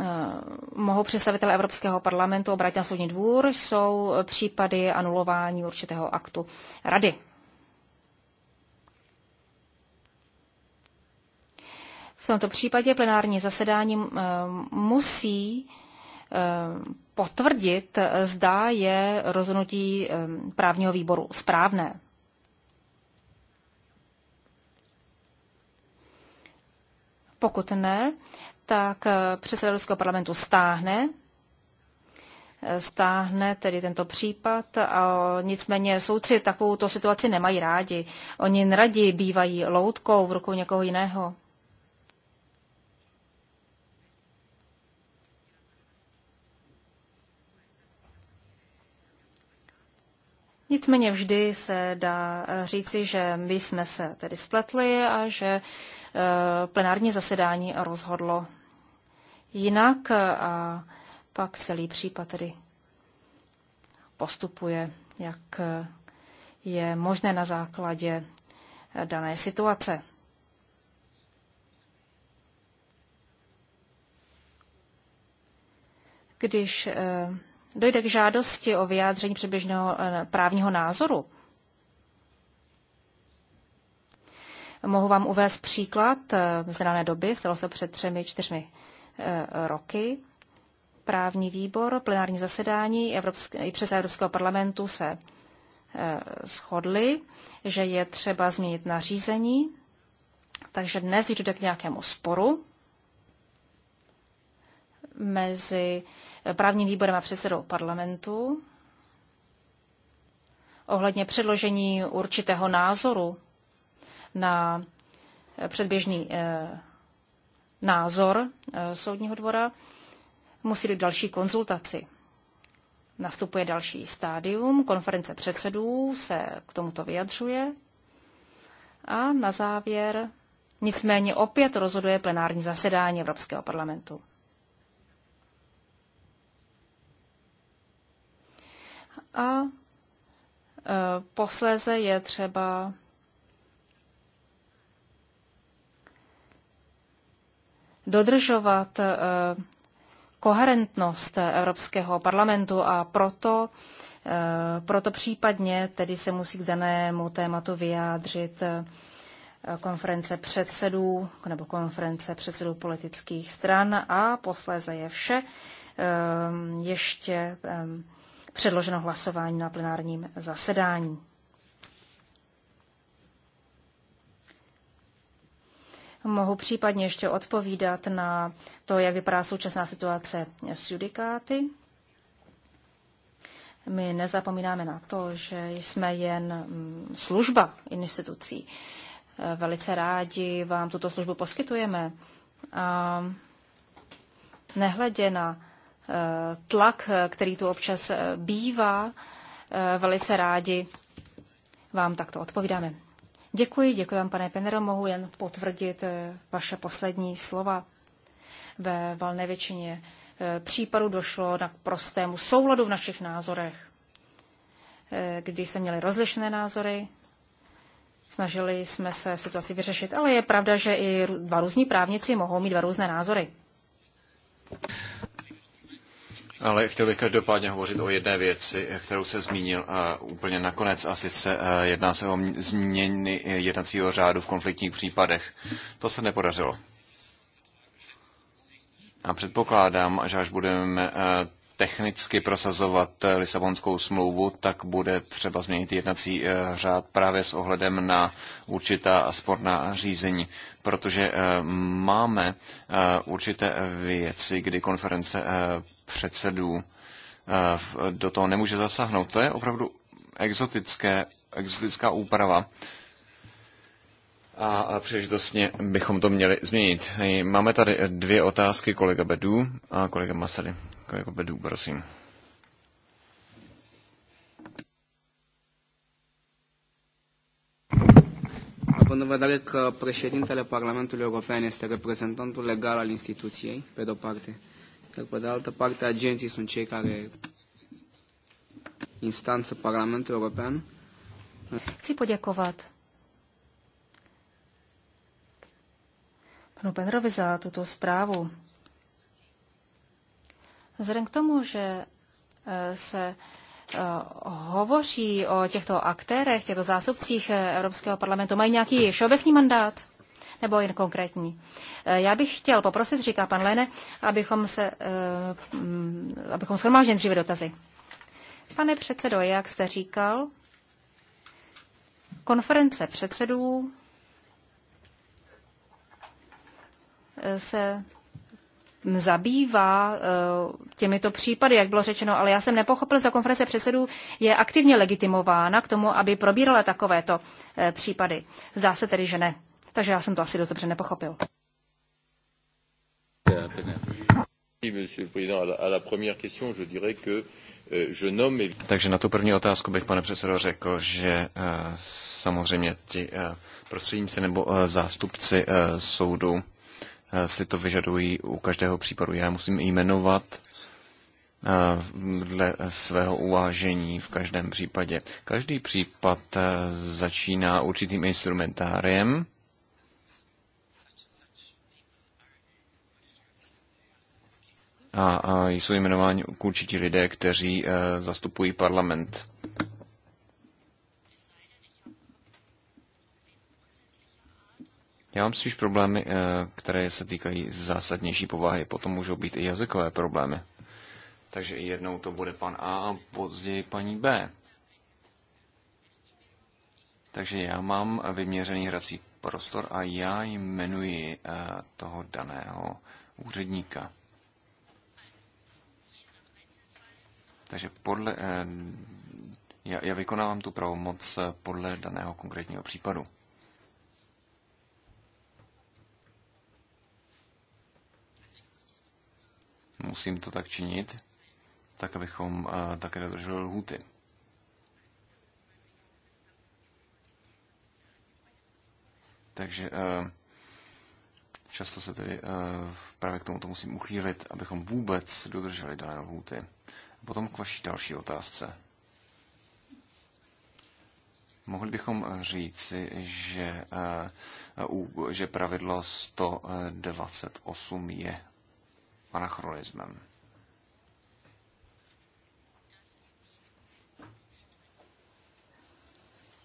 ehm, mohou představitelé Evropského parlamentu obrátit na soudní dvůr, jsou případy anulování určitého aktu rady tomto případě plenární zasedání eh, musí eh, potvrdit, zda je rozhodnutí eh, právního výboru správné. Pokud ne, tak předseda Ruského parlamentu stáhne stáhne tedy tento případ. A nicméně soudci takovouto situaci nemají rádi. Oni neradi bývají loutkou v rukou někoho jiného. Nicméně vždy se dá eh, říci, že my jsme se tedy spletli a že eh, plenární zasedání rozhodlo jinak a pak celý případ tedy postupuje, jak eh, je možné na základě dané situace. Když dojde k žádosti o vyjádření předběžného eh, právního názoru, Mohu vám uvést příklad eh, z rané doby, stalo se před třemi, čtyřmi eh, roky. Právní výbor, plenární zasedání i přes Evropského parlamentu se shodli, že je třeba změnit nařízení, takže dnes jde k nějakému sporu mezi právním výborem a předsedou parlamentu ohledně předložení určitého názoru na předběžný eh, názor eh, soudního dvora, musí být další konzultaci. Nastupuje další stádium, konference předsedů se k tomuto vyjadřuje a na závěr nicméně opět rozhoduje plenární zasedání Evropského parlamentu. A e, posléze je třeba dodržovat e, koherentnost Evropského parlamentu a proto, e, proto případně tedy se musí k danému tématu vyjádřit konference předsedů nebo konference předsedů politických stran a posléze je vše ještě předloženo hlasování na plenárním zasedání. Mohu případně ještě odpovídat na to, jak vypadá současná situace s judikáty. My nezapomínáme na to, že jsme jen mm, služba institucí. Velice rádi vám tuto službu poskytujeme. A nehledě na tlak, který tu občas eh, bývá, eh, velice rádi vám takto odpovídáme. Děkuji, děkuji vám, pane Penero, mohu jen potvrdit eh, vaše poslední slova. Ve valné většině případů došlo na prostému souladu v našich názorech. Když jsme měli rozlišné názory, snažili jsme se situaci vyřešit, ale je pravda, že i dva různí právníci mohou mít dva různé názory. Ale chtěl bych každopádně hovořit o jedné věci, kterou se zmínil uh, úplně nakonec, a sice uh, jedná se o změny jednacího řádu v konfliktních případech. To se nepodařilo. A předpokládám, že až budeme uh, technicky prosazovat e, Lisabonskou smlouvu, tak bude třeba změnit jednací řád právě s ohledem na určitá sporná řízení, protože máme určité věci, kdy konference předsedů eh, do toho nemůže zasáhnout. To je opravdu exotické, exotická úprava. A příležitostně bychom to měli změnit. Máme tady dvě otázky, kolega Bedů a kolega Masady. Kolega Bedů, prosím. Având în vedere că președintele Parlamentului European este reprezentantul legal al instituției, pe de-o parte, Dar pe de altă parte, agenții sunt cei care instanță Parlamentul European. Chci poděkovat panu Penrovi za tuto zprávu. Vzhledem k tomu, že e, se e, hovoří o těchto aktérech, těchto zástupcích Evropského parlamentu, mají nějaký všeobecný mandát? nebo jen konkrétní? Eh, já bych chtěl poprosit, říká pan Lene, abychom se, eh, mm, abychom shromáždili dříve dotazy. Pane předsedo, jak jste říkal, konference předsedů eh, se mm, zabývá těmito případy, jak bylo řečeno, ale já jsem nepochopil, za konference předsedů je aktivně legitimována k tomu, aby probírala takovéto případy. Zdá se tedy, že ne takže já jsem to asi dost dobře nepochopil. Takže na tu první otázku bych, pane předsedo, řekl, že eh, samozřejmě ti eh, prostředníci nebo eh, zástupci soudu si to vyžadují u každého případu. Já musím jmenovat dle svého uvážení v každém případě. Každý případ začíná určitým instrumentáriem, a, a jsou jmenováni určití lidé, kteří eh, zastupují parlament. Já mám spíš problémy, eh, které se týkají zásadnější povahy. Potom můžou být i jazykové problémy. Takže jednou to bude pan A a později paní B. Takže já mám vyměřený hrací prostor a já jmenuji eh, toho daného úředníka. Takže podle, eh, já, já vykonávám tu pravomoc eh, podle daného konkrétního případu. Musím to tak činit, tak abychom eh, také dodrželi lhuty. Takže často se tedy právě k tomuto musím uchýlit, abychom vůbec dodrželi dané lhuty. Potom k vaší další otázce. Mohli bychom říci, že, eh, že pravidlo 128 je anachronismem.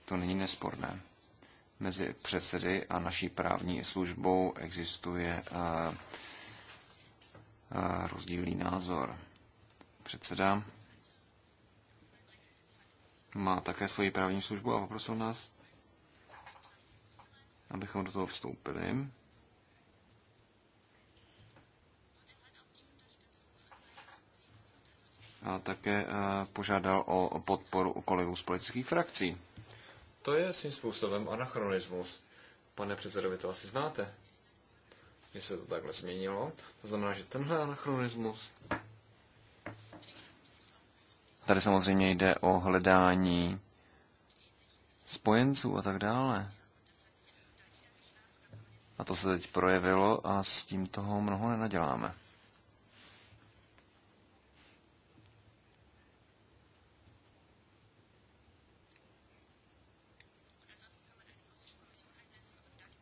To není nesporné. Mezi předsedy a naší právní službou existuje eh, eh, rozdílný názor předseda má také svoji právní službu a poprosil nás, abychom do toho vstoupili. A také eh, požádal o podporu kolegů z politických frakcí. To je svým způsobem anachronismus. Pane předsedo, vy to asi znáte. Že se to takhle změnilo. To znamená, že tenhle anachronismus Tady samozřejmě jde o hledání spojenců a tak dále. A to se teď projevilo a s tím toho mnoho nenaděláme.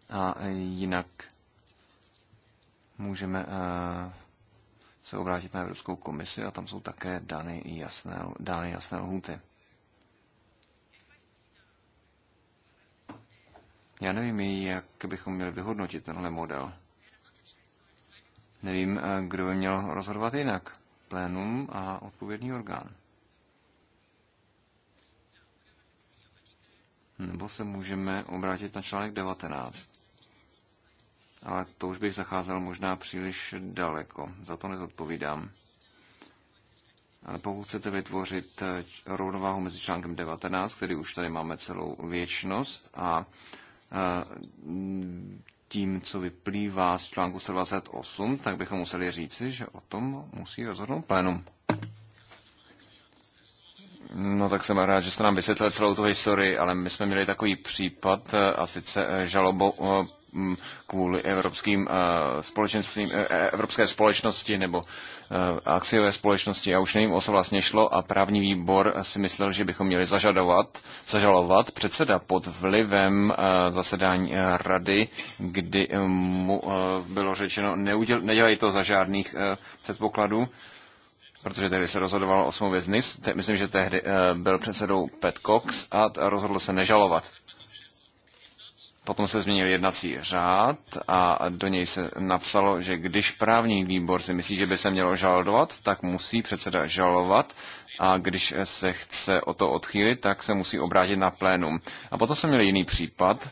A jinak můžeme eh, se obrátit na Evropskou komisi a tam jsou také dány jasné, dány jasné lhůty. Já nevím, jak bychom měli vyhodnotit tenhle model. Nevím, eh, kdo by měl rozhodovat jinak. Plénum a odpovědný orgán. Nebo se můžeme obrátit na článek 19 ale to už bych zacházel možná příliš daleko. Za to nezodpovídám. Ale pokud chcete vytvořit eh, rovnováhu mezi článkem 19, který už tady máme celou věčnost, a eh, tím, co vyplývá z článku 128, tak bychom museli říci, že o tom musí rozhodnout plénum. No tak jsem rád, že jste nám vysvětlili celou tu historii, ale my jsme měli takový případ, eh, a sice žalobu Mm, kvůli evropským eh, společenstvím, eh, eh, evropské společnosti nebo akciové společnosti. Já už nevím, o co vlastně šlo a právní výbor si myslel, že bychom měli zažadovat, zažalovat předseda pod vlivem zasedání rady, kdy mu bylo řečeno, neuděl, nedělej to za žádných předpokladů protože tehdy se rozhodovalo o smlouvě z NIS. Myslím, že tehdy byl předsedou Pat Cox a rozhodl se nežalovat. Potom se změnil jednací řád a do něj se napsalo, že když právní výbor si myslí, že by se mělo žalovat, tak musí předseda žalovat a když se chce o to odchýlit, tak se musí obrátit na plénum. A potom jsem měl jiný případ,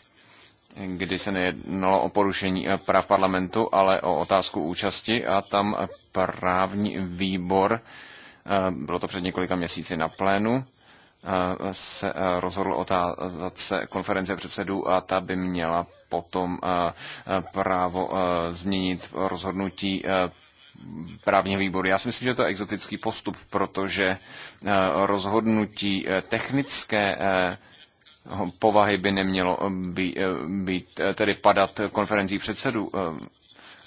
kdy se nejednalo o porušení eh, práv parlamentu, ale o otázku účasti a tam právní výbor, eh, bylo to před několika měsíci na plénu, Eh, se eh, rozhodl otázat se konference předsedů a ta by měla potom eh, právo změnit rozhodnutí právního výboru. Já si myslím, že to je exotický postup, protože rozhodnutí technické povahy by nemělo být, být tedy padat konferencí předsedů,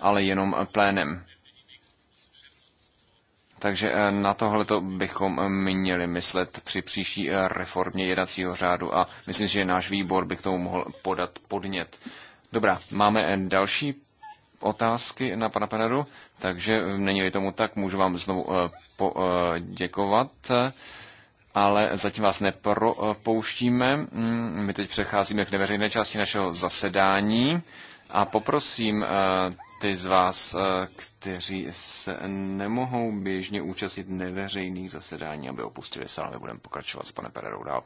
ale jenom plénem. Takže eh, na tohle to bychom eh, měli myslet při příští eh, reformě jednacího řádu a myslím, že náš výbor by k tomu mohl podat podnět. Dobrá, máme další otázky na pana Peneru, takže není-li tomu tak, můžu vám znovu poděkovat, ale zatím vás nepropouštíme. Mm, my teď přecházíme k neveřejné části našeho zasedání. A poprosím eh, ty z vás, eh, kteří se nemohou běžně účastnit neveřejných zasedání, aby opustili sál. My budeme pokračovat s panem Pererou dál.